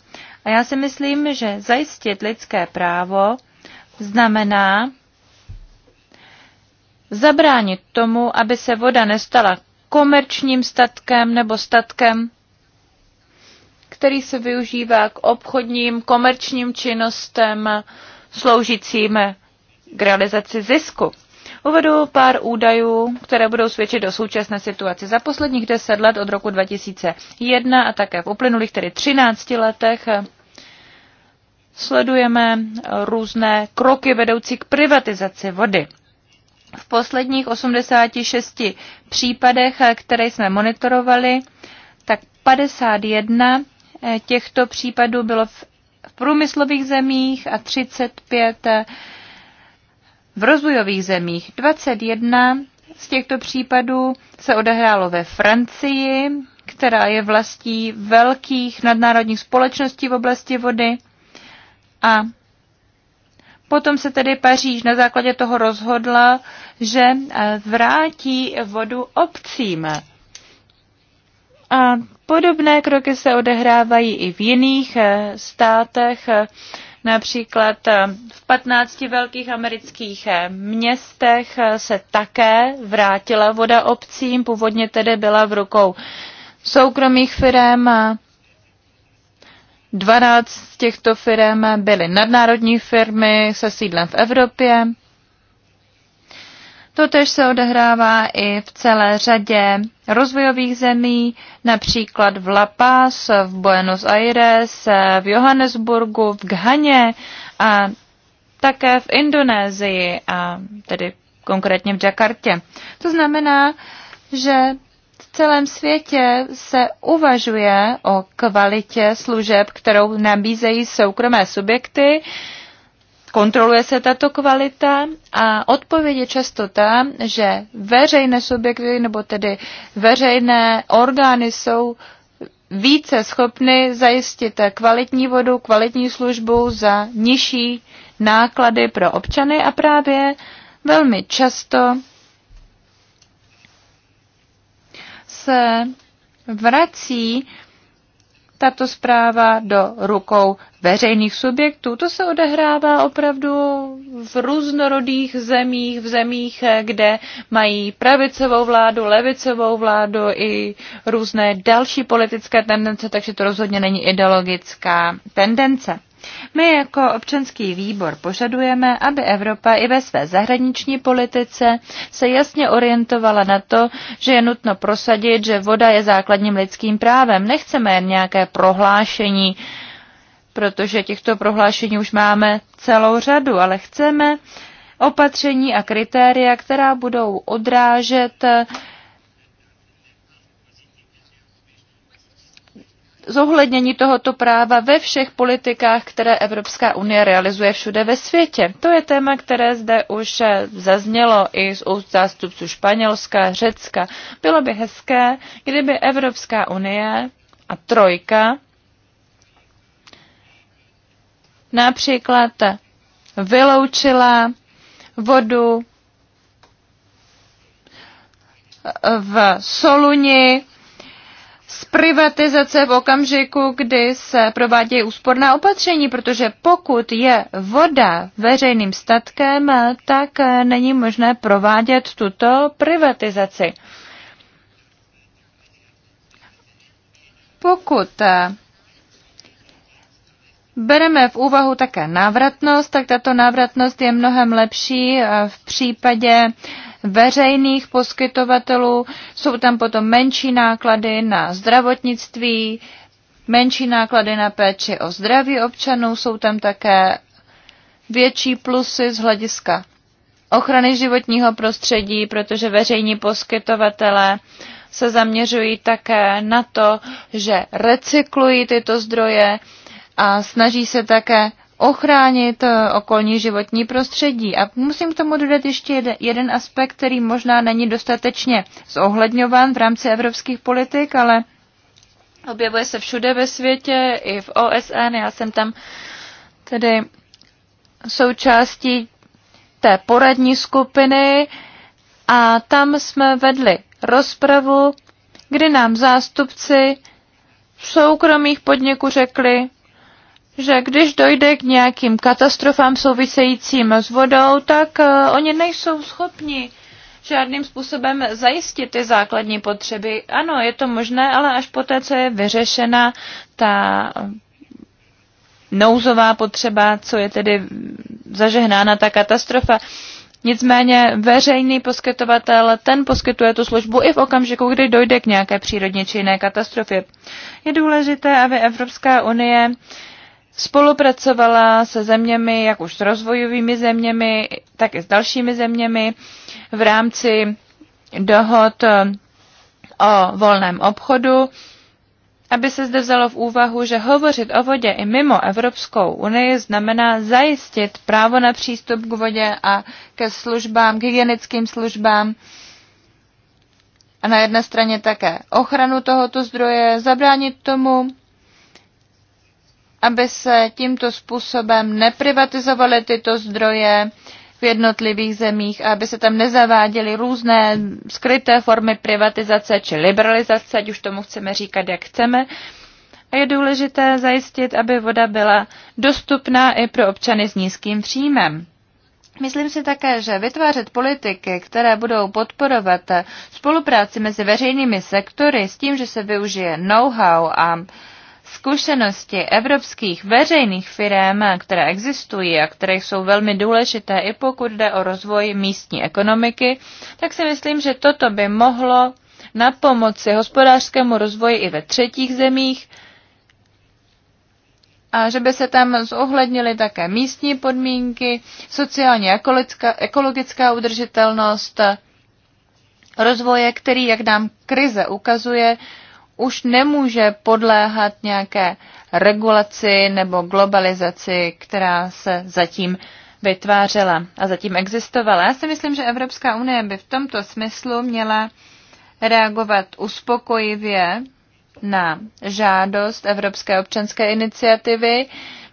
A já si myslím, že zajistit lidské právo znamená zabránit tomu, aby se voda nestala komerčním statkem nebo statkem, který se využívá k obchodním, komerčním činnostem sloužícím k realizaci zisku. Uvedu pár údajů, které budou svědčit o současné situaci. Za posledních 10 let od roku 2001 a také v uplynulých tedy 13 letech sledujeme různé kroky vedoucí k privatizaci vody. V posledních 86 případech, které jsme monitorovali, tak 51 těchto případů bylo v průmyslových zemích a 35 v rozvojových zemích 21 z těchto případů se odehrálo ve Francii, která je vlastí velkých nadnárodních společností v oblasti vody. A potom se tedy Paříž na základě toho rozhodla, že eh, vrátí vodu obcím. A podobné kroky se odehrávají i v jiných eh, státech eh, Například eh, v 15 velkých amerických eh, městech eh, se také vrátila voda obcím, původně tedy byla v rukou soukromých firm. 12 z těchto firm byly nadnárodní firmy se sídlem v Evropě. Totež se odehrává i v celé řadě rozvojových zemí, například v La Paz, v Buenos Aires, v Johannesburgu, v Ghaně a také v Indonésii a tedy konkrétně v Jakartě. To znamená, že v celém světě se uvažuje o kvalitě služeb, kterou nabízejí soukromé subjekty, kontroluje se tato kvalita a odpověď je často ta, že veřejné subjekty nebo tedy veřejné orgány jsou více schopny zajistit kvalitní vodu, kvalitní službu za nižší náklady pro občany a právě velmi často se vrací tato zpráva do rukou veřejných subjektů. To se odehrává opravdu v různorodých zemích, v zemích, kde mají pravicovou vládu, levicovou vládu i různé další politické tendence, takže to rozhodně není ideologická tendence. My jako občanský výbor požadujeme, aby Evropa i ve své zahraniční politice se jasně orientovala na to, že je nutno prosadit, že voda je základním lidským právem. Nechceme jen nějaké prohlášení, protože těchto prohlášení už máme celou řadu, ale chceme opatření a kritéria, která budou odrážet zohlednění tohoto práva ve všech politikách, které Evropská unie realizuje všude ve světě. To je téma, které zde už zaznělo i z úst zástupců Španělska, Řecka. Bylo by hezké, kdyby Evropská unie a trojka například vyloučila vodu v Soluni z privatizace v okamžiku, kdy se provádějí úsporná opatření, protože pokud je voda veřejným statkem, tak není možné provádět tuto privatizaci. Pokud bereme v úvahu také návratnost, tak tato návratnost je mnohem lepší v případě uh, veřejných poskytovatelů. Jsou tam potom menší náklady na zdravotnictví, menší náklady na péči o zdraví občanů, jsou tam také větší plusy z hlediska ochrany životního prostředí, protože veřejní poskytovatelé se zaměřují také na to, že recyklují tyto zdroje a snaží se také ochránit eh, okolní životní prostředí. A musím k tomu dodat ještě jeden aspekt, který možná není dostatečně zohledňován v rámci evropských politik, ale objevuje se všude ve světě, i v OSN. Já jsem tam tedy součástí té poradní skupiny a tam jsme vedli rozpravu, kdy nám zástupci soukromých podniků řekli, že když dojde k nějakým katastrofám souvisejícím s vodou, tak eh, oni nejsou schopni žádným způsobem zajistit ty základní potřeby. Ano, je to možné, ale až poté, co je vyřešena ta nouzová potřeba, co je tedy zažehnána ta katastrofa. Nicméně veřejný poskytovatel, ten poskytuje tu službu i v okamžiku, kdy dojde k nějaké přírodně či jiné katastrofě. Je důležité, aby Evropská unie spolupracovala se zeměmi, jak už s rozvojovými zeměmi, tak i s dalšími zeměmi v rámci dohod eh, o volném obchodu, aby se zde vzalo v úvahu, že hovořit o vodě i mimo Evropskou unii znamená zajistit právo na přístup k vodě a ke službám, k hygienickým službám, a na jedné straně také ochranu tohoto zdroje, zabránit tomu, aby se tímto způsobem neprivatizovaly tyto zdroje v jednotlivých zemích a aby se tam nezaváděly různé skryté formy privatizace či liberalizace, ať už tomu chceme říkat, jak chceme. A je důležité zajistit, aby voda byla dostupná i pro občany s nízkým příjmem. Myslím si také, že vytvářet politiky, které budou podporovat spolupráci mezi veřejnými sektory s tím, že se využije know-how a Zkušenosti evropských veřejných firm, které existují a které jsou velmi důležité i pokud jde o rozvoj místní ekonomiky, tak si myslím, že toto by mohlo na pomoci hospodářskému rozvoji i ve třetích zemích a že by se tam zohlednily také místní podmínky, sociálně ekologická, udržitelnost rozvoje, který, jak nám krize ukazuje, už nemůže podléhat nějaké regulaci nebo globalizaci, která se zatím vytvářela a zatím existovala. Já si myslím, že Evropská unie by v tomto smyslu měla reagovat uspokojivě na žádost Evropské občanské iniciativy,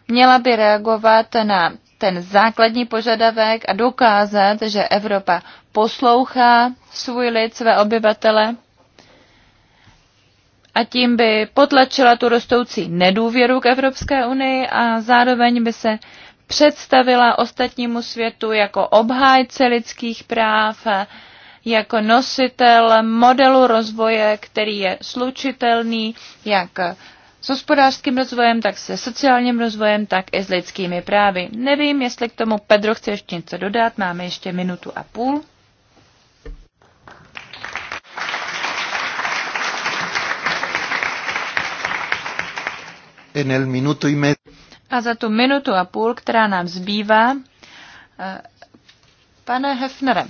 měla by reagovat na ten základní požadavek a dokázat, že Evropa poslouchá svůj lid, své obyvatele a tím by potlačila tu rostoucí nedůvěru k Evropské unii a zároveň by se představila ostatnímu světu jako obhájce lidských práv, jako nositel modelu rozvoje, který je slučitelný jak s hospodářským rozvojem, tak se sociálním rozvojem, tak i s lidskými právy. Nevím, jestli k tomu Pedro chce ještě něco dodat, máme ještě minutu a půl. en el minuto y medio. A za tu minutu a půl, která nám zbývá, eh, pane Hefnere,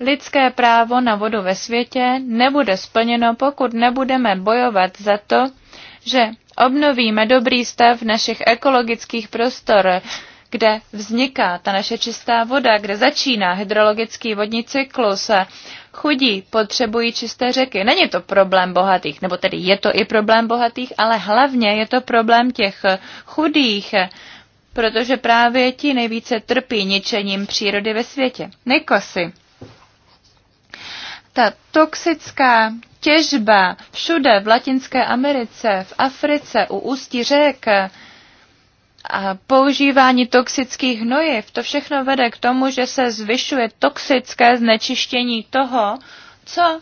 lidské právo na vodu ve světě nebude splněno, pokud nebudeme bojovat za to, že obnovíme dobrý stav našich ekologických prostor, kde vzniká ta naše čistá voda, kde začíná hydrologický vodní cyklus, Chudí potřebují čisté řeky. Není to problém bohatých, nebo tedy je to i problém bohatých, ale hlavně je to problém těch chudých, protože právě ti nejvíce trpí ničením přírody ve světě. Nikosy. Ta toxická těžba všude v Latinské Americe, v Africe, u ústí řek, a používání toxických hnojiv, to všechno vede k tomu, že se zvyšuje toxické znečištění toho, co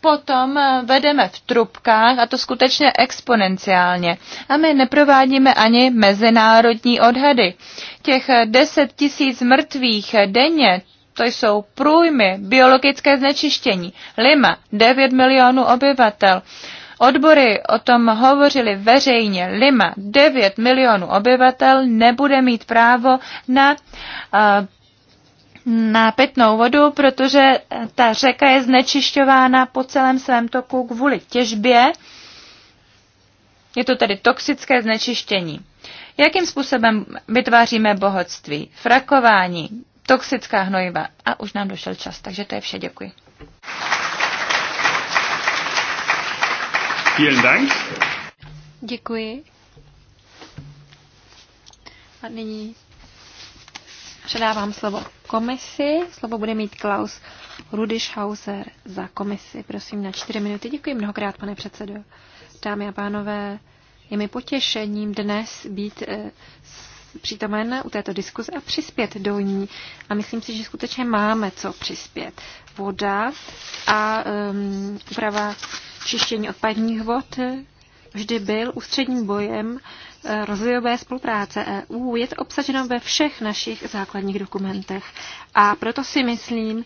potom eh, vedeme v trubkách a to skutečně exponenciálně. A my neprovádíme ani mezinárodní odhady. Těch 10 eh, tisíc mrtvých eh, denně, to jsou průjmy, biologické znečištění. Lima, 9 milionů obyvatel. Odbory o tom hovořili veřejně. Lima, 9 milionů obyvatel, nebude mít právo na eh, na pitnou vodu, protože ta řeka je znečišťována po celém svém toku kvůli těžbě. Je to tedy toxické znečištění. Jakým způsobem vytváříme bohatství? Frakování, toxická hnojiva. A už nám došel čas, takže to je vše. Děkuji. Vielen Dank. Děkuji. A nyní předávám slovo komisi. Slovo bude mít Klaus Rudischhauser za komisi. Prosím na čtyři minuty. Děkuji mnohokrát, pane předsedo. Dámy a pánové, je mi potěšením dnes být s eh, přítomen u této diskuze a přispět do ní. A myslím si, že skutečně máme co přispět. Voda a um, úprava čištění odpadních vod vždy byl ústředním bojem uh, rozvojové spolupráce EU. Je to obsaženo ve všech našich základních dokumentech. A proto si myslím,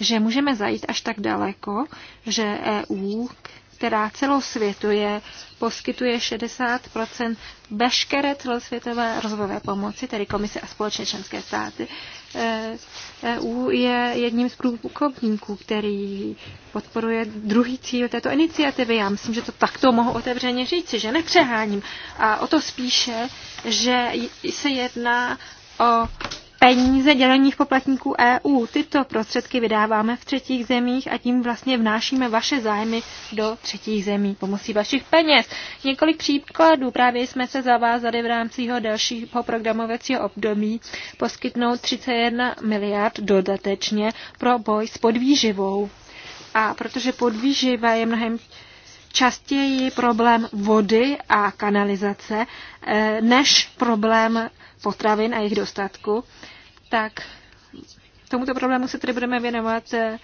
že můžeme zajít až tak daleko, že EU která celosvětuje, poskytuje 60 veškeré celosvětové rozvojové pomoci, tedy komise a společné členské státy. EU e je jedním z průkopníků, který podporuje druhý cíl této iniciativy. Já myslím, že to takto mohu otevřeně říci, že nepřeháním. A o to spíše, že se jedná o peníze dělených poplatníků EU. Tyto prostředky vydáváme v třetích zemích a tím vlastně vnášíme vaše zájmy do třetích zemí pomocí vašich peněz. Několik příkladů. Právě jsme se zavázali v rámci jeho dalšího programovacího období poskytnout 31 miliard dodatečně pro boj s podvýživou. A protože podvýživa je mnohem častěji problém vody a kanalizace eh, než problém potravin a jejich dostatku, tak tomuto problému se tedy budeme věnovat eh,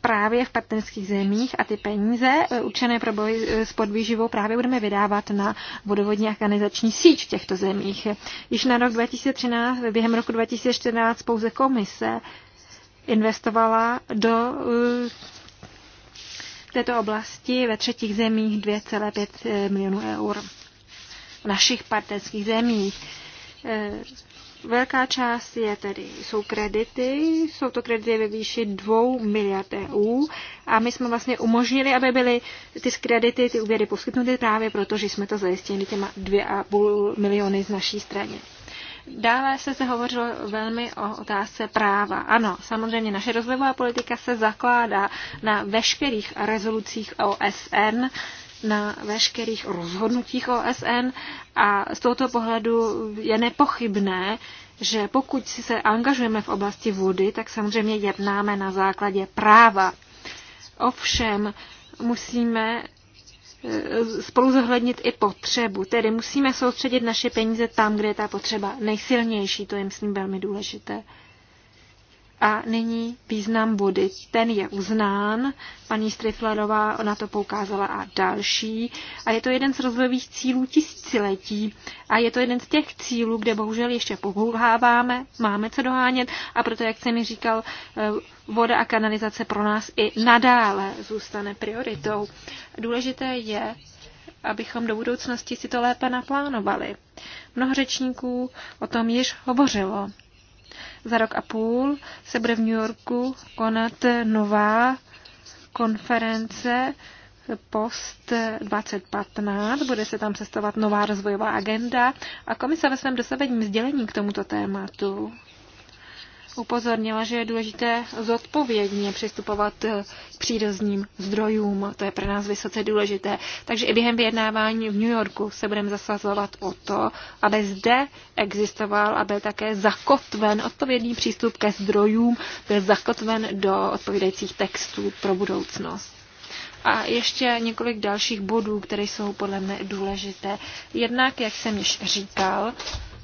právě v partnerských zemích a ty peníze eh, určené pro boj eh, s podvýživou právě budeme vydávat na vodovodní a kanalizační síť v těchto zemích. Již na rok 2013, během roku 2014 pouze komise investovala do této oblasti ve třetích zemích 2,5 milionů eur v našich partnerských zemích. Eh, velká část je tedy, jsou kredity, jsou to kredity ve výši 2 miliard EU a my jsme vlastně umožnili, aby byly ty kredity, ty úvěry poskytnuty právě proto, že jsme to zajistili těma 2,5 miliony z naší strany. Dále se se hovořilo velmi o otázce práva. Ano, samozřejmě naše rozvojová politika se zakládá na veškerých rezolucích OSN, na veškerých rozhodnutích OSN a z tohoto pohledu je nepochybné, že pokud se angažujeme v oblasti vody, tak samozřejmě jednáme na základě práva. Ovšem musíme eh, spolu zohlednit i potřebu, tedy musíme soustředit naše peníze tam, kde je ta potřeba nejsilnější, to je myslím velmi důležité. A nyní význam Budy. Ten je uznán, paní Striflerová na to poukázala a další. A je to jeden z rozvojových cílů tisíciletí. A je to jeden z těch cílů, kde bohužel ještě pohulháváme, máme co dohánět. A proto, jak jsem mi říkal, eh, voda a kanalizace pro nás i nadále zůstane prioritou. Důležité je, abychom do budoucnosti si to lépe naplánovali. Mnoho řečníků o tom již hovořilo. Za rok a půl se bude v New Yorku konat nová konference Post 2015. Bude se tam cestovat nová rozvojová agenda a komise ve svém dosavadním sdělení k tomuto tématu upozornila, že je důležité zodpovědně přistupovat eh, k přírodním zdrojům. To je pro nás vysoce důležité. Takže i během vyjednávání v New Yorku se budeme zasazovat o to, aby zde existoval a byl také zakotven odpovědný přístup ke zdrojům, byl zakotven do odpovídajících textů pro budoucnost. A ještě několik dalších bodů, které jsou podle mě důležité. Jednak, jak jsem již říkal,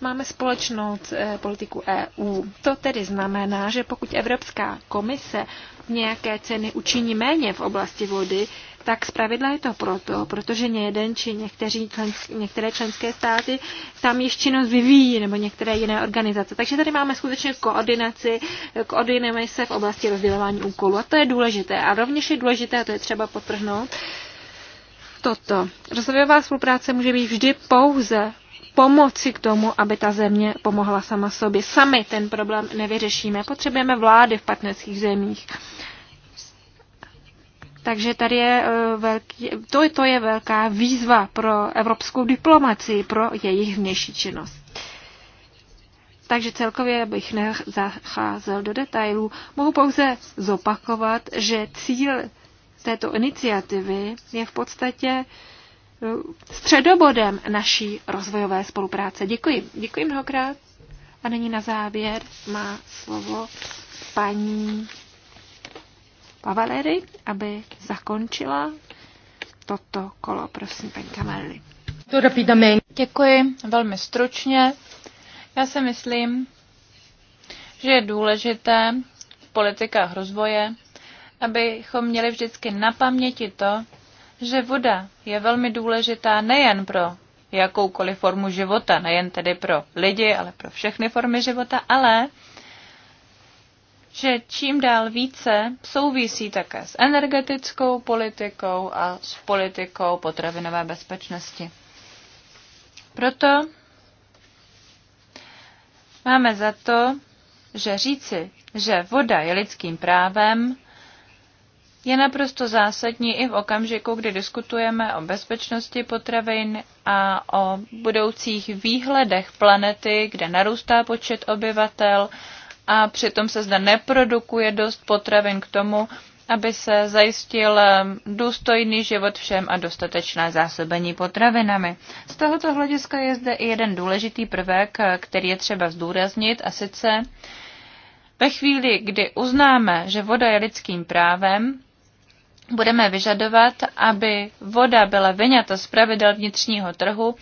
Máme společnou eh, politiku EU. To tedy znamená, že pokud Evropská komise nějaké ceny učiní méně v oblasti vody, tak zpravidla je to proto, protože jeden či někteří členské, některé členské státy tam již činnost vyvíjí nebo některé jiné organizace. Takže tady máme skutečně koordinaci, koordinujeme se v oblasti rozdělování úkolů a to je důležité. A rovněž je důležité, a to je třeba potrhnout, toto. Rozvojová spolupráce může být vždy pouze pomoci k tomu, aby ta země pomohla sama sobě. Sami ten problém nevyřešíme. Potřebujeme vlády v partnerských zemích. Takže tady je e, velký, to, to je velká výzva pro evropskou diplomaci, pro jejich vnější činnost. Takže celkově bych nezacházel do detailů. Mohu pouze zopakovat, že cíl této iniciativy je v podstatě uh, Eh, středobodem naší rozvojové spolupráce. Děkuji. Děkuji mnohokrát. A nyní na závěr má slovo paní Pavalery, aby zakončila toto kolo. Prosím, paní Kamerly. Děkuji, velmi stručně. Já si myslím, že je důležité v politikách rozvoje, abychom měli vždycky na paměti to, že voda je velmi důležitá nejen pro jakoukoliv formu života, nejen tedy pro lidi, ale pro všechny formy života, ale že čím dál více souvisí také s energetickou politikou a s politikou potravinové bezpečnosti. Proto máme za to, že říci, že voda je lidským právem, je naprosto zásadní i v okamžiku, kdy diskutujeme o bezpečnosti potravin a o budoucích výhledech planety, kde narůstá počet obyvatel a přitom se zde neprodukuje dost potravin k tomu, aby se zajistil um, důstojný život všem a dostatečné zásobení potravinami. Z tohoto hlediska je zde i jeden důležitý prvek, který je třeba zdůraznit, a sice ve chvíli, kdy uznáme, že voda je lidským právem, budeme vyžadovat, aby voda byla vyňata z pravidel vnitřního trhu,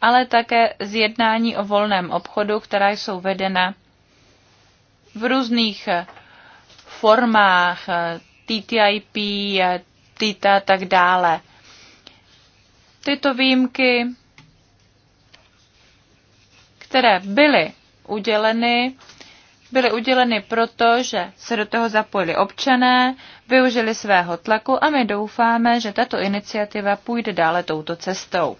ale také z jednání o volném obchodu, která jsou vedena v různých eh, formách eh, TTIP, eh, TITA a tak dále. Tyto výjimky, které byly uděleny, byly uděleny proto, že se do toho zapojili občané, využili svého tlaku a my doufáme, že tato iniciativa půjde dále touto cestou.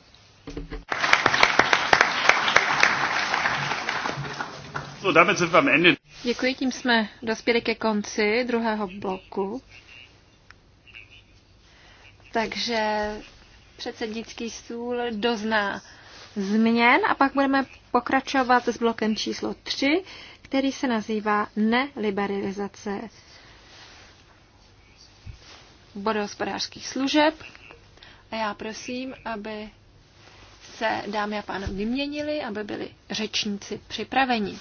Děkuji, tím jsme dospěli ke konci druhého bloku. Takže předsednický stůl dozná změn a pak budeme pokračovat s blokem číslo 3, který se nazývá neliberalizace vodohospodářských služeb. A já prosím, aby se dámy a pánové vyměnili, aby byli řečníci připraveni.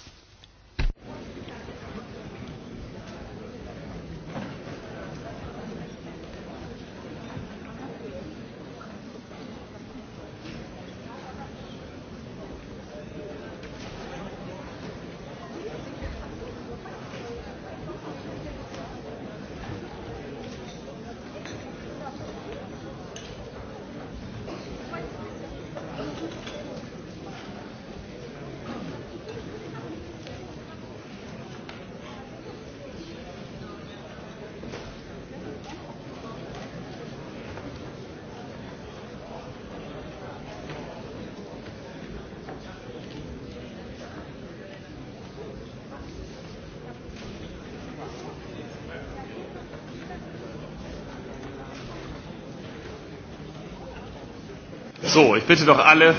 So, ich bitte doch alle.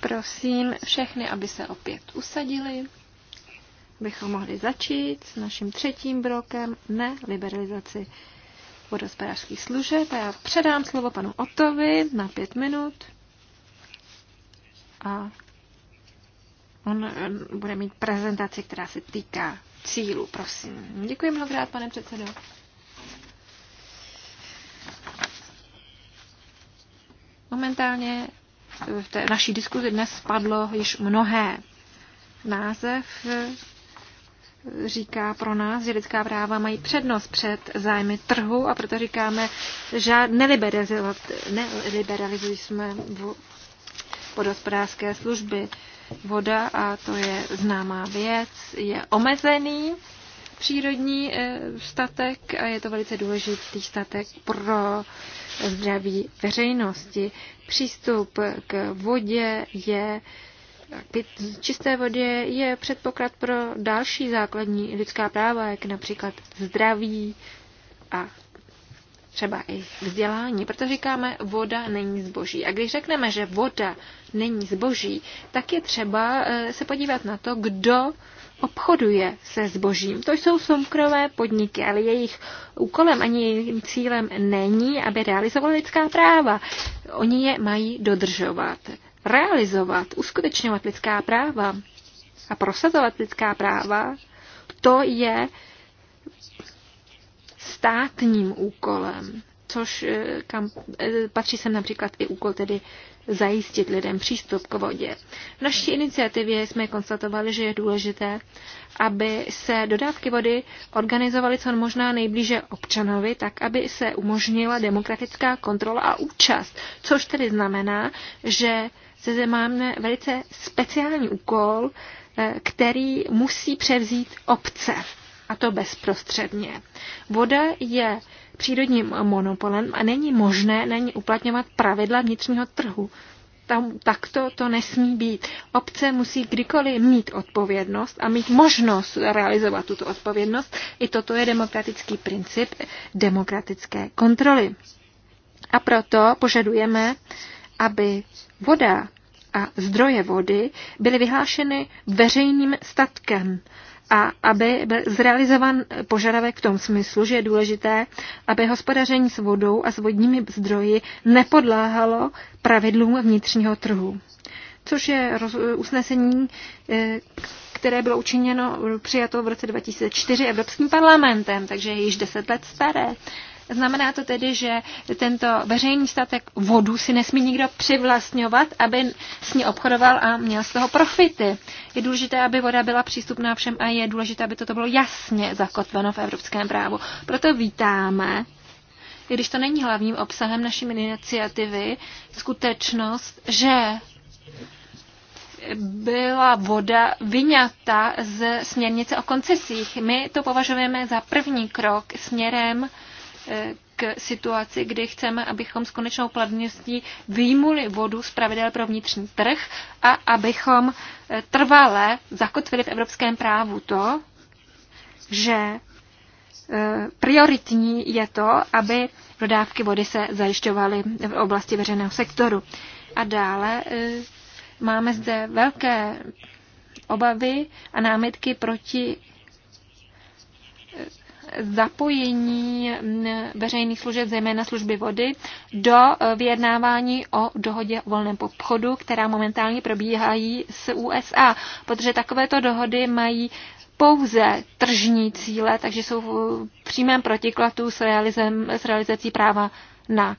Prosím všechny, aby se opět usadili, abychom mohli začít s naším třetím brokem ne liberalizaci vodospodářských služeb. A já předám slovo panu Otovi na pět minut a on eh, bude mít prezentaci, která se týká cílu. Prosím. Děkuji mnohokrát, pane předsedo. Momentálně v té naší diskuzi dnes spadlo již mnohé. Název říká pro nás, že lidská práva mají přednost před zájmy trhu a proto říkáme, že neliberalizovat, neliberalizujeme vodospodářské služby. Voda, a to je známá věc, je omezený přírodní eh, statek a je to velice důležitý statek pro zdraví veřejnosti. Přístup k vodě je čisté vodě je předpoklad pro další základní lidská práva, jak například zdraví a třeba i vzdělání. Proto říkáme, voda není zboží. A když řekneme, že voda není zboží, tak je třeba eh, se podívat na to, kdo obchoduje se zbožím. To jsou soukromé podniky, ale jejich úkolem ani jejich cílem není, aby realizovali lidská práva. Oni je mají dodržovat, realizovat, uskutečňovat lidská práva a prosazovat lidská práva. To je státním úkolem, což eh, kam, eh, patří sem například i úkol tedy zajistit lidem přístup k vodě. V naší iniciativě jsme konstatovali, že je důležité, aby se dodávky vody organizovaly co možná nejblíže občanovi, tak aby se umožnila demokratická kontrola a účast, což tedy znamená, že se zde máme velice speciální úkol, eh, který musí převzít obce, a to bezprostředně. Voda je přírodním monopolem a není možné na ní uplatňovat pravidla vnitřního trhu. Tam, takto to nesmí být. Obce musí kdykoliv mít odpovědnost a mít možnost realizovat tuto odpovědnost. I toto je demokratický princip demokratické kontroly. A proto požadujeme, aby voda a zdroje vody byly vyhlášeny veřejným statkem a aby byl zrealizovan požadavek v tom smyslu, že je důležité, aby hospodaření s vodou a s vodními zdroji nepodléhalo pravidlům vnitřního trhu. Což je usnesení, eh, které bylo učiněno, přijato v roce 2004 Evropským parlamentem, takže je již deset let staré. Znamená to tedy, že tento veřejný statek vodu si nesmí nikdo přivlastňovat, aby s ní obchodoval a měl z toho profity. Je důležité, aby voda byla přístupná všem a je důležité, aby toto bylo jasně zakotveno v evropském právu. Proto vítáme i když to není hlavním obsahem naší iniciativy, skutečnost, že byla voda vyňata z směrnice o koncesích. My to považujeme za první krok směrem Eh, k situaci, kdy chceme, abychom s konečnou platností výjimuli vodu z pravidel pro vnitřní trh a abychom eh, trvale zakotvili v evropském právu to, že eh, prioritní je to, aby dodávky vody se zajišťovaly v oblasti veřejného sektoru. A dále máme zde velké obavy a námitky proti zapojení veřejných služeb, zejména služby vody, do eh, vyjednávání o dohodě o volném obchodu, která momentálně probíhají s USA, protože takovéto dohody mají pouze tržní cíle, takže jsou v přímém protikladu s, realizem, s realizací práva na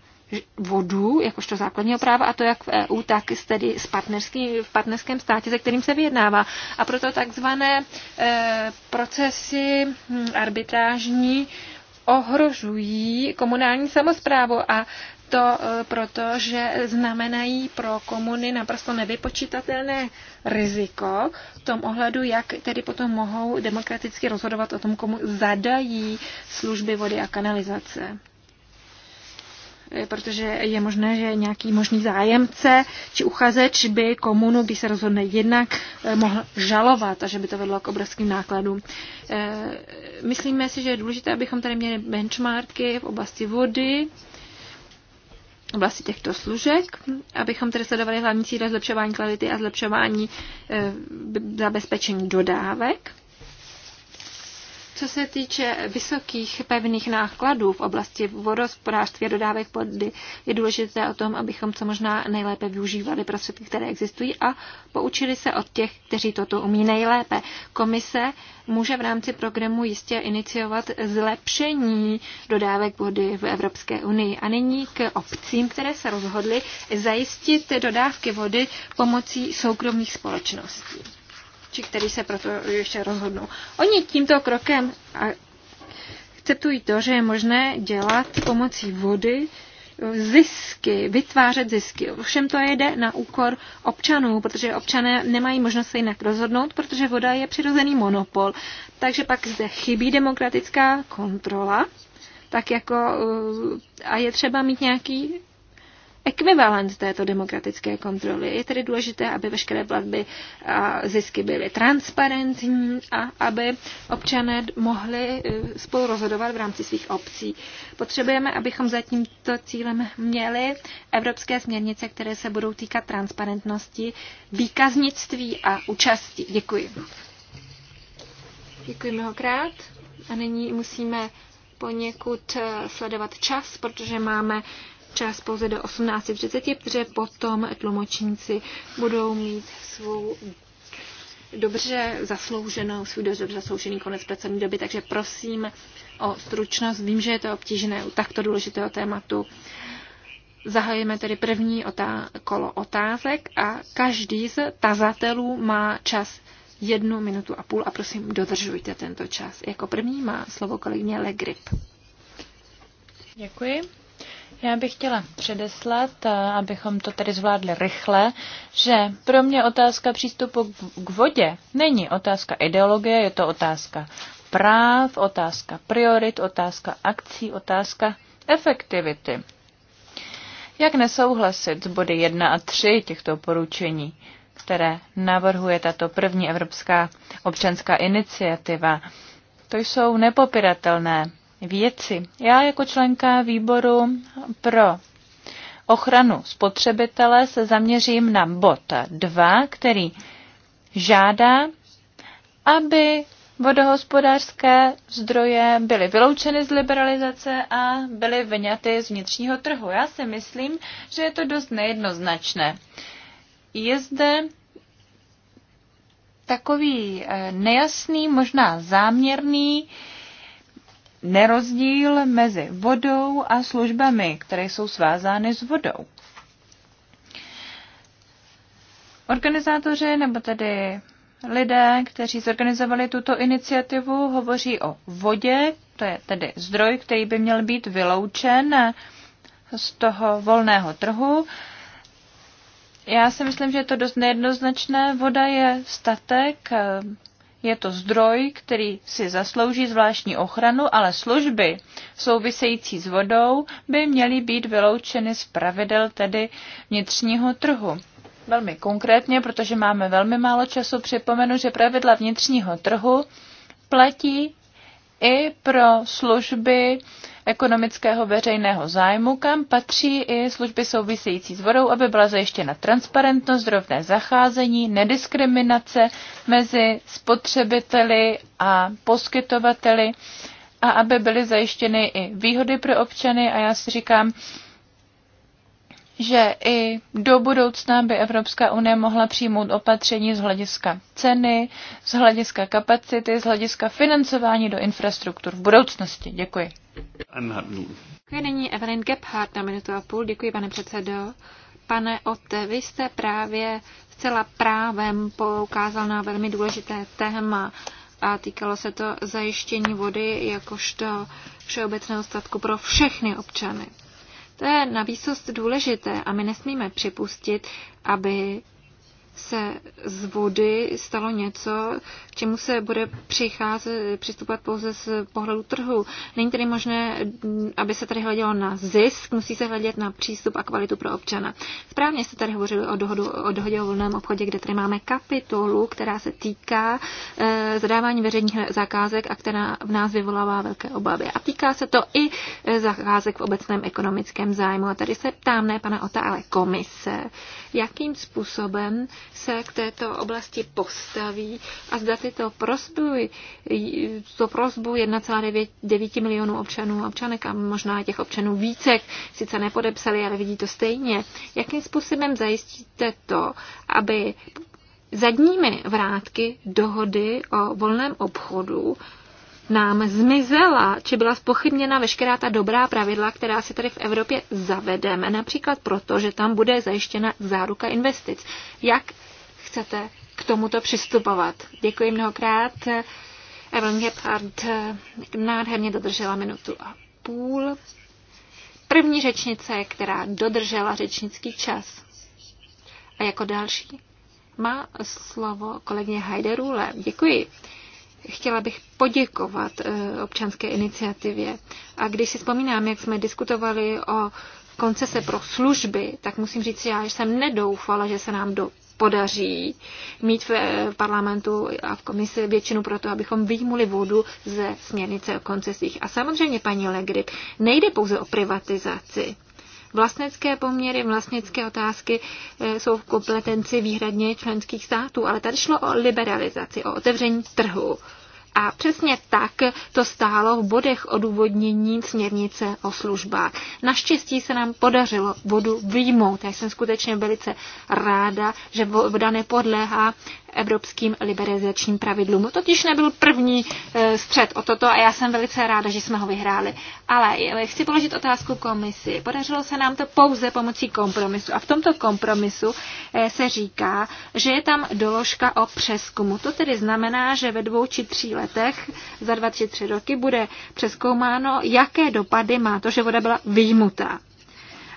vodu, jakožto základního práva, a to jak v EU, tak tedy s partnerský, v partnerském státě, se kterým se vyjednává. A proto takzvané e, procesy hm, arbitrážní ohrožují komunální samozprávu a to e, proto, že znamenají pro komuny naprosto nevypočitatelné riziko v tom ohledu, jak tedy potom mohou demokraticky rozhodovat o tom, komu zadají služby vody a kanalizace. Eh, protože je možné, že nějaký možný zájemce či uchazeč by komunu, když se rozhodne jinak, eh, mohl žalovat a že by to vedlo k obrovským nákladům. Eh, myslíme si, že je důležité, abychom tady měli benchmarky v oblasti vody, oblasti těchto služek, abychom tedy sledovali hlavní cíle zlepšování kvality a zlepšování zabezpečení dodávek. Co se týče vysokých pevných nákladů v oblasti vodospodářství a dodávek vody, je důležité o tom, abychom co možná nejlépe využívali prostředky, které existují a poučili se od těch, kteří toto umí nejlépe. Komise může v rámci programu jistě iniciovat zlepšení dodávek vody v Evropské unii. A nyní k obcím, které se rozhodly zajistit dodávky vody pomocí soukromých společností či který se proto ještě rozhodnou. Oni tímto krokem akceptují to, že je možné dělat pomocí vody zisky, vytvářet zisky. Všem to jde na úkor občanů, protože občané nemají možnost se jinak rozhodnout, protože voda je přirozený monopol. Takže pak zde chybí demokratická kontrola, tak jako eh, a je třeba mít nějaký ekvivalent této demokratické kontroly. Je tedy důležité, aby veškeré platby a zisky byly transparentní a aby občané mohli eh, spolu rozhodovat v rámci svých obcí. Potřebujeme, abychom za tímto cílem měli evropské směrnice, které se budou týkat transparentnosti, výkaznictví a účasti. Děkuji. Děkuji mnohokrát. A nyní musíme poněkud eh, sledovat čas, protože máme čas pouze do 18.30, protože potom tlumočníci budou mít svou dobře zaslouženou, svůj dobře zasloužený konec pracovní doby, takže prosím o stručnost. Vím, že je to obtížné u takto důležitého tématu. Zahajujeme tedy první otá- kolo otázek a každý z tazatelů má čas jednu minutu a půl a prosím, dodržujte tento čas. Jako první má slovo kolegyně Legrip. Děkuji. Já bych chtěla předeslat, eh, abychom to tedy zvládli rychle, že pro mě otázka přístupu k vodě není otázka ideologie, je to otázka práv, otázka priorit, otázka akcí, otázka efektivity. Jak nesouhlasit s body 1 a 3 těchto poručení, které navrhuje tato první evropská občanská iniciativa? To jsou nepopiratelné věci. Já jako členka výboru pro ochranu spotřebitele se zaměřím na bod 2, který žádá, aby vodohospodářské zdroje byly vyloučeny z liberalizace a byly vyňaty z vnitřního trhu. Já si myslím, že je to dost nejednoznačné. Je zde takový eh, nejasný, možná záměrný nerozdíl mezi vodou a službami, které jsou svázány s vodou. Organizátoři nebo tedy lidé, kteří zorganizovali tuto iniciativu, hovoří o vodě, to je tedy zdroj, který by měl být vyloučen z toho volného trhu. Já si myslím, že je to dost nejednoznačné. Voda je statek, je to zdroj, který si zaslouží zvláštní ochranu, ale služby související s vodou by měly být vyloučeny z pravidel tedy vnitřního trhu. Velmi konkrétně, protože máme velmi málo času, připomenu, že pravidla vnitřního trhu platí i pro služby ekonomického veřejného zájmu, kam patří i služby související s vodou, aby byla zajištěna transparentnost, rovné zacházení, nediskriminace mezi spotřebiteli a poskytovateli a aby byly zajištěny i výhody pro občany. A já si říkám, že i do budoucna by Evropská unie mohla přijmout opatření z hlediska ceny, z hlediska kapacity, z hlediska financování do infrastruktur v budoucnosti. Děkuji. Děkuji nyní Evelyn Gebhardt na minutu a půl. Děkuji, pane předsedo. Pane Ote, vy jste právě zcela právem poukázal na velmi důležité téma a týkalo se to zajištění vody jakožto všeobecného statku pro všechny občany. To je na důležité a my nesmíme připustit, aby se z vody stalo něco, k čemu se bude přicházet, přistupovat pouze z pohledu trhu. Není tedy možné, aby se tady hledělo na zisk, musí se hledět na přístup a kvalitu pro občana. Správně jste tady hovořili o, dohodu, o dohodě o volném obchodě, kde tady máme kapitolu, která se týká e, zadávání veřejných zakázek a která v nás vyvolává velké obavy. A týká se to i eh, zakázek v obecném ekonomickém zájmu. A tady se ptám ne pana Ota, ale komise, jakým způsobem se k této oblasti postaví a zda tyto prosby, to prosbu 1,9 milionů občanů občanek a možná těch občanů více, sice nepodepsali, ale vidí to stejně. Jakým způsobem zajistíte to, aby zadními vrátky dohody o volném obchodu nám zmizela, či byla spochybněna veškerá ta dobrá pravidla, která si tady v Evropě zavedeme, například proto, že tam bude zajištěna záruka investic. Jak chcete k tomuto přistupovat? Děkuji mnohokrát. Evelyn Gephardt nádherně dodržela minutu a půl. První řečnice, která dodržela řečnický čas. A jako další má slovo kolegyně Heiderule. Děkuji chtěla bych poděkovat eh, občanské iniciativě. A když si vzpomínám, jak jsme diskutovali o koncese pro služby, tak musím říct, já jsem nedoufala, že se nám do podaří mít v eh, parlamentu a v komisi většinu pro to, abychom vyjmuli vodu ze směrnice o koncesích. A samozřejmě, paní Legrip, nejde pouze o privatizaci. Vlastnické poměry, vlastnické otázky eh, jsou v kompetenci výhradně členských států, ale tady šlo o liberalizaci, o otevření trhu. A přesně tak to stálo v bodech odůvodnění směrnice o službách. Naštěstí se nám podařilo vodu výjmout. Já jsem skutečně velice ráda, že voda nepodléhá evropským liberalizačním pravidlům. Totiž nebyl první eh, střed o toto a já jsem velice ráda, že jsme ho vyhráli. Ale chci položit otázku komisi. Podařilo se nám to pouze pomocí kompromisu. A v tomto kompromisu eh, se říká, že je tam doložka o přeskumu. To tedy znamená, že ve dvou či tří letech za dva či tři roky bude přeskoumáno, jaké dopady má to, že voda byla vyjmutá.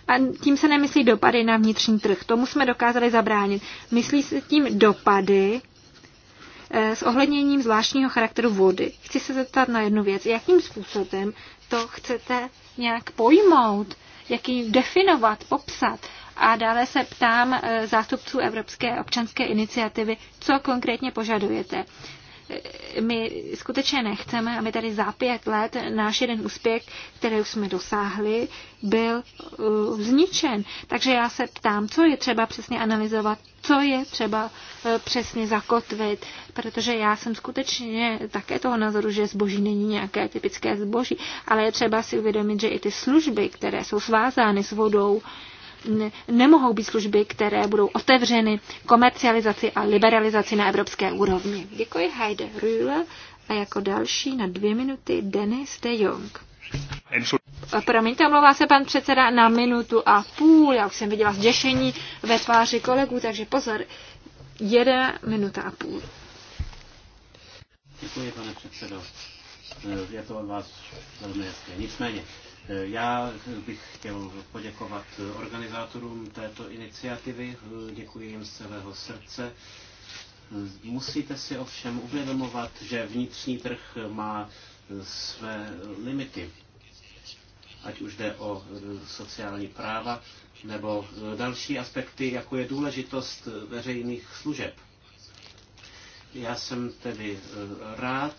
A tím se nemyslí dopady na vnitřní trh. Tomu jsme dokázali zabránit. Myslí se tím dopady eh, s ohledněním zvláštního charakteru vody. Chci se zeptat na jednu věc. Jakým způsobem to chcete nějak pojmout, ji definovat, popsat? A dále se ptám eh, zástupců Evropské občanské iniciativy, co konkrétně požadujete my skutečně nechceme, aby tady za pět let náš jeden úspěch, který jsme dosáhli, byl uh, zničen. Takže já se ptám, co je třeba přesně analyzovat, co je třeba uh, přesně zakotvit, protože já jsem skutečně také toho názoru, že zboží není nějaké typické zboží, ale je třeba si uvědomit, že i ty služby, které jsou svázány s vodou, nemohou být služby, které budou otevřeny komercializaci a liberalizaci na evropské úrovni. Děkuji Heide Rühle a jako další na dvě minuty Denis de Jong. Promiňte, omlouvá se pan předseda na minutu a půl. Já už jsem viděla zděšení ve tváři kolegů, takže pozor, jedna minuta a půl. Děkuji, pane předsedo. Je to od vás velmi jasné. Nicméně, já bych chtěl poděkovat organizátorům této iniciativy, děkuji jim z celého srdce. Musíte si ovšem uvědomovat, že vnitřní trh má své limity, ať už jde o sociální práva nebo další aspekty, jako je důležitost veřejných služeb. Já jsem tedy eh, rád,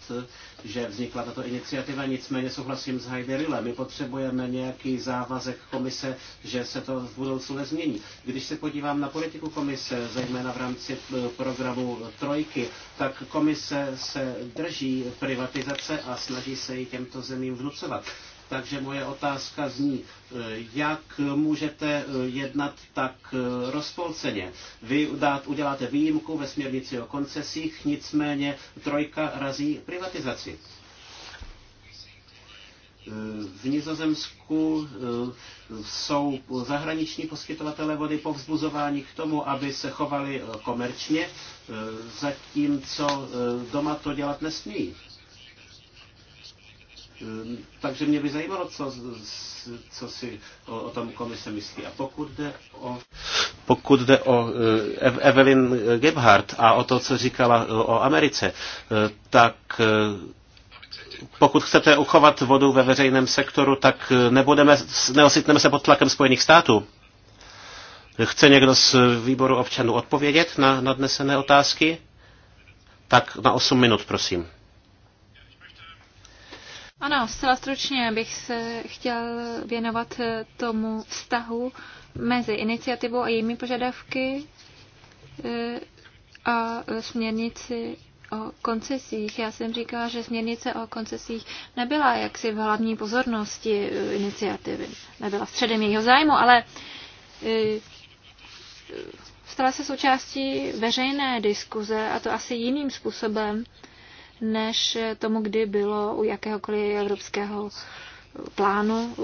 že vznikla tato iniciativa, nicméně souhlasím s Heiderilem. My potřebujeme nějaký závazek komise, že se to v budoucnu nezmění. Když se podívám na politiku komise, zejména v rámci eh, programu Trojky, tak komise se drží privatizace a snaží se ji těmto zemím vnucovat. Takže moje otázka zní, eh, jak můžete eh, jednat tak eh, rozpolceně? Vy dát, uděláte výjimku ve směrnici o koncesích, nicméně trojka razí privatizaci. V Nizozemsku jsou zahraniční poskytovatele vody povzbuzováni k tomu, aby se chovali komerčně, zatímco doma to dělat nesmí. Ehm, takže mě by zajímalo, co, co si o, o tom komise myslí. A pokud jde o... Pokud jde o eh, Evelyn Gebhardt a o to, co říkala eh, o Americe, eh, tak pokud chcete uchovat vodu ve veřejném sektoru, tak nebudeme, neositneme se pod tlakem Spojených států. Chce někdo z výboru občanů odpovědět na nadnesené otázky? Tak na 8 minut, prosím. Ano, zcela stručně bych se chtěl věnovat eh, tomu vztahu mezi iniciativou a jejími požadavky eh, a směrnici o koncesích. Já jsem říkala, že směrnice o koncesích nebyla jaksi v hlavní pozornosti eh, iniciativy, nebyla středem jejího zájmu, ale stala se součástí veřejné diskuze a to asi jiným způsobem, než tomu, kdy bylo u jakéhokoliv evropského plánu.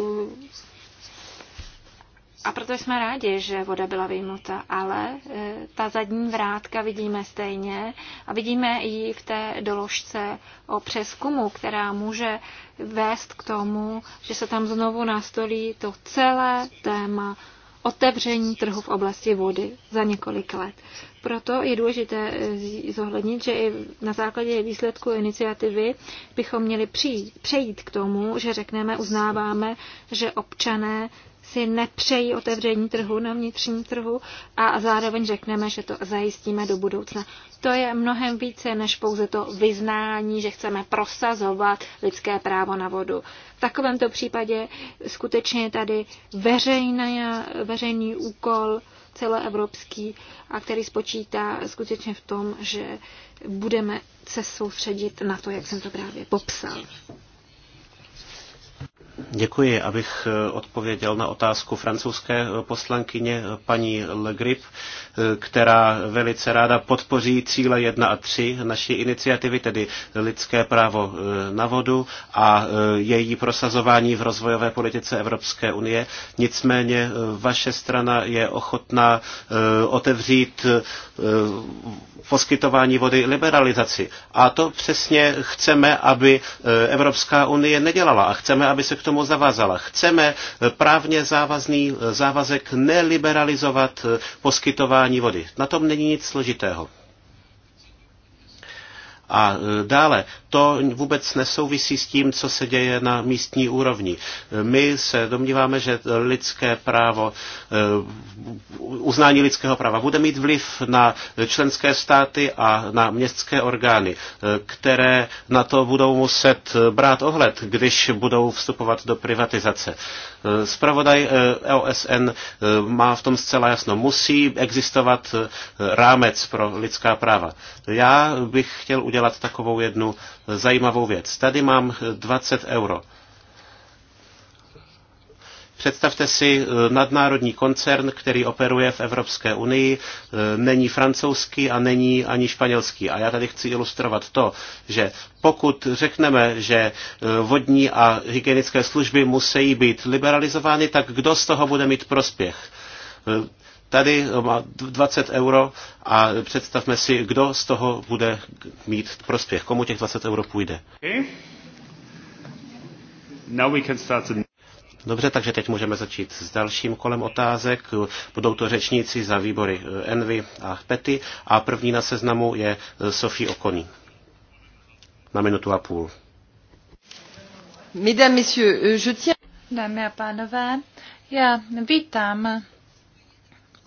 A proto jsme rádi, že voda byla vyjmuta, ale e, ta zadní vrátka vidíme stejně a vidíme ji v té doložce o přeskumu, která může vést k tomu, že se tam znovu nastolí to celé téma otevření trhu v oblasti vody za několik let. Proto je důležité eh, zohlednit, že i na základě výsledku iniciativy bychom měli přijít, přejít k tomu, že řekneme, uznáváme, že občané si nepřejí otevření trhu na vnitřním trhu a zároveň řekneme, že to zajistíme do budoucna. To je mnohem více než pouze to vyznání, že chceme prosazovat lidské právo na vodu. V takovémto případě skutečně je tady veřejná, veřejný úkol celoevropský a který spočítá skutečně v tom, že budeme se soustředit na to, jak jsem to právě popsal. Děkuji, abych eh, odpověděl na otázku francouzské eh, poslankyně eh, paní Le Grip, která velice ráda podpoří cíle 1 a 3 naší iniciativy, tedy lidské právo na vodu a její prosazování v rozvojové politice Evropské unie. Nicméně vaše strana je ochotná otevřít poskytování vody liberalizaci. A to přesně chceme, aby Evropská unie nedělala a chceme, aby se k tomu zavázala. Chceme právně závazný závazek neliberalizovat eh, poskytování vody. Na tom není nic složitého. A e, dále, to vůbec nesouvisí s tím, co se děje na místní úrovni. E, my se domníváme, že lidské právo, e, uznání lidského práva bude mít vliv na členské státy a na městské orgány, které na to budou muset brát ohled, když budou vstupovat do privatizace. Spravodaj OSN má v tom zcela jasno, musí existovat rámec pro lidská práva. Já bych chtěl udělat udělat takovou jednu zajímavou věc. Tady mám 20 euro. Představte si eh, nadnárodní koncern, který operuje v Evropské unii, eh, není francouzský a není ani španělský. A já tady chci ilustrovat to, že pokud řekneme, že eh, vodní a hygienické služby musí být liberalizovány, tak kdo z toho bude mít prospěch? Tady eh, má 20 euro a představme si, kdo z toho bude mít prospěch, komu těch 20 euro půjde. Dobře, takže teď můžeme začít s dalším kolem otázek. Budou to řečníci za výbory eh, Envy a Pety a první na seznamu je eh, Sofie Okoní. Na minutu a půl. Mesdames, messieurs, je tiens... Dámy a pánové, já vítám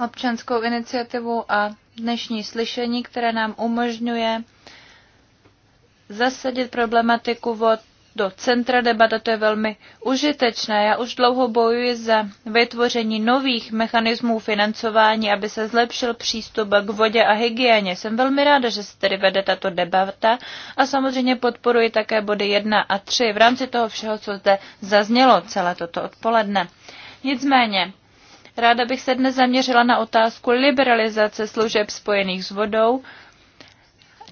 občanskou iniciativu a dnešní slyšení, které nám umožňuje zasadit problematiku vod do centra debat a to je velmi užitečné. Já už dlouho bojuji za vytvoření nových mechanismů financování, aby se zlepšil přístup k vodě a hygieně. Jsem velmi ráda, že se tedy vede tato debata a samozřejmě podporuji také body 1 a 3 v rámci toho všeho, co zde zaznělo celé toto odpoledne. Nicméně, Ráda bych se dnes zaměřila na otázku liberalizace služeb spojených s vodou.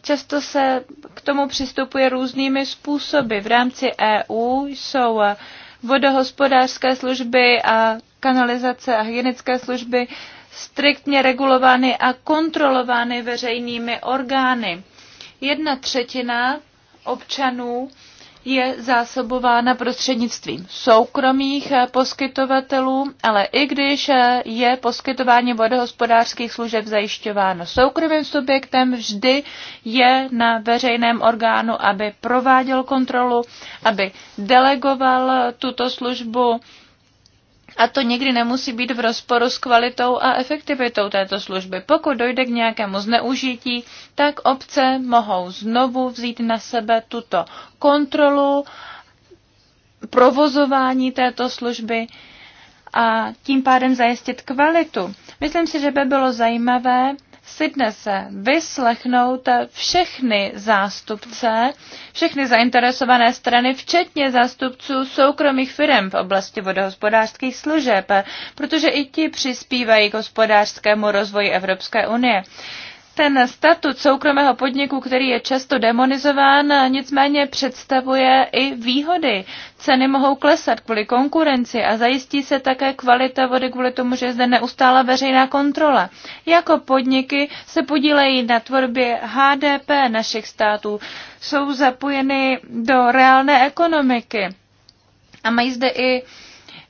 Často se k tomu přistupuje různými způsoby. V rámci EU jsou vodohospodářské služby a kanalizace a hygienické služby striktně regulovány a kontrolovány veřejnými orgány. Jedna třetina občanů je zásobována prostřednictvím soukromých eh, poskytovatelů, ale i když eh, je poskytování vodohospodářských služeb zajišťováno soukromým subjektem, vždy je na veřejném orgánu, aby prováděl kontrolu, aby delegoval eh, tuto službu a to někdy nemusí být v rozporu s kvalitou a efektivitou této služby. Pokud dojde k nějakému zneužití, tak obce mohou znovu vzít na sebe tuto kontrolu provozování této služby a tím pádem zajistit kvalitu. Myslím si, že by bylo zajímavé si dnes vyslechnout všechny zástupce, všechny zainteresované strany, včetně zástupců soukromých firm v oblasti vodohospodářských služeb, protože i ti přispívají k hospodářskému rozvoji Evropské unie ten statut soukromého podniku, který je často demonizován, nicméně představuje i výhody. Ceny mohou klesat kvůli konkurenci a zajistí se také kvalita vody kvůli tomu, že je zde neustála veřejná kontrola. Jako podniky se podílejí na tvorbě HDP našich států, jsou zapojeny do reálné ekonomiky a mají zde i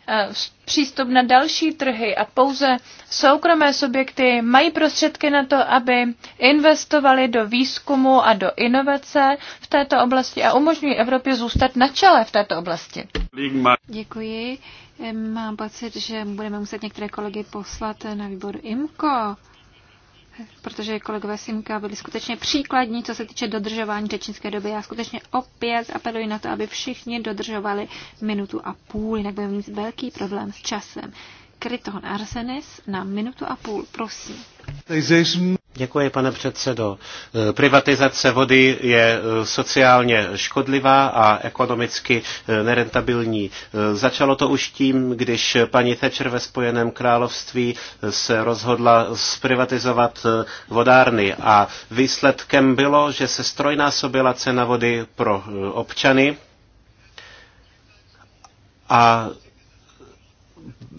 Eh, přístup na další trhy a pouze soukromé subjekty mají prostředky na to, aby investovali do výzkumu a do inovace v této oblasti a umožňují Evropě zůstat na čele v této oblasti. Děkuji. Mám pocit, že budeme muset některé kolegy poslat na výbor IMCO protože kolegové Simka byli skutečně příkladní, co se týče dodržování řečnické doby. Já skutečně opět apeluji na to, aby všichni dodržovali minutu a půl, jinak budeme mít velký problém s časem. Kryton Arsenis na minutu a půl, prosím. Děkuji, pane předsedo. E, privatizace vody je e, sociálně škodlivá a ekonomicky e, nerentabilní. Začalo to už tím, když paní Thatcher ve Spojeném království se rozhodla zprivatizovat vodárny a výsledkem bylo, že se strojnásobila cena vody pro občany a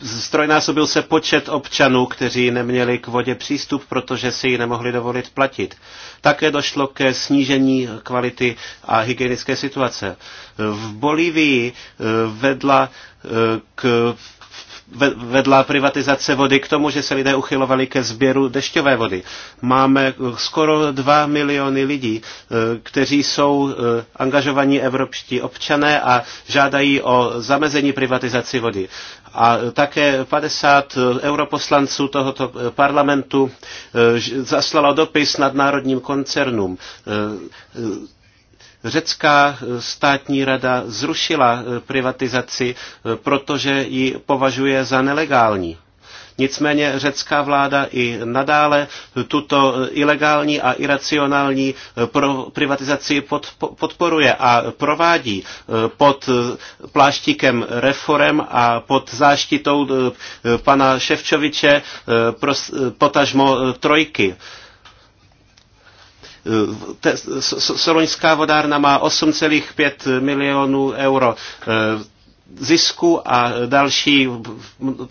Strojnásobil se počet občanů, kteří neměli k vodě přístup, protože si ji nemohli dovolit platit. Také došlo ke snížení kvality a hygienické situace. V Bolívii eh, vedla eh, k vedla privatizace vody k tomu, že se lidé uchylovali ke sběru dešťové vody. Máme skoro 2 miliony lidí, eh, kteří jsou eh, angažovaní evropští občané a žádají o zamezení privatizaci vody. A také 50 eh, europoslanců tohoto parlamentu zaslalo dopis nad národním koncernům Řecká státní rada zrušila eh, privatizaci, eh, protože ji považuje za nelegální. Nicméně řecká vláda i nadále tuto eh, ilegální a iracionální privatizaci podporuje a provádí pod pláštíkem reform a pod záštitou pana Ševčoviče potažmo trojky. Soloňská vodárna má 8,5 milionů euro eh, zisku a další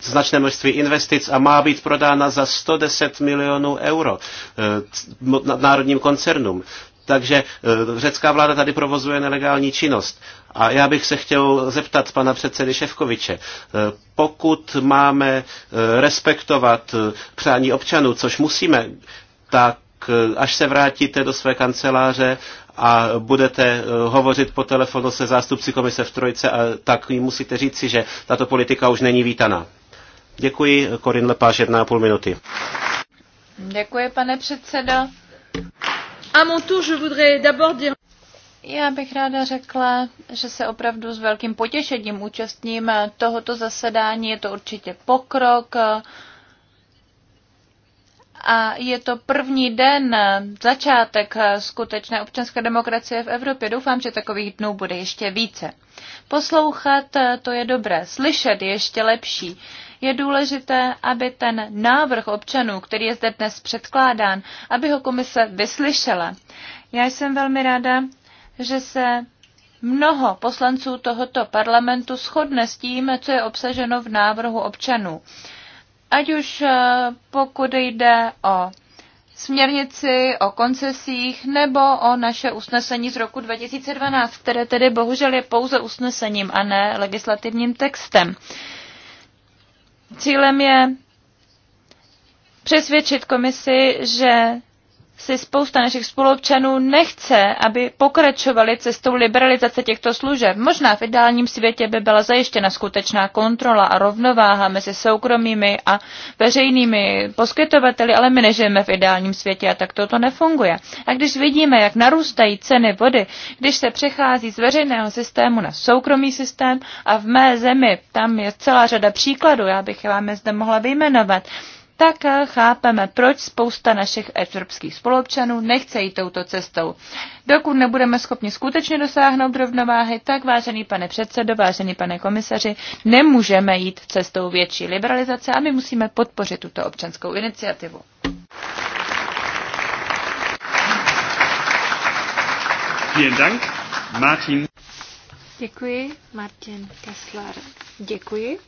značné množství investic a má být prodána za 110 milionů euro eh, národním koncernům. Takže eh, řecká vláda tady provozuje nelegální činnost. A já bych se chtěl zeptat pana předsedy Ševkoviče, pokud máme respektovat přání občanů, což musíme, tak Eh, až se vrátíte do své kanceláře a budete eh, hovořit po telefonu se zástupci komise v Trojce, eh, tak jim musíte říci, že tato politika už není vítaná. Děkuji, Korin Lepáš, jedna a půl minuty. Děkuji, pane předsedo. A mon tour, je voudrais d'abord dire... Já bych ráda řekla, že se opravdu s velkým potěšením účastním tohoto zasedání. Je to určitě pokrok a je to první den, eh, začátek eh, skutečné občanské demokracie v Evropě. Doufám, že takových dnů bude ještě více. Poslouchat eh, to je dobré, slyšet je ještě lepší. Je důležité, aby ten návrh občanů, který je zde dnes předkládán, aby ho komise vyslyšela. Já jsem velmi ráda, že se mnoho poslanců tohoto parlamentu shodne s tím, co je obsaženo v návrhu občanů. Ať už eh, pokud jde o směrnici o koncesích nebo o naše usnesení z roku 2012, které tedy bohužel je pouze usnesením a ne legislativním textem. Cílem je přesvědčit komisi, že si spousta našich spoluobčanů nechce, aby pokračovali cestou liberalizace těchto služeb. Možná v ideálním světě by byla zajištěna skutečná kontrola a rovnováha mezi soukromými a veřejnými poskytovateli, ale my nežijeme v ideálním světě a tak toto nefunguje. A když vidíme, jak narůstají ceny vody, když se přechází z veřejného systému na soukromý systém a v mé zemi, tam je celá řada příkladů, já bych vám je zde mohla vyjmenovat, tak chápeme, proč spousta našich evropských spolupčanů nechce jít touto cestou. Dokud nebudeme schopni skutečně dosáhnout rovnováhy, tak vážený pane předsedo, vážený pane komisaři, nemůžeme jít cestou větší liberalizace a my musíme podpořit tuto občanskou iniciativu. Martin. Děkuji, Martin Kessler. Děkuji.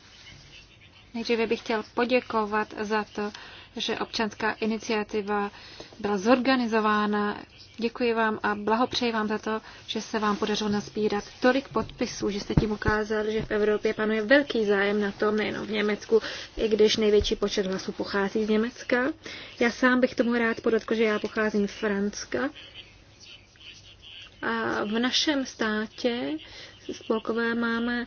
Nejdříve bych chtěl poděkovat za to, že občanská iniciativa byla zorganizována. Děkuji vám a blahopřeji vám za to, že se vám podařilo nasbírat tolik podpisů, že jste tím ukázal, že v Evropě panuje velký zájem na tom, nejenom v Německu, i když největší počet hlasů pochází z Německa. Já sám bych tomu rád podotkl, že já pocházím z Franska. A v našem státě spolkové máme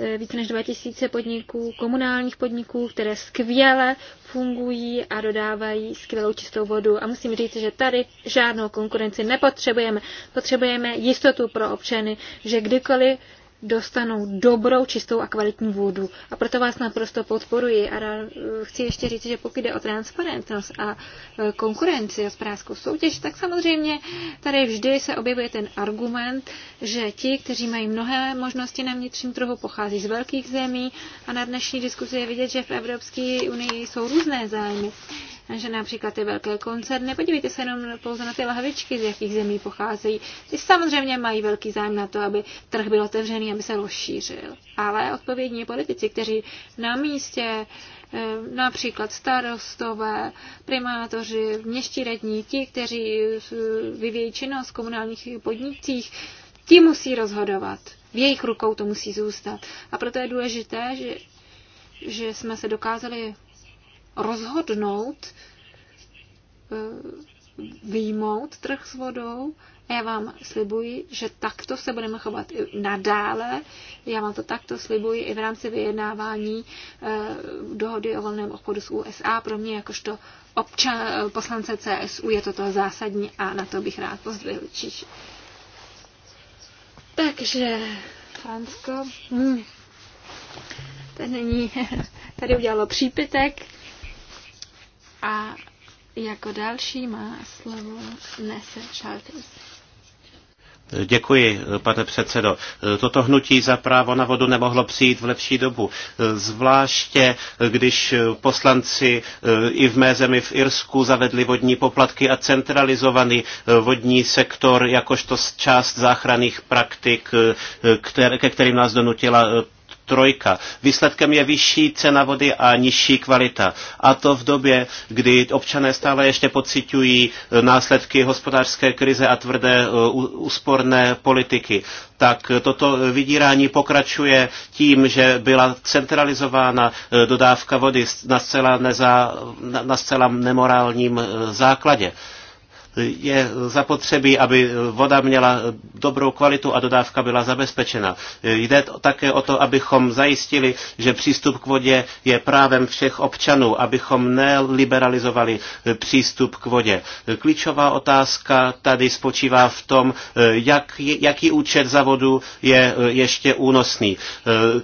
Eh, více než 2000 podniků, komunálních podniků, které skvěle fungují a dodávají skvělou čistou vodu. A musím říct, že tady žádnou konkurenci nepotřebujeme. Potřebujeme jistotu pro občany, že kdykoliv dostanou dobrou, čistou a kvalitní vodu. A proto vás naprosto podporuji a eh, chci ještě říct, že pokud jde o transparentnost a eh, konkurenci a zprávskou soutěž, tak samozřejmě tady vždy se objevuje ten argument, že ti, kteří mají mnohé možnosti na vnitřním trhu, pochází z velkých zemí a na dnešní diskuzi je vidět, že v Evropské unii jsou různé zájmy že například ty velké koncerny, podívejte se jenom pouze na ty lahvičky, z jakých zemí pocházejí, ty samozřejmě mají velký zájem na to, aby trh byl otevřený unii, aby se rozšířil. Ale odpovědní politici, kteří na místě, eh, například starostové, primátoři, městští radní, ti, kteří eh, vyvějí činnost v komunálních podnicích, ti musí rozhodovat. V jejich rukou to musí zůstat. A proto je důležité, že, že jsme se dokázali rozhodnout, eh, vyjmout trh s vodou a já vám slibuji, že takto se budeme chovat i nadále. Já vám to takto slibuji i v rámci vyjednávání eh, dohody o volném obchodu s USA. Pro mě jakožto občan, poslance CSU je toto zásadní a na to bych rád pozdravil. Čiž... Takže Fransko, hm. to není, tady udělalo přípitek a jako další má slovo Nese Šaltis. Děkuji, pane předsedo. Toto hnutí za právo na vodu nemohlo přijít v lepší dobu. Zvláště, když poslanci eh, i v mé zemi v Irsku zavedli vodní poplatky a centralizovaný eh, vodní sektor jakožto část záchranných praktik, eh, které, ke kterým nás donutila trojka. Výsledkem je vyšší cena vody a nižší kvalita. A to v době, kdy občané stále ještě pocitují e, následky hospodářské krize a tvrdé e, úsporné politiky tak e, toto vydírání pokračuje tím, že byla centralizována dodávka vody na zcela, neza, na zcela nemorálním základě je zapotřebí, aby voda měla dobrou kvalitu a dodávka byla zabezpečena. Jde také o to, abychom zajistili, že přístup k vodě je právem všech občanů, abychom neliberalizovali eh, přístup k vodě. Klíčová otázka tady spočívá v tom, eh, jak, jaký účet za vodu je eh, ještě únosný.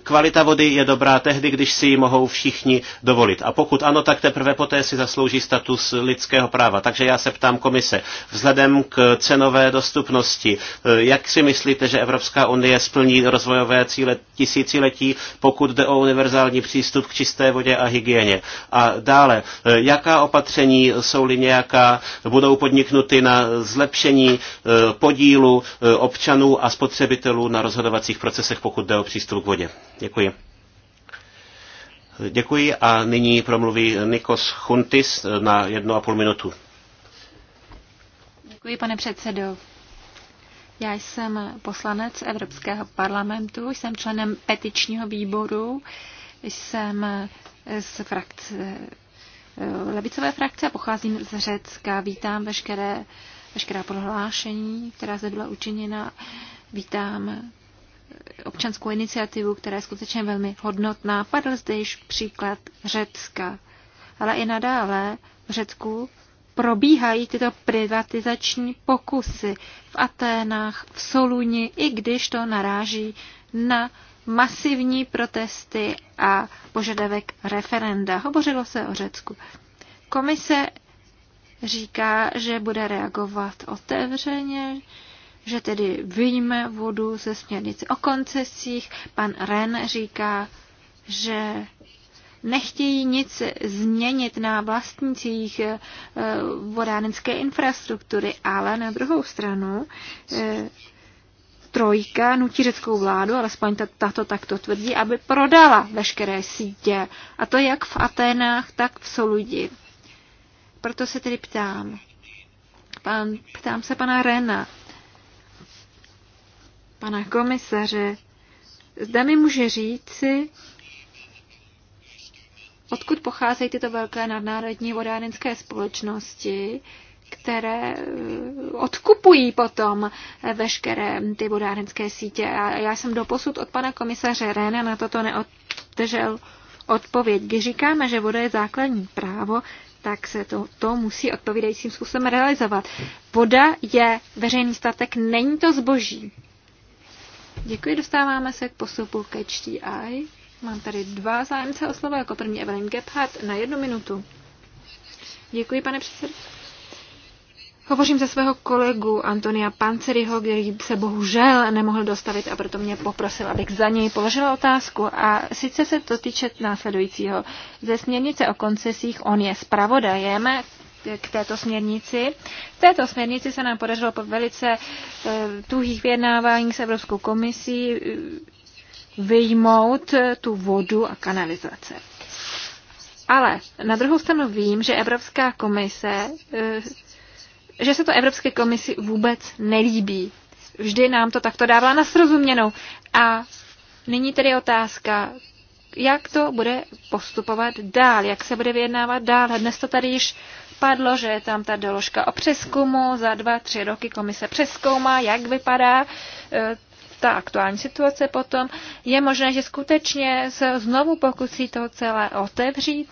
Kvalita vody je dobrá tehdy, když si ji mohou všichni dovolit. A pokud ano, tak teprve poté si zaslouží status lidského práva. Takže já se ptám komise, vzhledem k cenové dostupnosti. Eh, jak si myslíte, že Evropská unie splní rozvojové cíle tisíciletí, pokud jde o univerzální přístup k čisté vodě a hygieně? A dále, eh, jaká opatření jsou-li nějaká, budou podniknuty na zlepšení eh, podílu občanů a spotřebitelů na rozhodovacích procesech, pokud jde o přístup k vodě? Děkuji. Děkuji a nyní promluví Nikos Chuntis na jednu a půl minutu. Děkuji, pane předsedo. Já jsem poslanec Evropského parlamentu, jsem členem petičního výboru, jsem z frakce, levicové frakce a pocházím z Řecka. Vítám veškeré, veškerá prohlášení, která zde byla učiněna. Vítám občanskou iniciativu, která je skutečně velmi hodnotná. Padl zde již příklad Řecka. Ale i nadále v Řecku probíhají tyto privatizační pokusy v Aténách, v Soluni, i když to naráží na masivní protesty a požadavek referenda. Hovořilo se o Řecku. Komise říká, že bude reagovat otevřeně, že tedy vyjme vodu ze směrnice o koncesích. Pan Ren říká, že nechtějí nic změnit na vlastnících eh, vodárenské infrastruktury, ale na druhou stranu eh, trojka nutí řeckou vládu, alespoň tato takto tvrdí, aby prodala veškeré sítě. A to jak v Aténách, tak v Soludi. Proto se tedy ptám. Pan, ptám se pana Rena, pana komisaře, zda mi může říci, odkud pocházejí tyto velké nadnárodní vodárenské společnosti, které eh, odkupují potom eh, veškeré ty vodárenské sítě. A já jsem doposud od pana komisaře Réna na toto neodržel odpověď. Když říkáme, že voda je základní právo, tak se to, to musí odpovídajícím způsobem realizovat. Voda je veřejný statek, není to zboží. Děkuji, dostáváme se k postupu ke HDI. Mám tady dva zájemce o slovo, jako první Evelyn Gebhardt na jednu minutu. Děkuji, pane předsedo. Hovořím ze svého kolegu Antonia Panceryho, který se bohužel nemohl dostavit a proto mě poprosil, abych za něj položila otázku. A sice se to týče následujícího. Ze směrnice o koncesích on je zpravodajem k této směrnici. V této směrnici se nám podařilo po velice eh, tuhých vyjednávání s Evropskou komisí vyjmout eh, tu vodu a kanalizace. Ale na druhou stranu vím, že Evropská komise, eh, že se to Evropské komisi vůbec nelíbí. Vždy nám to takto dává na srozuměnou. A nyní tedy otázka, jak to bude postupovat dál, jak se bude vyjednávat dál. Dnes to tady již padlo, že je tam ta doložka o přeskumu, za dva, tři roky komise přeskoumá, jak vypadá eh, ta aktuální situace potom, je možné, že skutečně se znovu pokusí to celé otevřít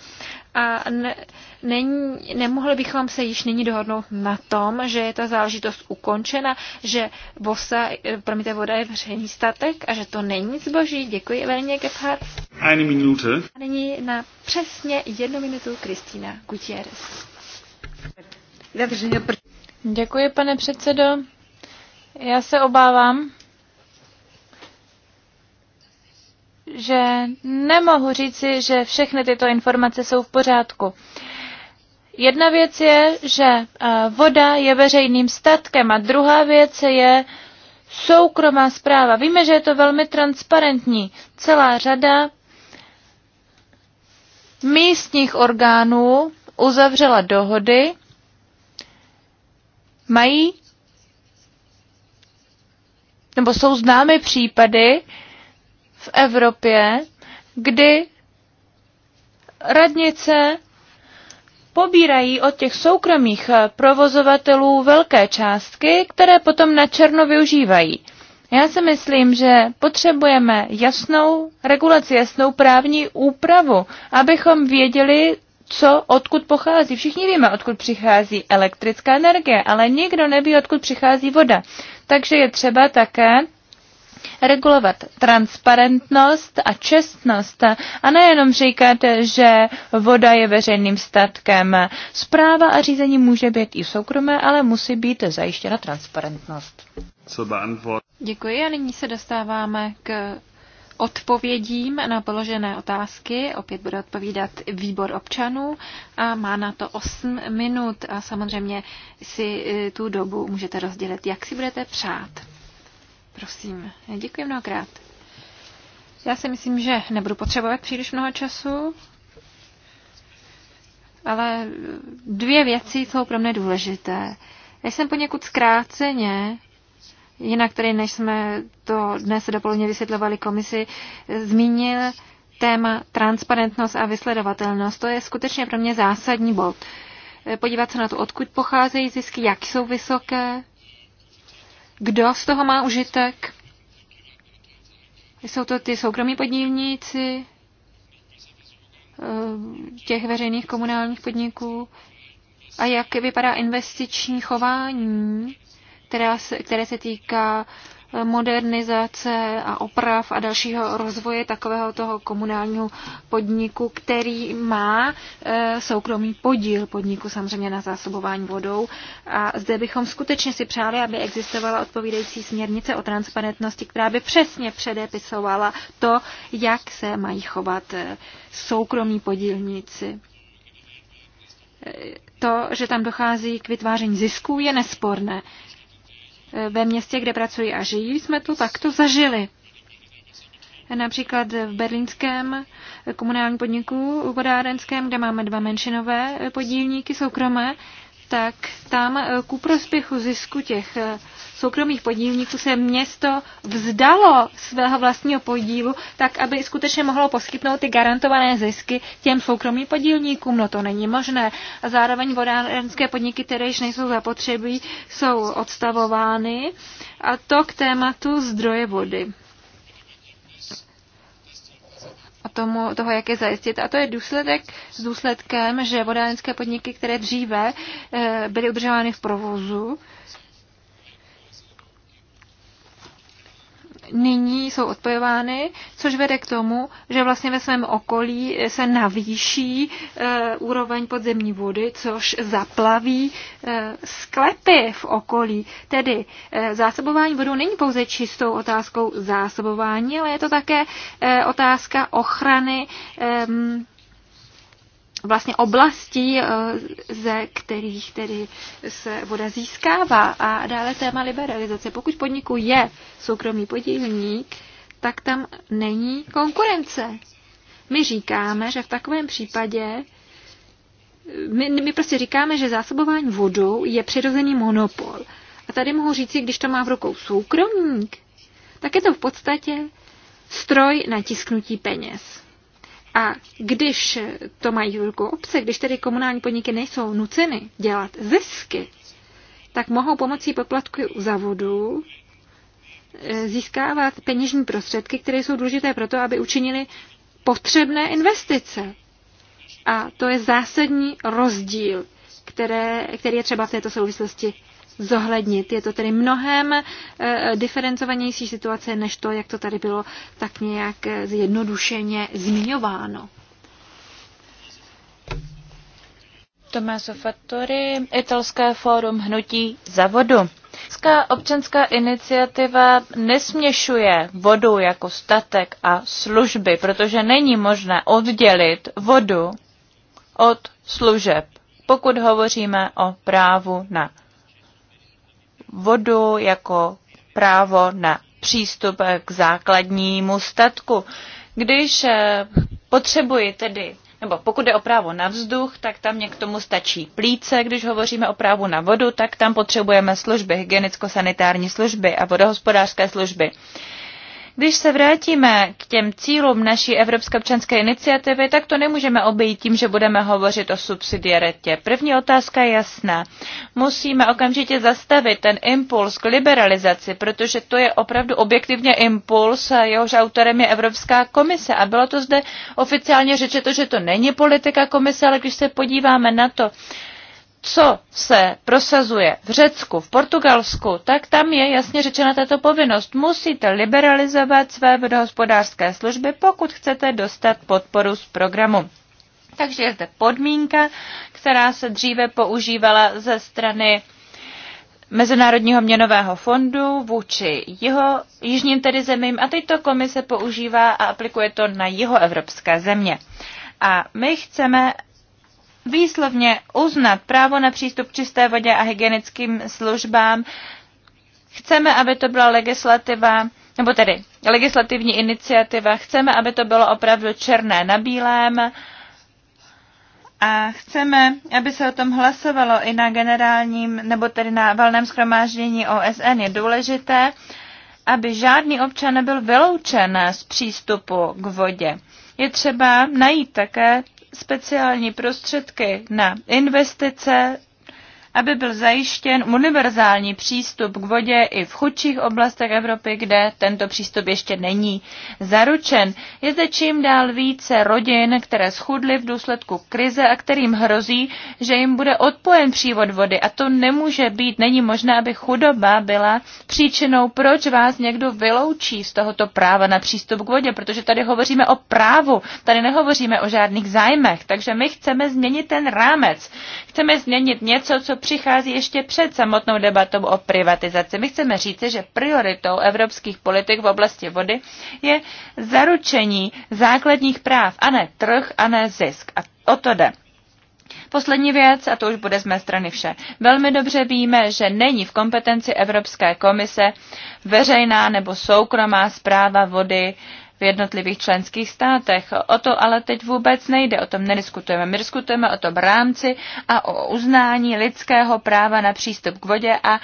a ne, není, nemohli bychom se již nyní dohodnout na tom, že je ta záležitost ukončena, že bosa, promiňte, voda je veřejný statek a že to není zboží. Děkuji, Evelině Gebhardt. Eine Minute. A nyní na přesně jednu minutu Kristýna Gutierrez. No, Děkuji, pane předsedo. Já se obávám, že nemohu říci, že všechny tyto informace jsou v pořádku. Jedna věc je, že eh, voda je veřejným statkem a druhá věc je soukromá zpráva. Víme, že je to velmi transparentní. Celá řada místních orgánů uzavřela dohody, mají nebo jsou známy případy, v Evropě, kdy radnice pobírají od těch soukromých provozovatelů velké částky, které potom na černo využívají. Já si myslím, že potřebujeme jasnou regulaci, jasnou právní úpravu, abychom věděli, co odkud pochází. Všichni víme, odkud přichází elektrická energie, ale nikdo neví, odkud přichází voda. Takže je třeba také regulovat transparentnost a čestnost a nejenom říkat, že voda je veřejným statkem. Zpráva a řízení může být i soukromé, ale musí být zajištěna transparentnost. Děkuji a nyní se dostáváme k odpovědím na položené otázky. Opět bude odpovídat výbor občanů a má na to 8 minut a samozřejmě si eh, tu dobu můžete rozdělit, jak si budete přát. Prosím, děkuji mnohokrát. Já si myslím, že nebudu potřebovat příliš mnoho času, ale dvě věci jsou pro mě důležité. Já jsem poněkud zkráceně, jinak tady než jsme to dnes dopoledne vysvětlovali komisi, zmínil téma transparentnost a vysledovatelnost. To je skutečně pro mě zásadní bod. Podívat se na to, odkud pocházejí zisky, jak jsou vysoké, kdo z toho má užitek? Jsou to ty soukromí podnívníci eh, těch veřejných komunálních podniků? A jak vypadá investiční chování, která se, které se týká modernizace a oprav a dalšího rozvoje takového toho komunálního podniku, který má e, soukromý podíl podniku samozřejmě na zásobování vodou. A zde bychom skutečně si přáli, aby existovala odpovídající směrnice o transparentnosti, která by přesně předepisovala to, jak se mají chovat e, soukromí podílníci. E, to, že tam dochází k vytváření zisků, je nesporné ve městě, kde pracuji a žijí, jsme to takto zažili. Například v berlínském komunálním podniku vodárenském, kde máme dva menšinové podílníky soukromé, tak tam eh, ku prospěchu zisku těch eh, soukromých podílníků se město vzdalo svého vlastního podílu, tak aby skutečně mohlo poskytnout ty garantované zisky těm soukromým podílníkům. No to není možné. A zároveň vodárenské podniky, které již nejsou zapotřebí, jsou odstavovány. A to k tématu zdroje vody a tomu, toho, jak je zajistit. A to je důsledek s důsledkem, že vodárenské podniky, které dříve eh, byly udržovány v provozu, nyní jsou odpojovány, což vede k tomu, že vlastně ve svém okolí se navýší e, úroveň podzemní vody, což zaplaví e, sklepy v okolí. Tedy e, zásobování vodou není pouze čistou otázkou zásobování, ale je to také e, otázka ochrany. E, vlastně oblastí, eh, ze kterých tedy se voda získává. A dále téma liberalizace. Pokud podniku je soukromý podílník, tak tam není konkurence. My říkáme, že v takovém případě eh, my, my prostě říkáme, že zásobování vodou je přirozený monopol. A tady mohu říci, když to má v rukou soukromník, tak je to v podstatě stroj na tisknutí peněz. A když to mají v rukou obce, když tedy komunální podniky nejsou nuceny dělat zisky, tak mohou pomocí poplatku u zavodu eh, získávat peněžní prostředky, které jsou důležité pro to, aby učinili potřebné investice. A to je zásadní rozdíl, které, který je třeba v této souvislosti zohlednit. Je to tedy mnohem eh, diferencovanější situace, než to, jak to tady bylo tak nějak eh, zjednodušeně zmiňováno. Tomáso Fattori, Italské fórum hnutí za vodu. Česká občanská iniciativa nesměšuje vodu jako statek a služby, protože není možné oddělit vodu od služeb, pokud hovoříme o právu na vodu jako právo na přístup k základnímu statku. Když eh, potřebuji tedy, nebo pokud je o právo na vzduch, tak tam mě k tomu stačí plíce, když hovoříme o právu na vodu, tak tam potřebujeme služby, hygienicko-sanitární služby a vodohospodářské služby. Když se vrátíme k těm cílům naší Evropské občanské iniciativy, tak to nemůžeme obejít tím, že budeme hovořit o subsidiaritě. První otázka je jasná. Musíme okamžitě zastavit ten impuls k liberalizaci, protože to je opravdu objektivně impuls, jehož autorem je Evropská komise. A bylo to zde oficiálně řečeno, že to není politika komise, ale když se podíváme na to, co se prosazuje v Řecku, v Portugalsku, tak tam je jasně řečena tato povinnost. Musíte liberalizovat své vodohospodářské služby, pokud chcete dostat podporu z programu. Takže je zde podmínka, která se dříve používala ze strany Mezinárodního měnového fondu vůči jeho jižním tedy zemím a teď to komise používá a aplikuje to na evropské země. A my chceme, výslovně uznat právo na přístup k čisté vodě a hygienickým službám. Chceme, aby to byla legislativa, nebo tedy legislativní iniciativa. Chceme, aby to bylo opravdu černé na bílém. A chceme, aby se o tom hlasovalo i na generálním, nebo tedy na valném schromáždění OSN. Je důležité, aby žádný občan nebyl vyloučen z přístupu k vodě. Je třeba najít také speciální prostředky na investice aby byl zajištěn univerzální přístup k vodě i v chudších oblastech Evropy, kde tento přístup ještě není zaručen. Je zde čím dál více rodin, které schudly v důsledku krize a kterým hrozí, že jim bude odpojen přívod vody. A to nemůže být, není možné, aby chudoba byla příčinou, proč vás někdo vyloučí z tohoto práva na přístup k vodě, protože tady hovoříme o právu, tady nehovoříme o žádných zájmech. Takže my chceme změnit ten rámec. Chceme změnit něco, co přichází ještě před samotnou debatou o privatizaci. My chceme říci, že prioritou evropských politik v oblasti vody je zaručení základních práv, a ne trh, a ne zisk. A o to jde. Poslední věc, a to už bude z mé strany vše. Velmi dobře víme, že není v kompetenci Evropské komise veřejná nebo soukromá zpráva vody, v jednotlivých členských státech. O to ale teď vůbec nejde, o tom nediskutujeme. My diskutujeme o tom rámci a o uznání lidského práva na přístup k vodě a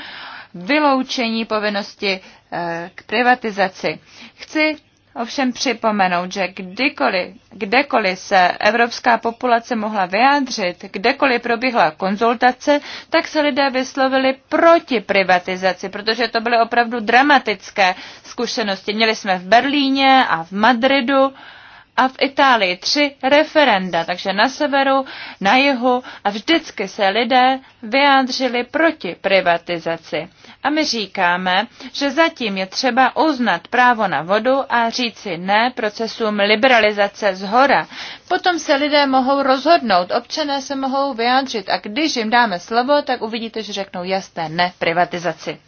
vyloučení povinnosti eh, k privatizaci. Chci ovšem připomenout, že kdykoliv, kdekoliv se evropská populace mohla vyjádřit, kdekoliv proběhla konzultace, tak se lidé vyslovili proti privatizaci, protože to byly opravdu dramatické zkušenosti. Měli jsme v Berlíně a v Madridu a v Itálii tři referenda, takže na severu, na jihu a vždycky se lidé vyjádřili proti privatizaci. A my říkáme, že zatím je třeba uznat právo na vodu a říci ne procesům liberalizace z hora. Potom se lidé mohou rozhodnout, občané se mohou vyjádřit a když jim dáme slovo, tak uvidíte, že řeknou jasné ne privatizaci.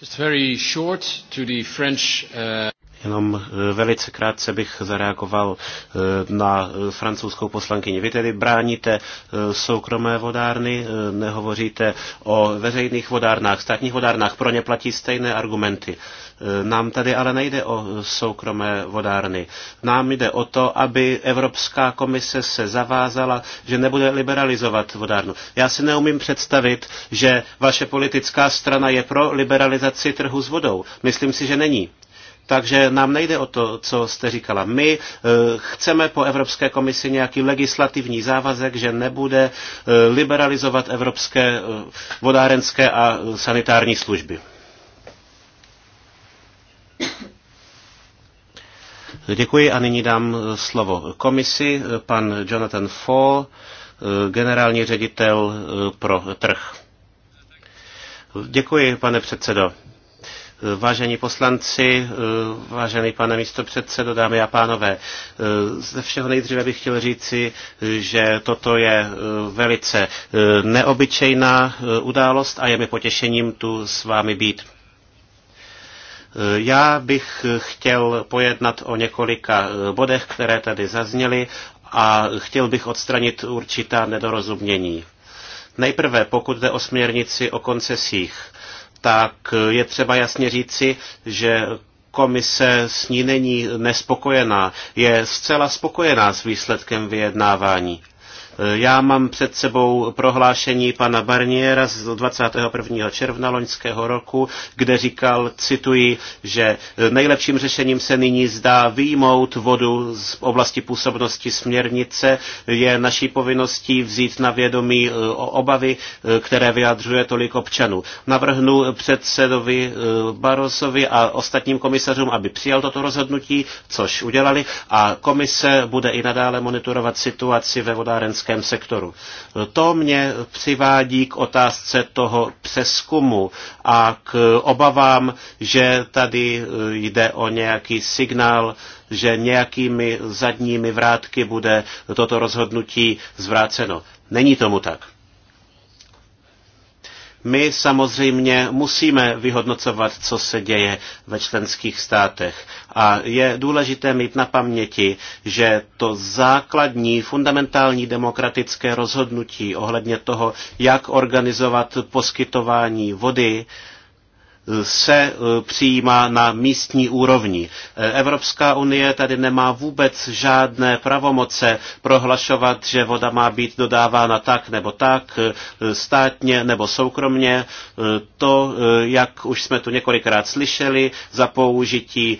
Just very short to the French. Uh... Jenom eh, velice krátce bych zareagoval eh, na eh, francouzskou poslankyni. Vy tedy bráníte soukromé vodárny, nehovoříte o veřejných vodárnách, státních vodárnách, pro ně platí stejné argumenty. Nám tady ale nejde o soukromé vodárny. Nám jde o to, aby Evropská komise se zavázala, že nebude liberalizovat vodárnu. Já si neumím představit, že vaše politická strana je pro liberalizaci trhu s vodou. Myslím si, že není. Takže nám nejde o to, co jste říkala. My eh, chceme po Evropské komisi nějaký legislativní závazek, že nebude eh, liberalizovat evropské eh, vodárenské a sanitární služby. Děkuji a nyní dám slovo komisi, pan Jonathan Fall, generální ředitel pro trh. Děkuji, pane předsedo. Vážení poslanci, vážený pane místopředsedo, dámy a pánové, ze všeho nejdříve bych chtěl říci, že toto je eh, velice eh, neobyčejná eh, událost a je mi potěšením tu s vámi být. Já bych chtěl pojednat o několika bodech, které tady zazněly a chtěl bych odstranit určitá nedorozumění. Nejprve, pokud jde o směrnici o koncesích tak je třeba jasně říci, že komise s ní není nespokojená, je zcela spokojená s výsledkem vyjednávání. Eh, já mám před sebou prohlášení pana Barniera z 21. června loňského roku, kde říkal, cituji, že eh, nejlepším řešením se nyní zdá výjmout vodu z oblasti působnosti směrnice. Je naší povinností vzít na vědomí eh, obavy, které vyjadřuje tolik občanů. Navrhnu předsedovi Barosovi a ostatním komisařům, aby přijal toto rozhodnutí, což udělali, a komise bude i nadále monitorovat situaci ve vodárenské vojenském sektoru. To mě přivádí k otázce toho přeskumu a k obavám, že tady jde o nějaký signál, že nějakými zadními vrátky bude toto rozhodnutí zvráceno. Není tomu tak. My samozřejmě musíme vyhodnocovat, co se děje ve členských státech. A je důležité mít na paměti, že to základní, fundamentální demokratické rozhodnutí ohledně toho, jak organizovat poskytování vody, se eh, přijímá na místní úrovni. Eh, Evropská unie tady nemá vůbec žádné pravomoce prohlašovat, že voda má být dodávána tak nebo tak, eh, státně nebo soukromně. To, jak už jsme tu několikrát slyšeli, za použití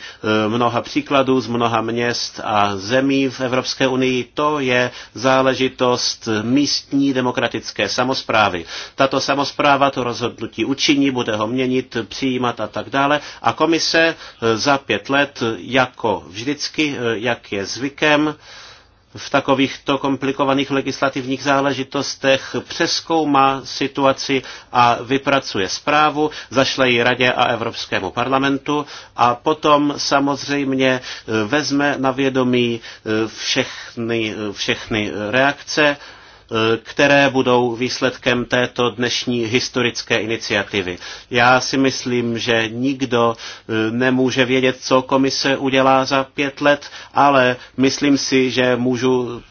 mnoha příkladů z mnoha měst a zemí v Evropské unii, to je záležitost místní demokratické samozprávy. Tato samozpráva to rozhodnutí učiní, bude ho měnit, přijímat a tak dále. A komise eh, za pět let, eh, jako vždycky, eh, jak je zvykem, v takovýchto komplikovaných legislativních záležitostech přeskoumá situaci a vypracuje zprávu, zašle ji Radě a Evropskému parlamentu a potom samozřejmě vezme na vědomí všechny, všechny reakce Eh, které budou výsledkem této dnešní historické iniciativy. Já si myslím, že nikdo eh, nemůže vědět, co komise udělá za pět let, ale myslím si, že můžu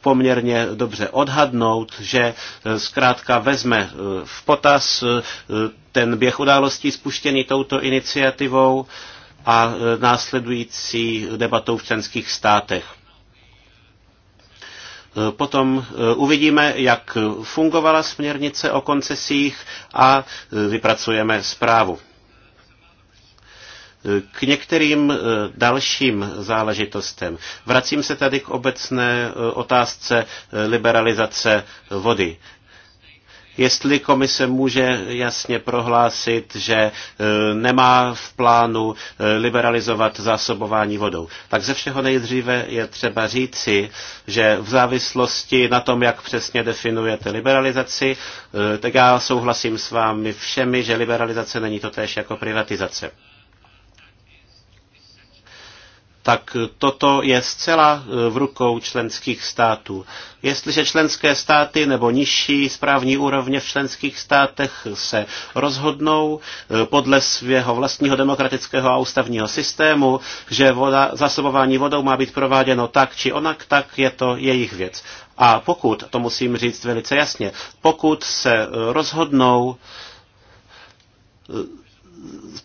poměrně dobře odhadnout, že eh, zkrátka vezme v potaz ten běh událostí spuštěný touto iniciativou a následující debatou v členských státech. Potom eh, uvidíme, jak fungovala směrnice o koncesích a eh, vypracujeme zprávu. K některým eh, dalším záležitostem. Vracím se tady k obecné otázce liberalizace vody. Jestli komise může jasně prohlásit, že e, nemá v plánu e, liberalizovat zásobování vodou. Tak ze všeho nejdříve je třeba říci, že v závislosti na tom, jak přesně definujete liberalizaci, e, tak já souhlasím s vámi všemi, že liberalizace není to též jako privatizace tak toto je zcela eh, v rukou členských států. Jestliže členské státy nebo nižší správní úrovně v členských státech se rozhodnou eh, podle svého vlastního demokratického a ústavního systému, že voda, zasobování vodou má být prováděno tak či onak, tak je to jejich věc. A pokud, to musím říct velice jasně, pokud se eh, rozhodnou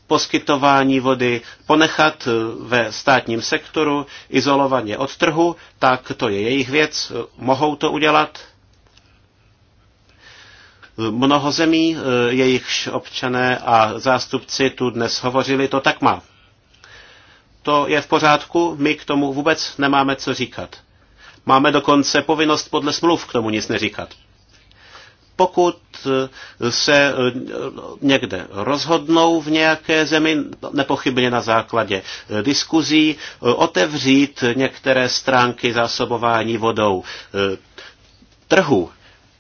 poskytování vody ponechat ve státním sektoru izolovaně od trhu, tak to je jejich věc, mohou to udělat. Mnoho zemí, jejichž občané a zástupci tu dnes hovořili, to tak má. To je v pořádku, my k tomu vůbec nemáme co říkat. Máme dokonce povinnost podle smluv k tomu nic neříkat. Pokud eh, se eh, někde rozhodnou v nějaké zemi, nepochybně na základě eh, diskuzí, otevřít některé stránky zásobování vodou trhu,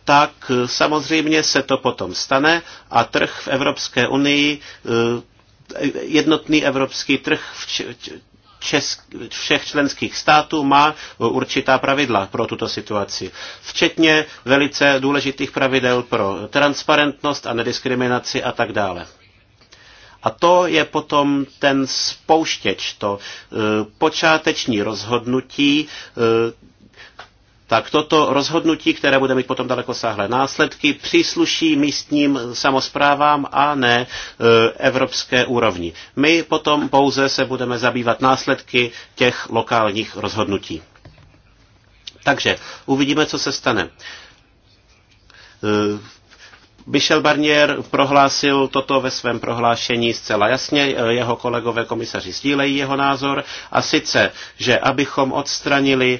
tak samozřejmě se to potom stane a trh v Evropské unii jednotný evropský trh, česk- všech členských států má určitá pravidla pro tuto situaci, včetně velice důležitých pravidel pro transparentnost a nediskriminaci a tak dále. A to je potom ten spouštěč, to eh, počáteční rozhodnutí eh, tak toto rozhodnutí, které bude mít potom daleko sáhlé následky, přísluší místním samozprávám a ne e, evropské úrovni. My potom pouze se budeme zabývat následky těch lokálních rozhodnutí. Takže uvidíme, co se stane. E, Michel Barnier prohlásil toto ve svém prohlášení zcela jasně, jeho kolegové komisaři sdílejí jeho názor, a sice, že abychom odstranili e,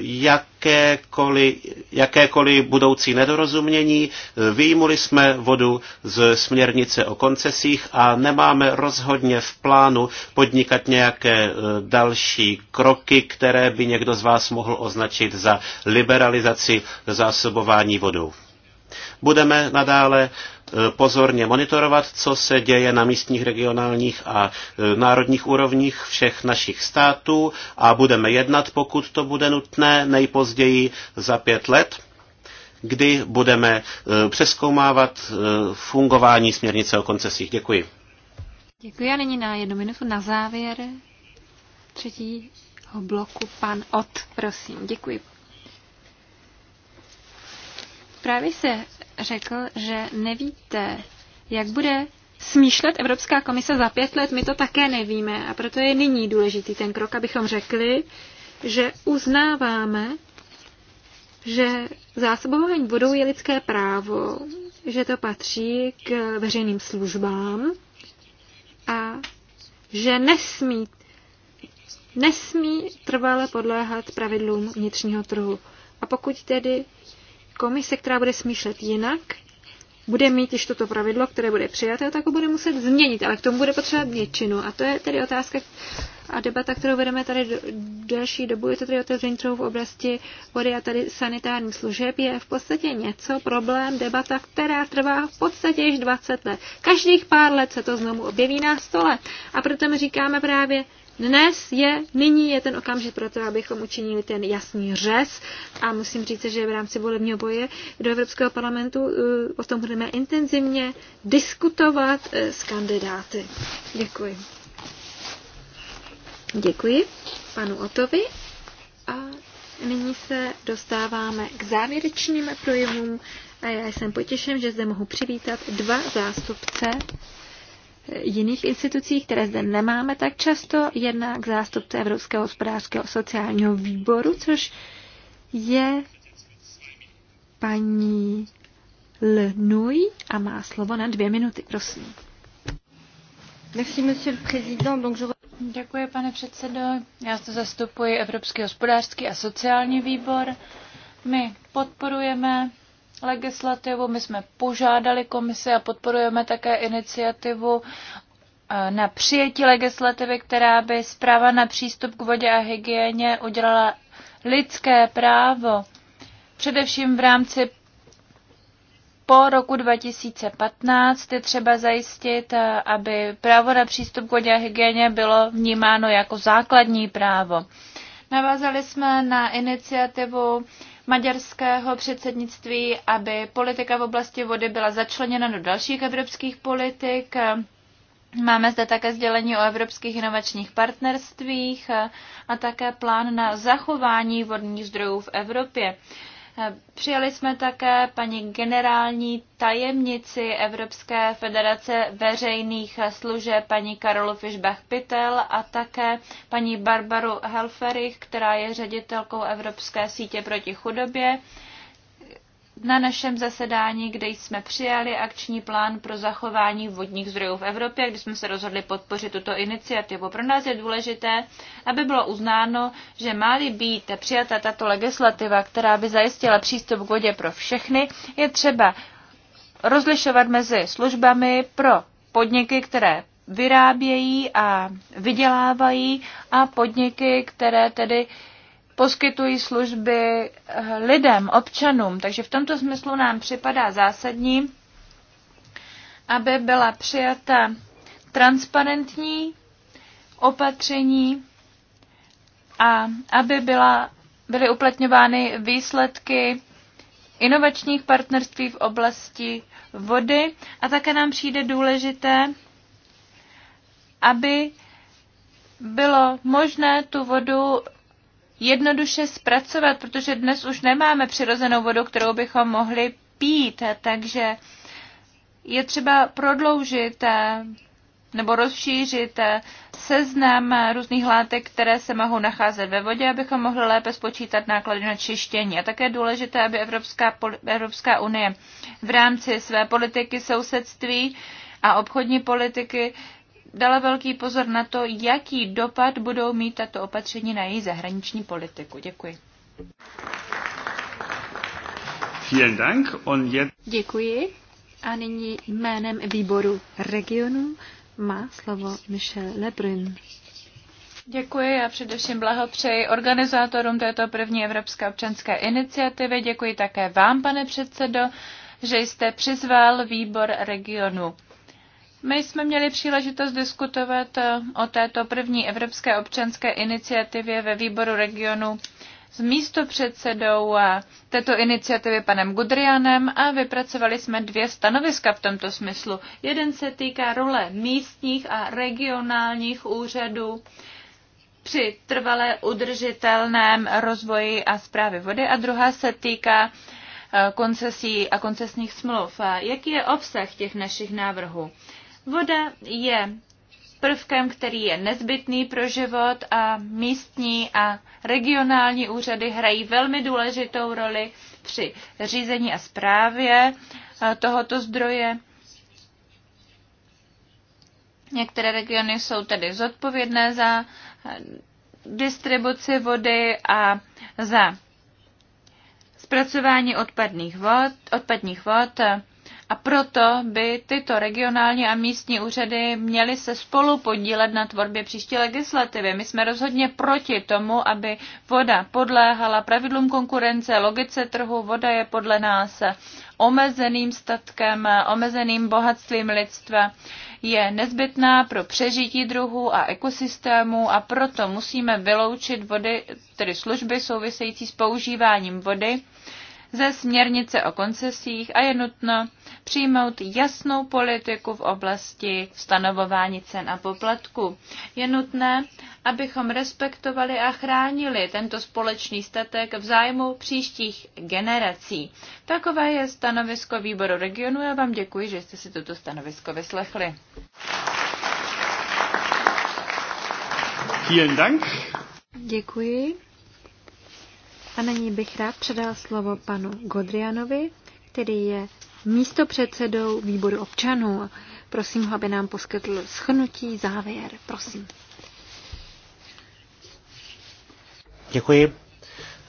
jak jakékoliv, jakékoliv budoucí nedorozumění. Výjimuli jsme vodu z směrnice o koncesích a nemáme rozhodně v plánu podnikat nějaké e, další kroky, které by někdo z vás mohl označit za liberalizaci zásobování vodou. Budeme nadále Eh, pozorně monitorovat, co se děje na místních, regionálních a eh, národních úrovních všech našich států a budeme jednat, pokud to bude nutné, nejpozději za pět let kdy budeme eh, přeskoumávat fungování směrnice o koncesích. Děkuji. Děkuji a nyní na jednu minutu na závěr třetího bloku pan Ot, prosím. Děkuji, Právě se řekl, že nevíte, jak bude smýšlet Evropská komise za pět let, my to také nevíme. A proto je nyní důležitý ten krok, abychom řekli, že uznáváme, že zásobování vodou je lidské právo, že to patří k veřejným službám a že nesmí, nesmí trvale podléhat pravidlům vnitřního trhu. A pokud tedy komise, která bude smýšlet jinak, bude mít již toto pravidlo, které bude přijaté, tak ho bude muset změnit, ale k tomu bude potřebovat většinu. A to je tedy otázka a debata, kterou vedeme tady do, dobu, je to tedy otevření trhu v oblasti vody a tady sanitární služeb, je v podstatě něco, problém, debata, která trvá v podstatě již 20 let. Každých pár let se to znovu objeví na stole. A proto my říkáme právě, dnes je, nyní je ten okamžik pro to, abychom učinili ten jasný řez a musím říct, že v rámci volebního boje do Evropského parlamentu eh, o tom budeme intenzivně diskutovat eh, s kandidáty. Děkuji. Děkuji panu Otovi a nyní se dostáváme k závěrečným projevům a já jsem potěšen, že zde mohu přivítat dva zástupce jiných institucí, které zde nemáme tak často, jednak k zástupce Evropského hospodářského sociálního výboru, což je paní Lnuj a má slovo na dvě minuty, prosím. Merci, monsieur le président. Donc je... Děkuji, pane předsedo. Já se zastupuji Evropský hospodářský a sociální výbor. My podporujeme legislativu. My jsme požádali komisi a podporujeme také iniciativu eh, na přijetí legislativy, která by zpráva na přístup k vodě a hygieně udělala lidské právo, především v rámci po roku 2015 je třeba zajistit, eh, aby právo na přístup k vodě a hygieně bylo vnímáno jako základní právo. Navázali jsme na iniciativu maďarského předsednictví, aby politika v oblasti vody byla začleněna do dalších evropských politik. Máme zde také sdělení o evropských inovačních partnerstvích a také plán na zachování vodních zdrojů v Evropě. Přijali jsme také paní generální tajemnici Evropské federace veřejných služeb paní Karolu Fischbach-Pitel a také paní Barbaru Helferich, která je ředitelkou Evropské sítě proti chudobě na našem zasedání, kde jsme přijali akční plán pro zachování vodních zdrojů v Evropě, kdy jsme se rozhodli podpořit tuto iniciativu. Pro nás je důležité, aby bylo uznáno, že má-li být přijata tato legislativa, která by zajistila přístup k vodě pro všechny, je třeba rozlišovat mezi službami pro podniky, které vyrábějí a vydělávají a podniky, které tedy uh, poskytují služby eh, lidem, občanům. Takže v tomto smyslu nám připadá zásadní, aby byla přijata transparentní opatření a aby byla, byly uplatňovány výsledky inovačních partnerství v oblasti vody a také nám přijde důležité, aby bylo možné tu vodu jednoduše zpracovat, protože dnes už nemáme přirozenou vodu, kterou bychom mohli pít, takže je třeba prodloužit eh, nebo rozšířit eh, seznam eh, různých látek, které se mohou nacházet ve vodě, abychom mohli lépe spočítat náklady na čištění. A také je důležité, aby Evropská, Evropská unie v rámci své politiky sousedství a obchodní politiky dala velký pozor na to, jaký dopad budou mít tato opatření na její zahraniční politiku. Děkuji. Děkuji. A nyní jménem výboru regionu má slovo Michel Lebrun. Děkuji a především blahopřeji organizátorům této první Evropské občanské iniciativy. Děkuji také vám, pane předsedo, že jste přizval výbor regionu. My jsme měli příležitost diskutovat eh, o této první evropské občanské iniciativě ve výboru regionu s místopředsedou eh, této iniciativy panem Gudrianem a vypracovali jsme dvě stanoviska v tomto smyslu. Jeden se týká role místních a regionálních úřadů při trvale udržitelném rozvoji a zprávy vody a druhá se týká eh, koncesí a koncesních smluv. Jaký je obsah těch našich návrhů? Voda je prvkem, který je nezbytný pro život a místní a regionální úřady hrají velmi důležitou roli při řízení a správě eh, tohoto zdroje. Některé regiony jsou tedy zodpovědné za eh, distribuci vody a za zpracování odpadních vod, odpadních vod eh, a proto by tyto regionální a místní úřady měly se spolu podílet na tvorbě příští legislativy. My jsme rozhodně proti tomu, aby voda podléhala pravidlům konkurence, logice trhu. Voda je podle nás omezeným statkem, omezeným bohatstvím lidstva. Je nezbytná pro přežití druhů a ekosystému a proto musíme vyloučit vody, tedy služby související s používáním vody ze směrnice o koncesích a je nutno přijmout jasnou politiku v oblasti stanovování cen a poplatků, Je nutné, abychom respektovali a chránili tento společný statek v zájmu příštích generací. Takové je stanovisko výboru regionu. Já vám děkuji, že jste si toto stanovisko vyslechli. Vielen Dank. Děkuji. A nyní bych rád předal slovo panu Godrianovi, který je místo předsedou výboru občanů. Prosím ho, aby nám poskytl schnutí závěr. Prosím. Děkuji.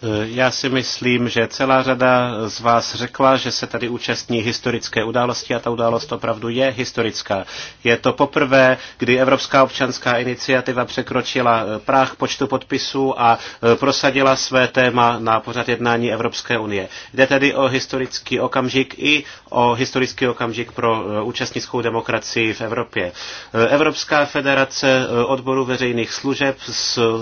Eh, já si myslím, že celá řada z vás řekla, že se tady účastní historické události a ta událost opravdu je historická. Je to poprvé, kdy Evropská občanská iniciativa překročila eh, práh počtu podpisů a eh, prosadila své téma na pořad jednání Evropské unie. Jde tedy o historický okamžik i o historický okamžik pro účastnickou demokracii v Evropě. Evropská federace odboru veřejných služeb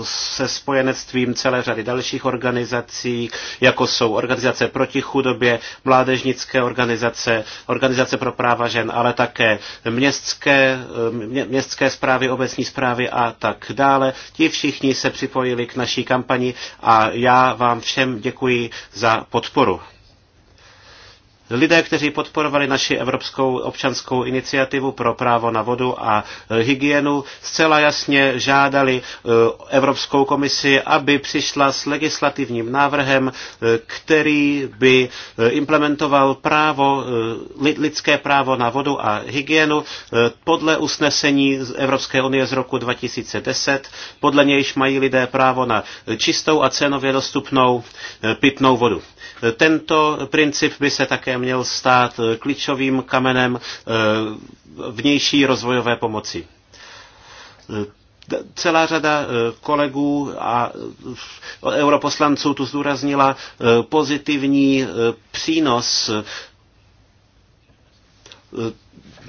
se spojenectvím celé řady dalších organizací organizací, jako jsou organizace proti chudobě, mládežnické organizace, organizace pro práva žen, ale také městské, eh, mě, městské zprávy, obecní zprávy a tak dále. Ti všichni se připojili k naší kampani a já vám všem děkuji za podporu. Lidé, kteří podporovali naši Evropskou občanskou iniciativu pro právo na vodu a e, hygienu, zcela jasně žádali e, Evropskou komisi, aby přišla s legislativním návrhem, e, který by implementoval právo, lidské právo na vodu a hygienu podle usnesení Evropské unie z roku 2010. Podle nějž mají lidé právo na čistou a cenově dostupnou pitnou vodu. Tento princip by se také měl stát klíčovým kamenem eh, vnější rozvojové pomoci eh, celá řada eh, kolegů a europoslanců tu zdůraznila pozitivní přínos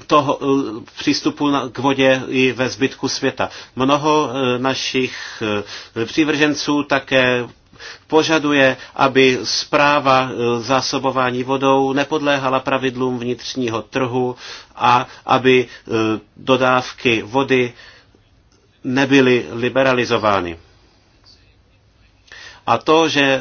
toho přístupu k vodě i ve zbytku světa. Mnoho našich přívrženců také požaduje, aby zpráva e, zásobování vodou nepodléhala pravidlům vnitřního trhu a aby e, dodávky vody nebyly liberalizovány. A to, že e,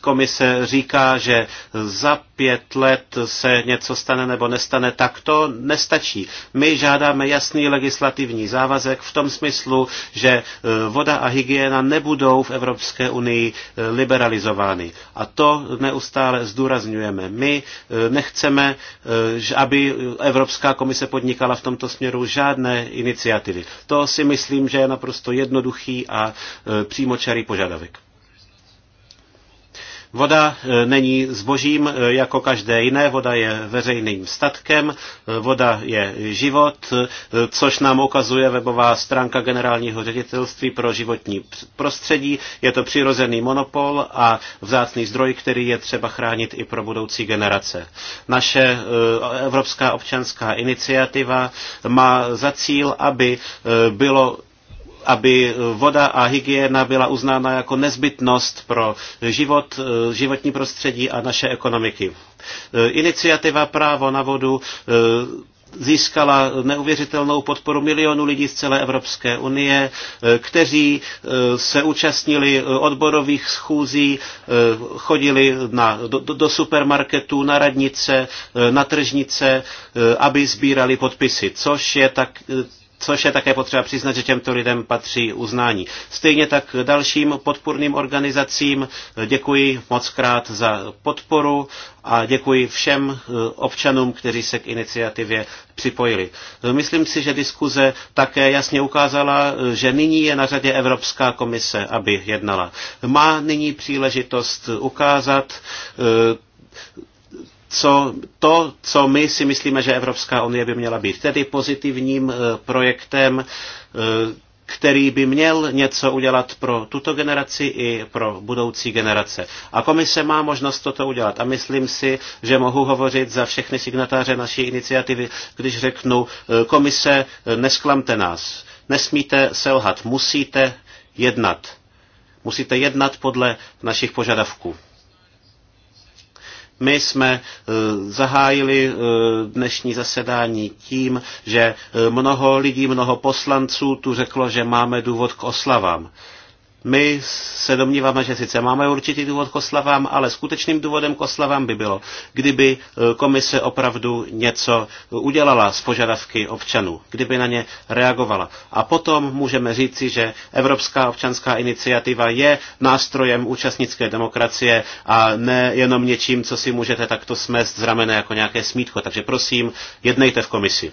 komise říká, že za pět let se něco stane nebo nestane, tak to nestačí. My žádáme jasný legislativní závazek v tom smyslu, že e, voda a hygiena nebudou v Evropské unii e, liberalizovány. A to neustále zdůrazňujeme. My nechceme, aby Evropská komise podnikala v tomto směru žádné iniciativy. To si myslím, že je naprosto jednoduchý a přímočarý požadavek. Voda e, není zbožím e, jako každé jiné, voda je veřejným statkem, e, voda je život, což nám ukazuje webová stránka generálního ředitelství pro životní prostředí. Je to přirozený monopol a vzácný zdroj, který je třeba chránit i pro budoucí generace. Naše Evropská občanská iniciativa má za cíl, aby bylo aby voda a hygiena byla uznána jako nezbytnost pro život, eh, životní prostředí a naše ekonomiky. Eh, iniciativa Právo na vodu eh, získala neuvěřitelnou podporu milionů lidí z celé Evropské unie, kteří se účastnili odborových schůzí, chodili na, do, do supermarketů, na radnice, na tržnice, aby sbírali podpisy, což je tak což je také potřeba přiznat, že těmto lidem patří uznání. Stejně tak dalším podpůrným organizacím eh, děkuji moc krát za podporu a děkuji všem eh, občanům, kteří se k iniciativě připojili. Eh, myslím si, že diskuze také jasně ukázala, že nyní je na řadě Evropská komise, aby jednala. Má nyní příležitost ukázat, co, to, co my si myslíme, že Evropská unie by měla být, tedy pozitivním eh, projektem, eh, který by měl něco udělat pro tuto generaci i pro budoucí generace. A komise má možnost toto udělat. A myslím si, že mohu hovořit za všechny signatáře naší iniciativy, když řeknu, eh, komise, nesklamte nás. Nesmíte selhat, musíte jednat. Musíte jednat podle našich požadavků. My jsme eh, zahájili eh, dnešní zasedání tím, že eh, mnoho lidí, mnoho poslanců tu řeklo, že máme důvod k oslavám. My se domníváme, že sice máme určitý důvod k oslavám, ale skutečným důvodem k oslavám by bylo, kdyby e, komise opravdu něco e, udělala z požadavky občanů, kdyby na ně reagovala. A potom můžeme říci, že Evropská občanská iniciativa je nástrojem účastnické demokracie a ne jenom něčím, co si můžete takto smést z ramene jako nějaké smítko. Takže prosím, jednejte v komisi.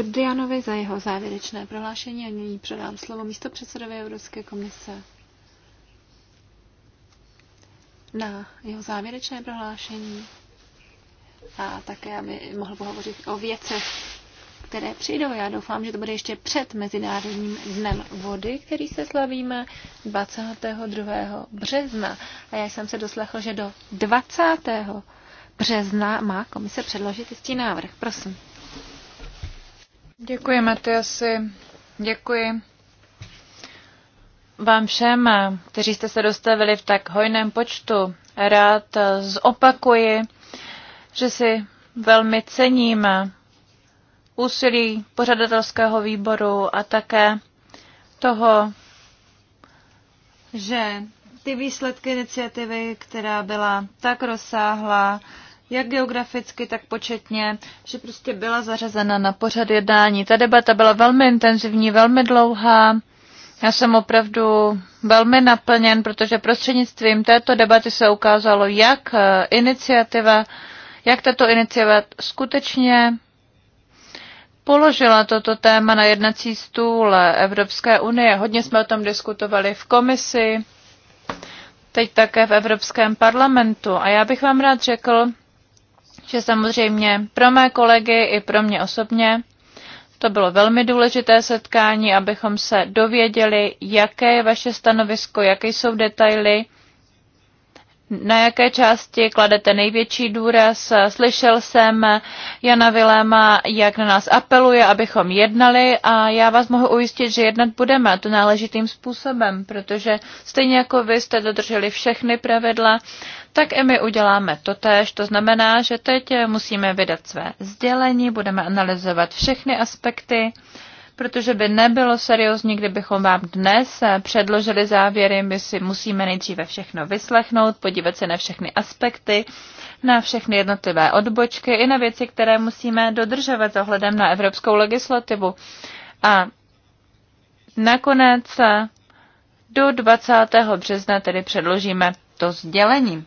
Burdianovi za jeho závěrečné prohlášení a nyní předám slovo místo předsedovi Evropské komise na jeho závěrečné prohlášení a také, aby mohl pohovořit o věcech, které přijdou. Já doufám, že to bude ještě před Mezinárodním dnem vody, který se slavíme 22. března. A já jsem se doslechl, že do 20. března má komise předložit jistý návrh. Prosím. Děkuji, Matiasi. Děkuji vám všem, kteří jste se dostavili v tak hojném počtu. Rád zopakuji, že si velmi cením úsilí pořadatelského výboru a také toho, že ty výsledky iniciativy, která byla tak rozsáhlá, jak geograficky, tak početně, že prostě byla zařazena na pořad jednání. Ta debata byla velmi intenzivní, velmi dlouhá. Já jsem opravdu velmi naplněn, protože prostřednictvím této debaty se ukázalo, jak eh, iniciativa, jak tato iniciativa skutečně položila toto téma na jednací stůl Evropské unie. Hodně jsme o tom diskutovali v komisi, teď také v Evropském parlamentu. A já bych vám rád řekl, že samozřejmě pro mé kolegy i pro mě osobně to bylo velmi důležité setkání, abychom se dověděli, jaké je vaše stanovisko, jaké jsou detaily na jaké části kladete největší důraz. Slyšel jsem Jana Viléma, jak na nás apeluje, abychom jednali a já vás mohu ujistit, že jednat budeme to náležitým způsobem, protože stejně jako vy jste dodrželi všechny pravidla, tak i my uděláme tež. To znamená, že teď musíme vydat své sdělení, budeme analyzovat všechny aspekty protože by nebylo seriózní, kdybychom vám dnes eh, předložili závěry. My si musíme nejdříve všechno vyslechnout, podívat se na všechny aspekty, na všechny jednotlivé odbočky i na věci, které musíme dodržovat ohledem na evropskou legislativu. A nakonec eh, do 20. března tedy předložíme to sdělení.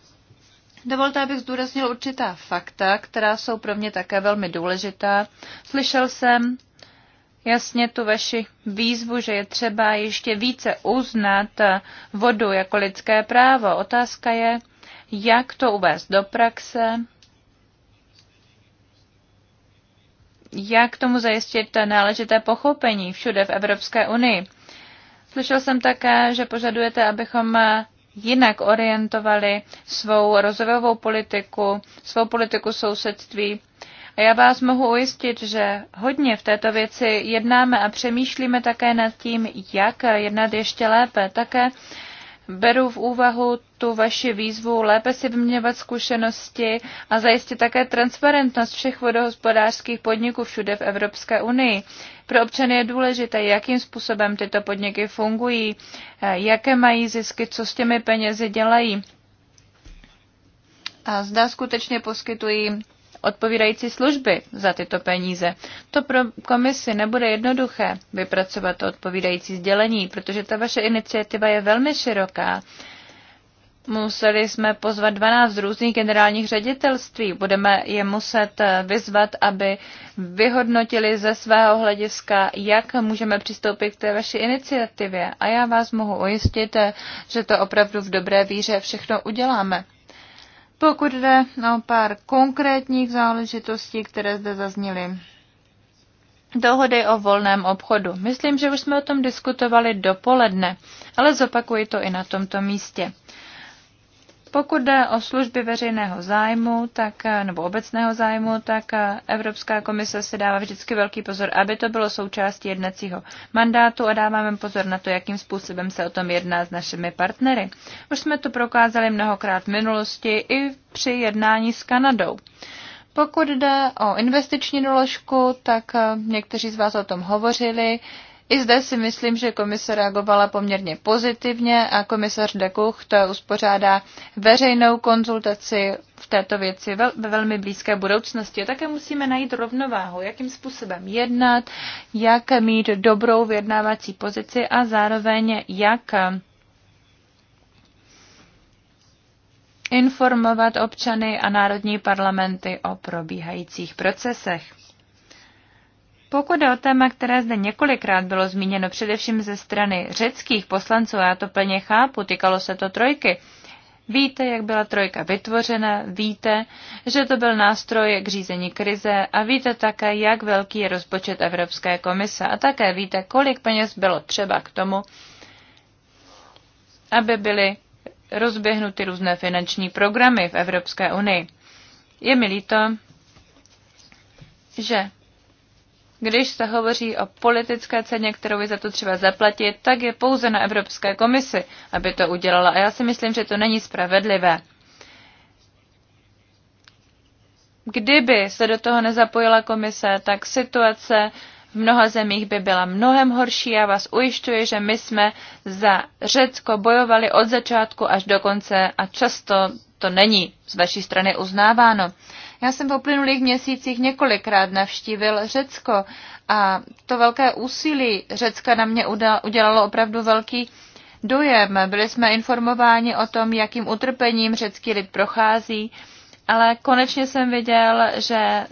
Dovolte, abych zdůraznil určitá fakta, která jsou pro mě také velmi důležitá. Slyšel jsem jasně tu vaši výzvu, že je třeba ještě více uznat vodu jako lidské právo. Otázka je, jak to uvést do praxe, jak tomu zajistit náležité pochopení všude v Evropské unii. Slyšel jsem také, že požadujete, abychom jinak orientovali svou rozvojovou politiku, svou politiku sousedství a já vás mohu ujistit, že hodně v této věci jednáme a přemýšlíme také nad tím, jak jednat ještě lépe. Také beru v úvahu tu vaši výzvu lépe si vyměňovat zkušenosti a zajistit také transparentnost všech vodohospodářských podniků všude v Evropské unii. Pro občany je důležité, jakým způsobem tyto podniky fungují, jaké mají zisky, co s těmi penězi dělají. A zda skutečně poskytují odpovídající služby za tyto peníze. To pro komisi nebude jednoduché vypracovat odpovídající sdělení, protože ta vaše iniciativa je velmi široká. Museli jsme pozvat 12 různých generálních ředitelství. Budeme je muset eh, vyzvat, aby vyhodnotili ze svého hlediska, jak můžeme přistoupit k té vaší iniciativě. A já vás mohu ujistit, eh, že to opravdu v dobré víře všechno uděláme. Pokud jde o pár konkrétních záležitostí, které zde zazněly, dohody o volném obchodu. Myslím, že už jsme o tom diskutovali dopoledne, ale zopakuji to i na tomto místě. Pokud jde o služby veřejného zájmu tak, nebo obecného zájmu, tak Evropská komise se dává vždycky velký pozor, aby to bylo součástí jednacího mandátu a dáváme pozor na to, jakým způsobem se o tom jedná s našimi partnery. Už jsme to prokázali mnohokrát v minulosti i při jednání s Kanadou. Pokud jde o investiční doložku, tak eh, někteří z vás o tom hovořili. I zde si myslím, že komise reagovala poměrně pozitivně a komisař de Kucht uspořádá veřejnou konzultaci v této věci ve velmi blízké budoucnosti. A také musíme najít rovnováhu, jakým způsobem jednat, jak mít dobrou vyjednávací pozici a zároveň jak informovat občany a národní parlamenty o probíhajících procesech. Pokud je o téma, které zde několikrát bylo zmíněno především ze strany řeckých poslanců, já to plně chápu, týkalo se to trojky, Víte, jak byla trojka vytvořena, víte, že to byl nástroj k řízení krize a víte také, jak velký je rozpočet Evropské komise a také víte, kolik peněz bylo třeba k tomu, aby byly rozběhnuty různé finanční programy v Evropské unii. Je mi líto, že když se hovoří o politické ceně, kterou je za to třeba zaplatit, tak je pouze na Evropské komisi, aby to udělala. A já si myslím, že to není spravedlivé. Kdyby se do toho nezapojila komise, tak situace v mnoha zemích by byla mnohem horší. Já vás ujišťuji, že my jsme za Řecko bojovali od začátku až do konce a často to není z vaší strany uznáváno. Já jsem v uplynulých měsících několikrát navštívil Řecko a to velké úsilí Řecka na mě udělalo opravdu velký dojem. Byli jsme informováni o tom, jakým utrpením řecký lid prochází, ale konečně jsem viděl, že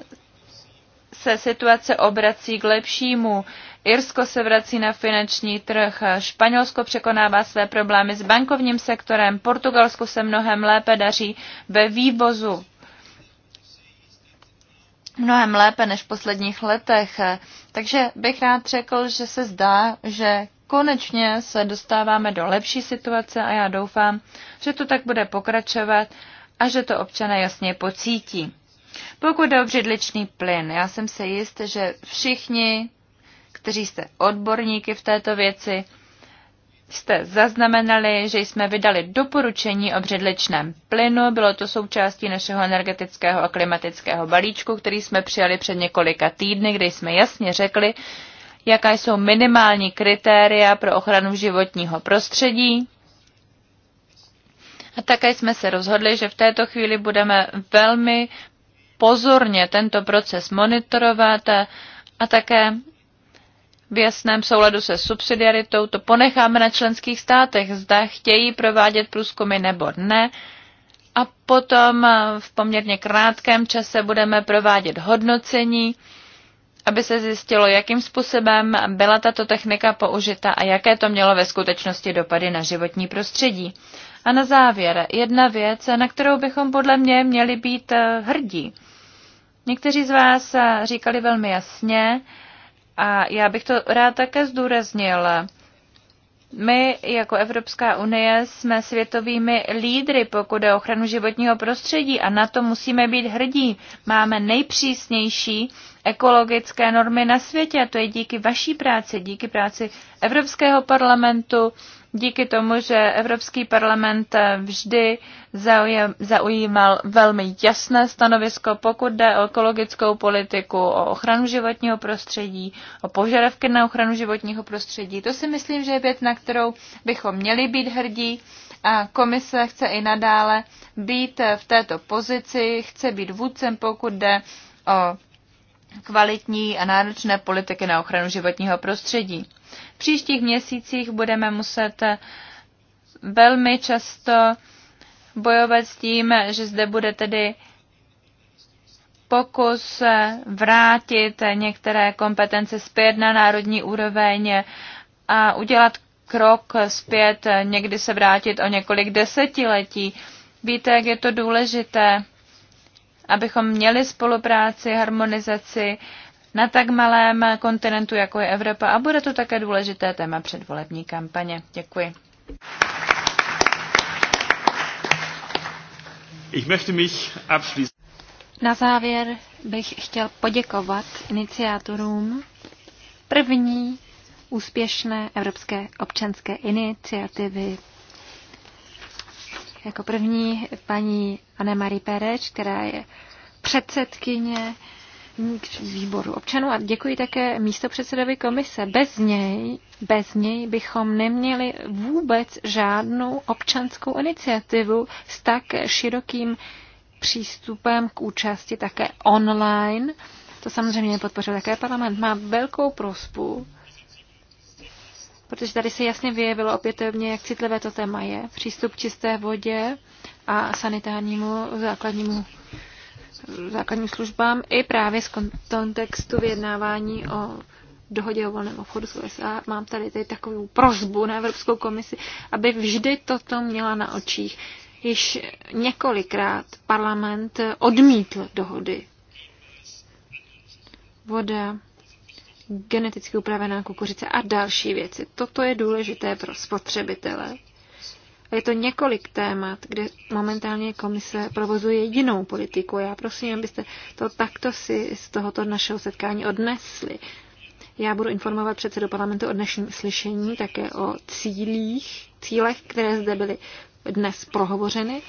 se situace obrací k lepšímu. Irsko se vrací na finanční trh, Španělsko překonává své problémy s bankovním sektorem, Portugalsko se mnohem lépe daří ve vývozu. Mnohem lépe než v posledních letech. Takže bych rád řekl, že se zdá, že konečně se dostáváme do lepší situace a já doufám, že to tak bude pokračovat a že to občané jasně pocítí. Pokud jde o břidličný plyn, já jsem se jist, že všichni, kteří jste odborníky v této věci, jste zaznamenali, že jsme vydali doporučení o břidličném plynu. Bylo to součástí našeho energetického a klimatického balíčku, který jsme přijali před několika týdny, kde jsme jasně řekli, jaká jsou minimální kritéria pro ochranu životního prostředí. A také jsme se rozhodli, že v této chvíli budeme velmi pozorně tento proces monitorováte a také v jasném souladu se subsidiaritou to ponecháme na členských státech, zda chtějí provádět průzkumy nebo ne. A potom v poměrně krátkém čase budeme provádět hodnocení, aby se zjistilo, jakým způsobem byla tato technika použita a jaké to mělo ve skutečnosti dopady na životní prostředí. A na závěr jedna věc, na kterou bychom podle mě měli být eh, hrdí. Někteří z vás eh, říkali velmi jasně, a já bych to rád také zdůraznil. My jako Evropská unie jsme světovými lídry, pokud je ochranu životního prostředí a na to musíme být hrdí. Máme nejpřísnější ekologické normy na světě a to je díky vaší práci, díky práci Evropského parlamentu, díky tomu, že Evropský parlament vždy zaujímal velmi jasné stanovisko, pokud jde o ekologickou politiku, o ochranu životního prostředí, o požadavky na ochranu životního prostředí. To si myslím, že je věc, na kterou bychom měli být hrdí a komise chce i nadále být v této pozici, chce být vůdcem, pokud jde o kvalitní a náročné politiky na ochranu životního prostředí. V příštích měsících budeme muset velmi často bojovat s tím, že zde bude tedy pokus vrátit některé kompetence zpět na národní úroveň a udělat krok zpět, někdy se vrátit o několik desetiletí. Víte, jak je to důležité abychom měli spolupráci, harmonizaci na tak malém kontinentu, jako je Evropa. A bude to také důležité téma předvolební kampaně. Děkuji. Ich möchte mich abschließen. Na závěr bych chtěl poděkovat iniciátorům první úspěšné evropské občanské iniciativy jako první paní Anne-Marie Pereč, která je předsedkyně výboru občanů a děkuji také místopředsedovi komise. Bez něj, bez něj bychom neměli vůbec žádnou občanskou iniciativu s tak širokým přístupem k účasti také online. To samozřejmě podpořil také parlament. Má velkou prospu protože tady se jasně vyjevilo opětovně, jak citlivé to téma je. Přístup k čisté vodě a sanitárnímu základnímu základním službám i právě z kontextu vyjednávání o dohodě o volném obchodu s USA. Mám tady, tady takovou prozbu na Evropskou komisi, aby vždy toto měla na očích. Již několikrát parlament odmítl dohody. Voda geneticky upravená kukuřice a další věci. Toto je důležité pro spotřebitele. A je to několik témat, kde momentálně komise provozuje jinou politiku. Já prosím, abyste to takto si z tohoto našeho setkání odnesli. Já budu informovat předsedu parlamentu o dnešním slyšení, také o cílích, cílech, které zde byly dnes prohovořeny.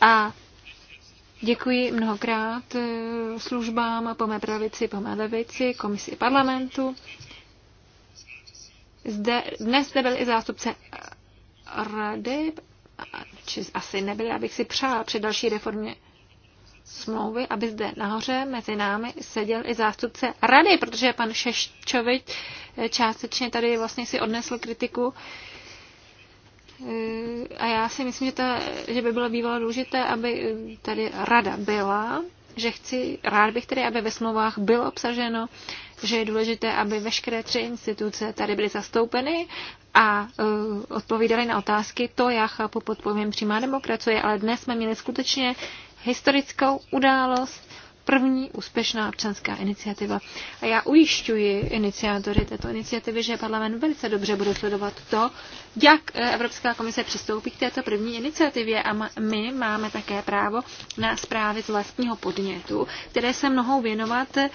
A Děkuji mnohokrát eh, službám po mé pravici, po mé levici, komisi parlamentu. Zde, dnes zde byl i zástupce rady, či asi nebyli, abych si přál při další reformě smlouvy, aby zde nahoře mezi námi seděl i zástupce rady, protože pan Šeščovič eh, částečně tady vlastně si odnesl kritiku, a já si myslím, že, ta, že by bylo bývalo důležité, aby tady rada byla, že chci, rád bych tedy, aby ve smlouvách bylo obsaženo, že je důležité, aby veškeré tři instituce tady byly zastoupeny a uh, odpovídaly na otázky. To já chápu pod pojmem přímá demokracie, ale dnes jsme měli skutečně historickou událost, první úspěšná občanská iniciativa. A já ujišťuji iniciátory této iniciativy, že parlament velice dobře bude sledovat to, jak eh, Evropská komise přistoupí k této první iniciativě. A my máme také právo na zprávy z vlastního podnětu, které se mohou věnovat eh,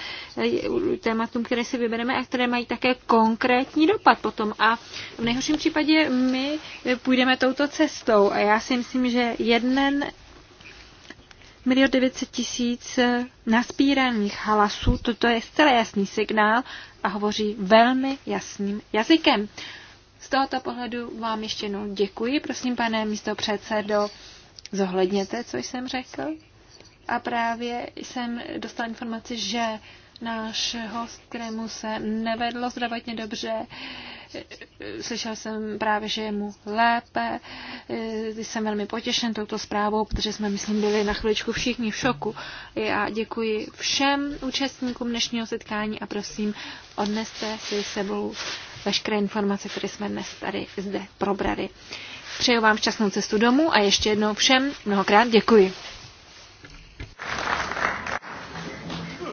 tématům, které si vybereme a které mají také konkrétní dopad potom. A v nejhorším případě my eh, půjdeme touto cestou. A já si myslím, že jeden milion 900 tisíc eh, naspíraných halasů, toto je zcela jasný signál a hovoří velmi jasným jazykem. Z tohoto pohledu vám ještě jednou děkuji. Prosím, pane místo předsedo, zohledněte, co jsem řekl. A právě jsem dostal informaci, že náš host, kterému se nevedlo zdravotně dobře. Slyšel jsem právě, že je mu lépe. Jsem velmi potěšen touto zprávou, protože jsme, myslím, byli na chviličku všichni v šoku. Já děkuji všem účastníkům dnešního setkání a prosím, odneste si sebou veškeré informace, které jsme dnes tady zde probrali. Přeju vám šťastnou cestu domů a ještě jednou všem mnohokrát děkuji.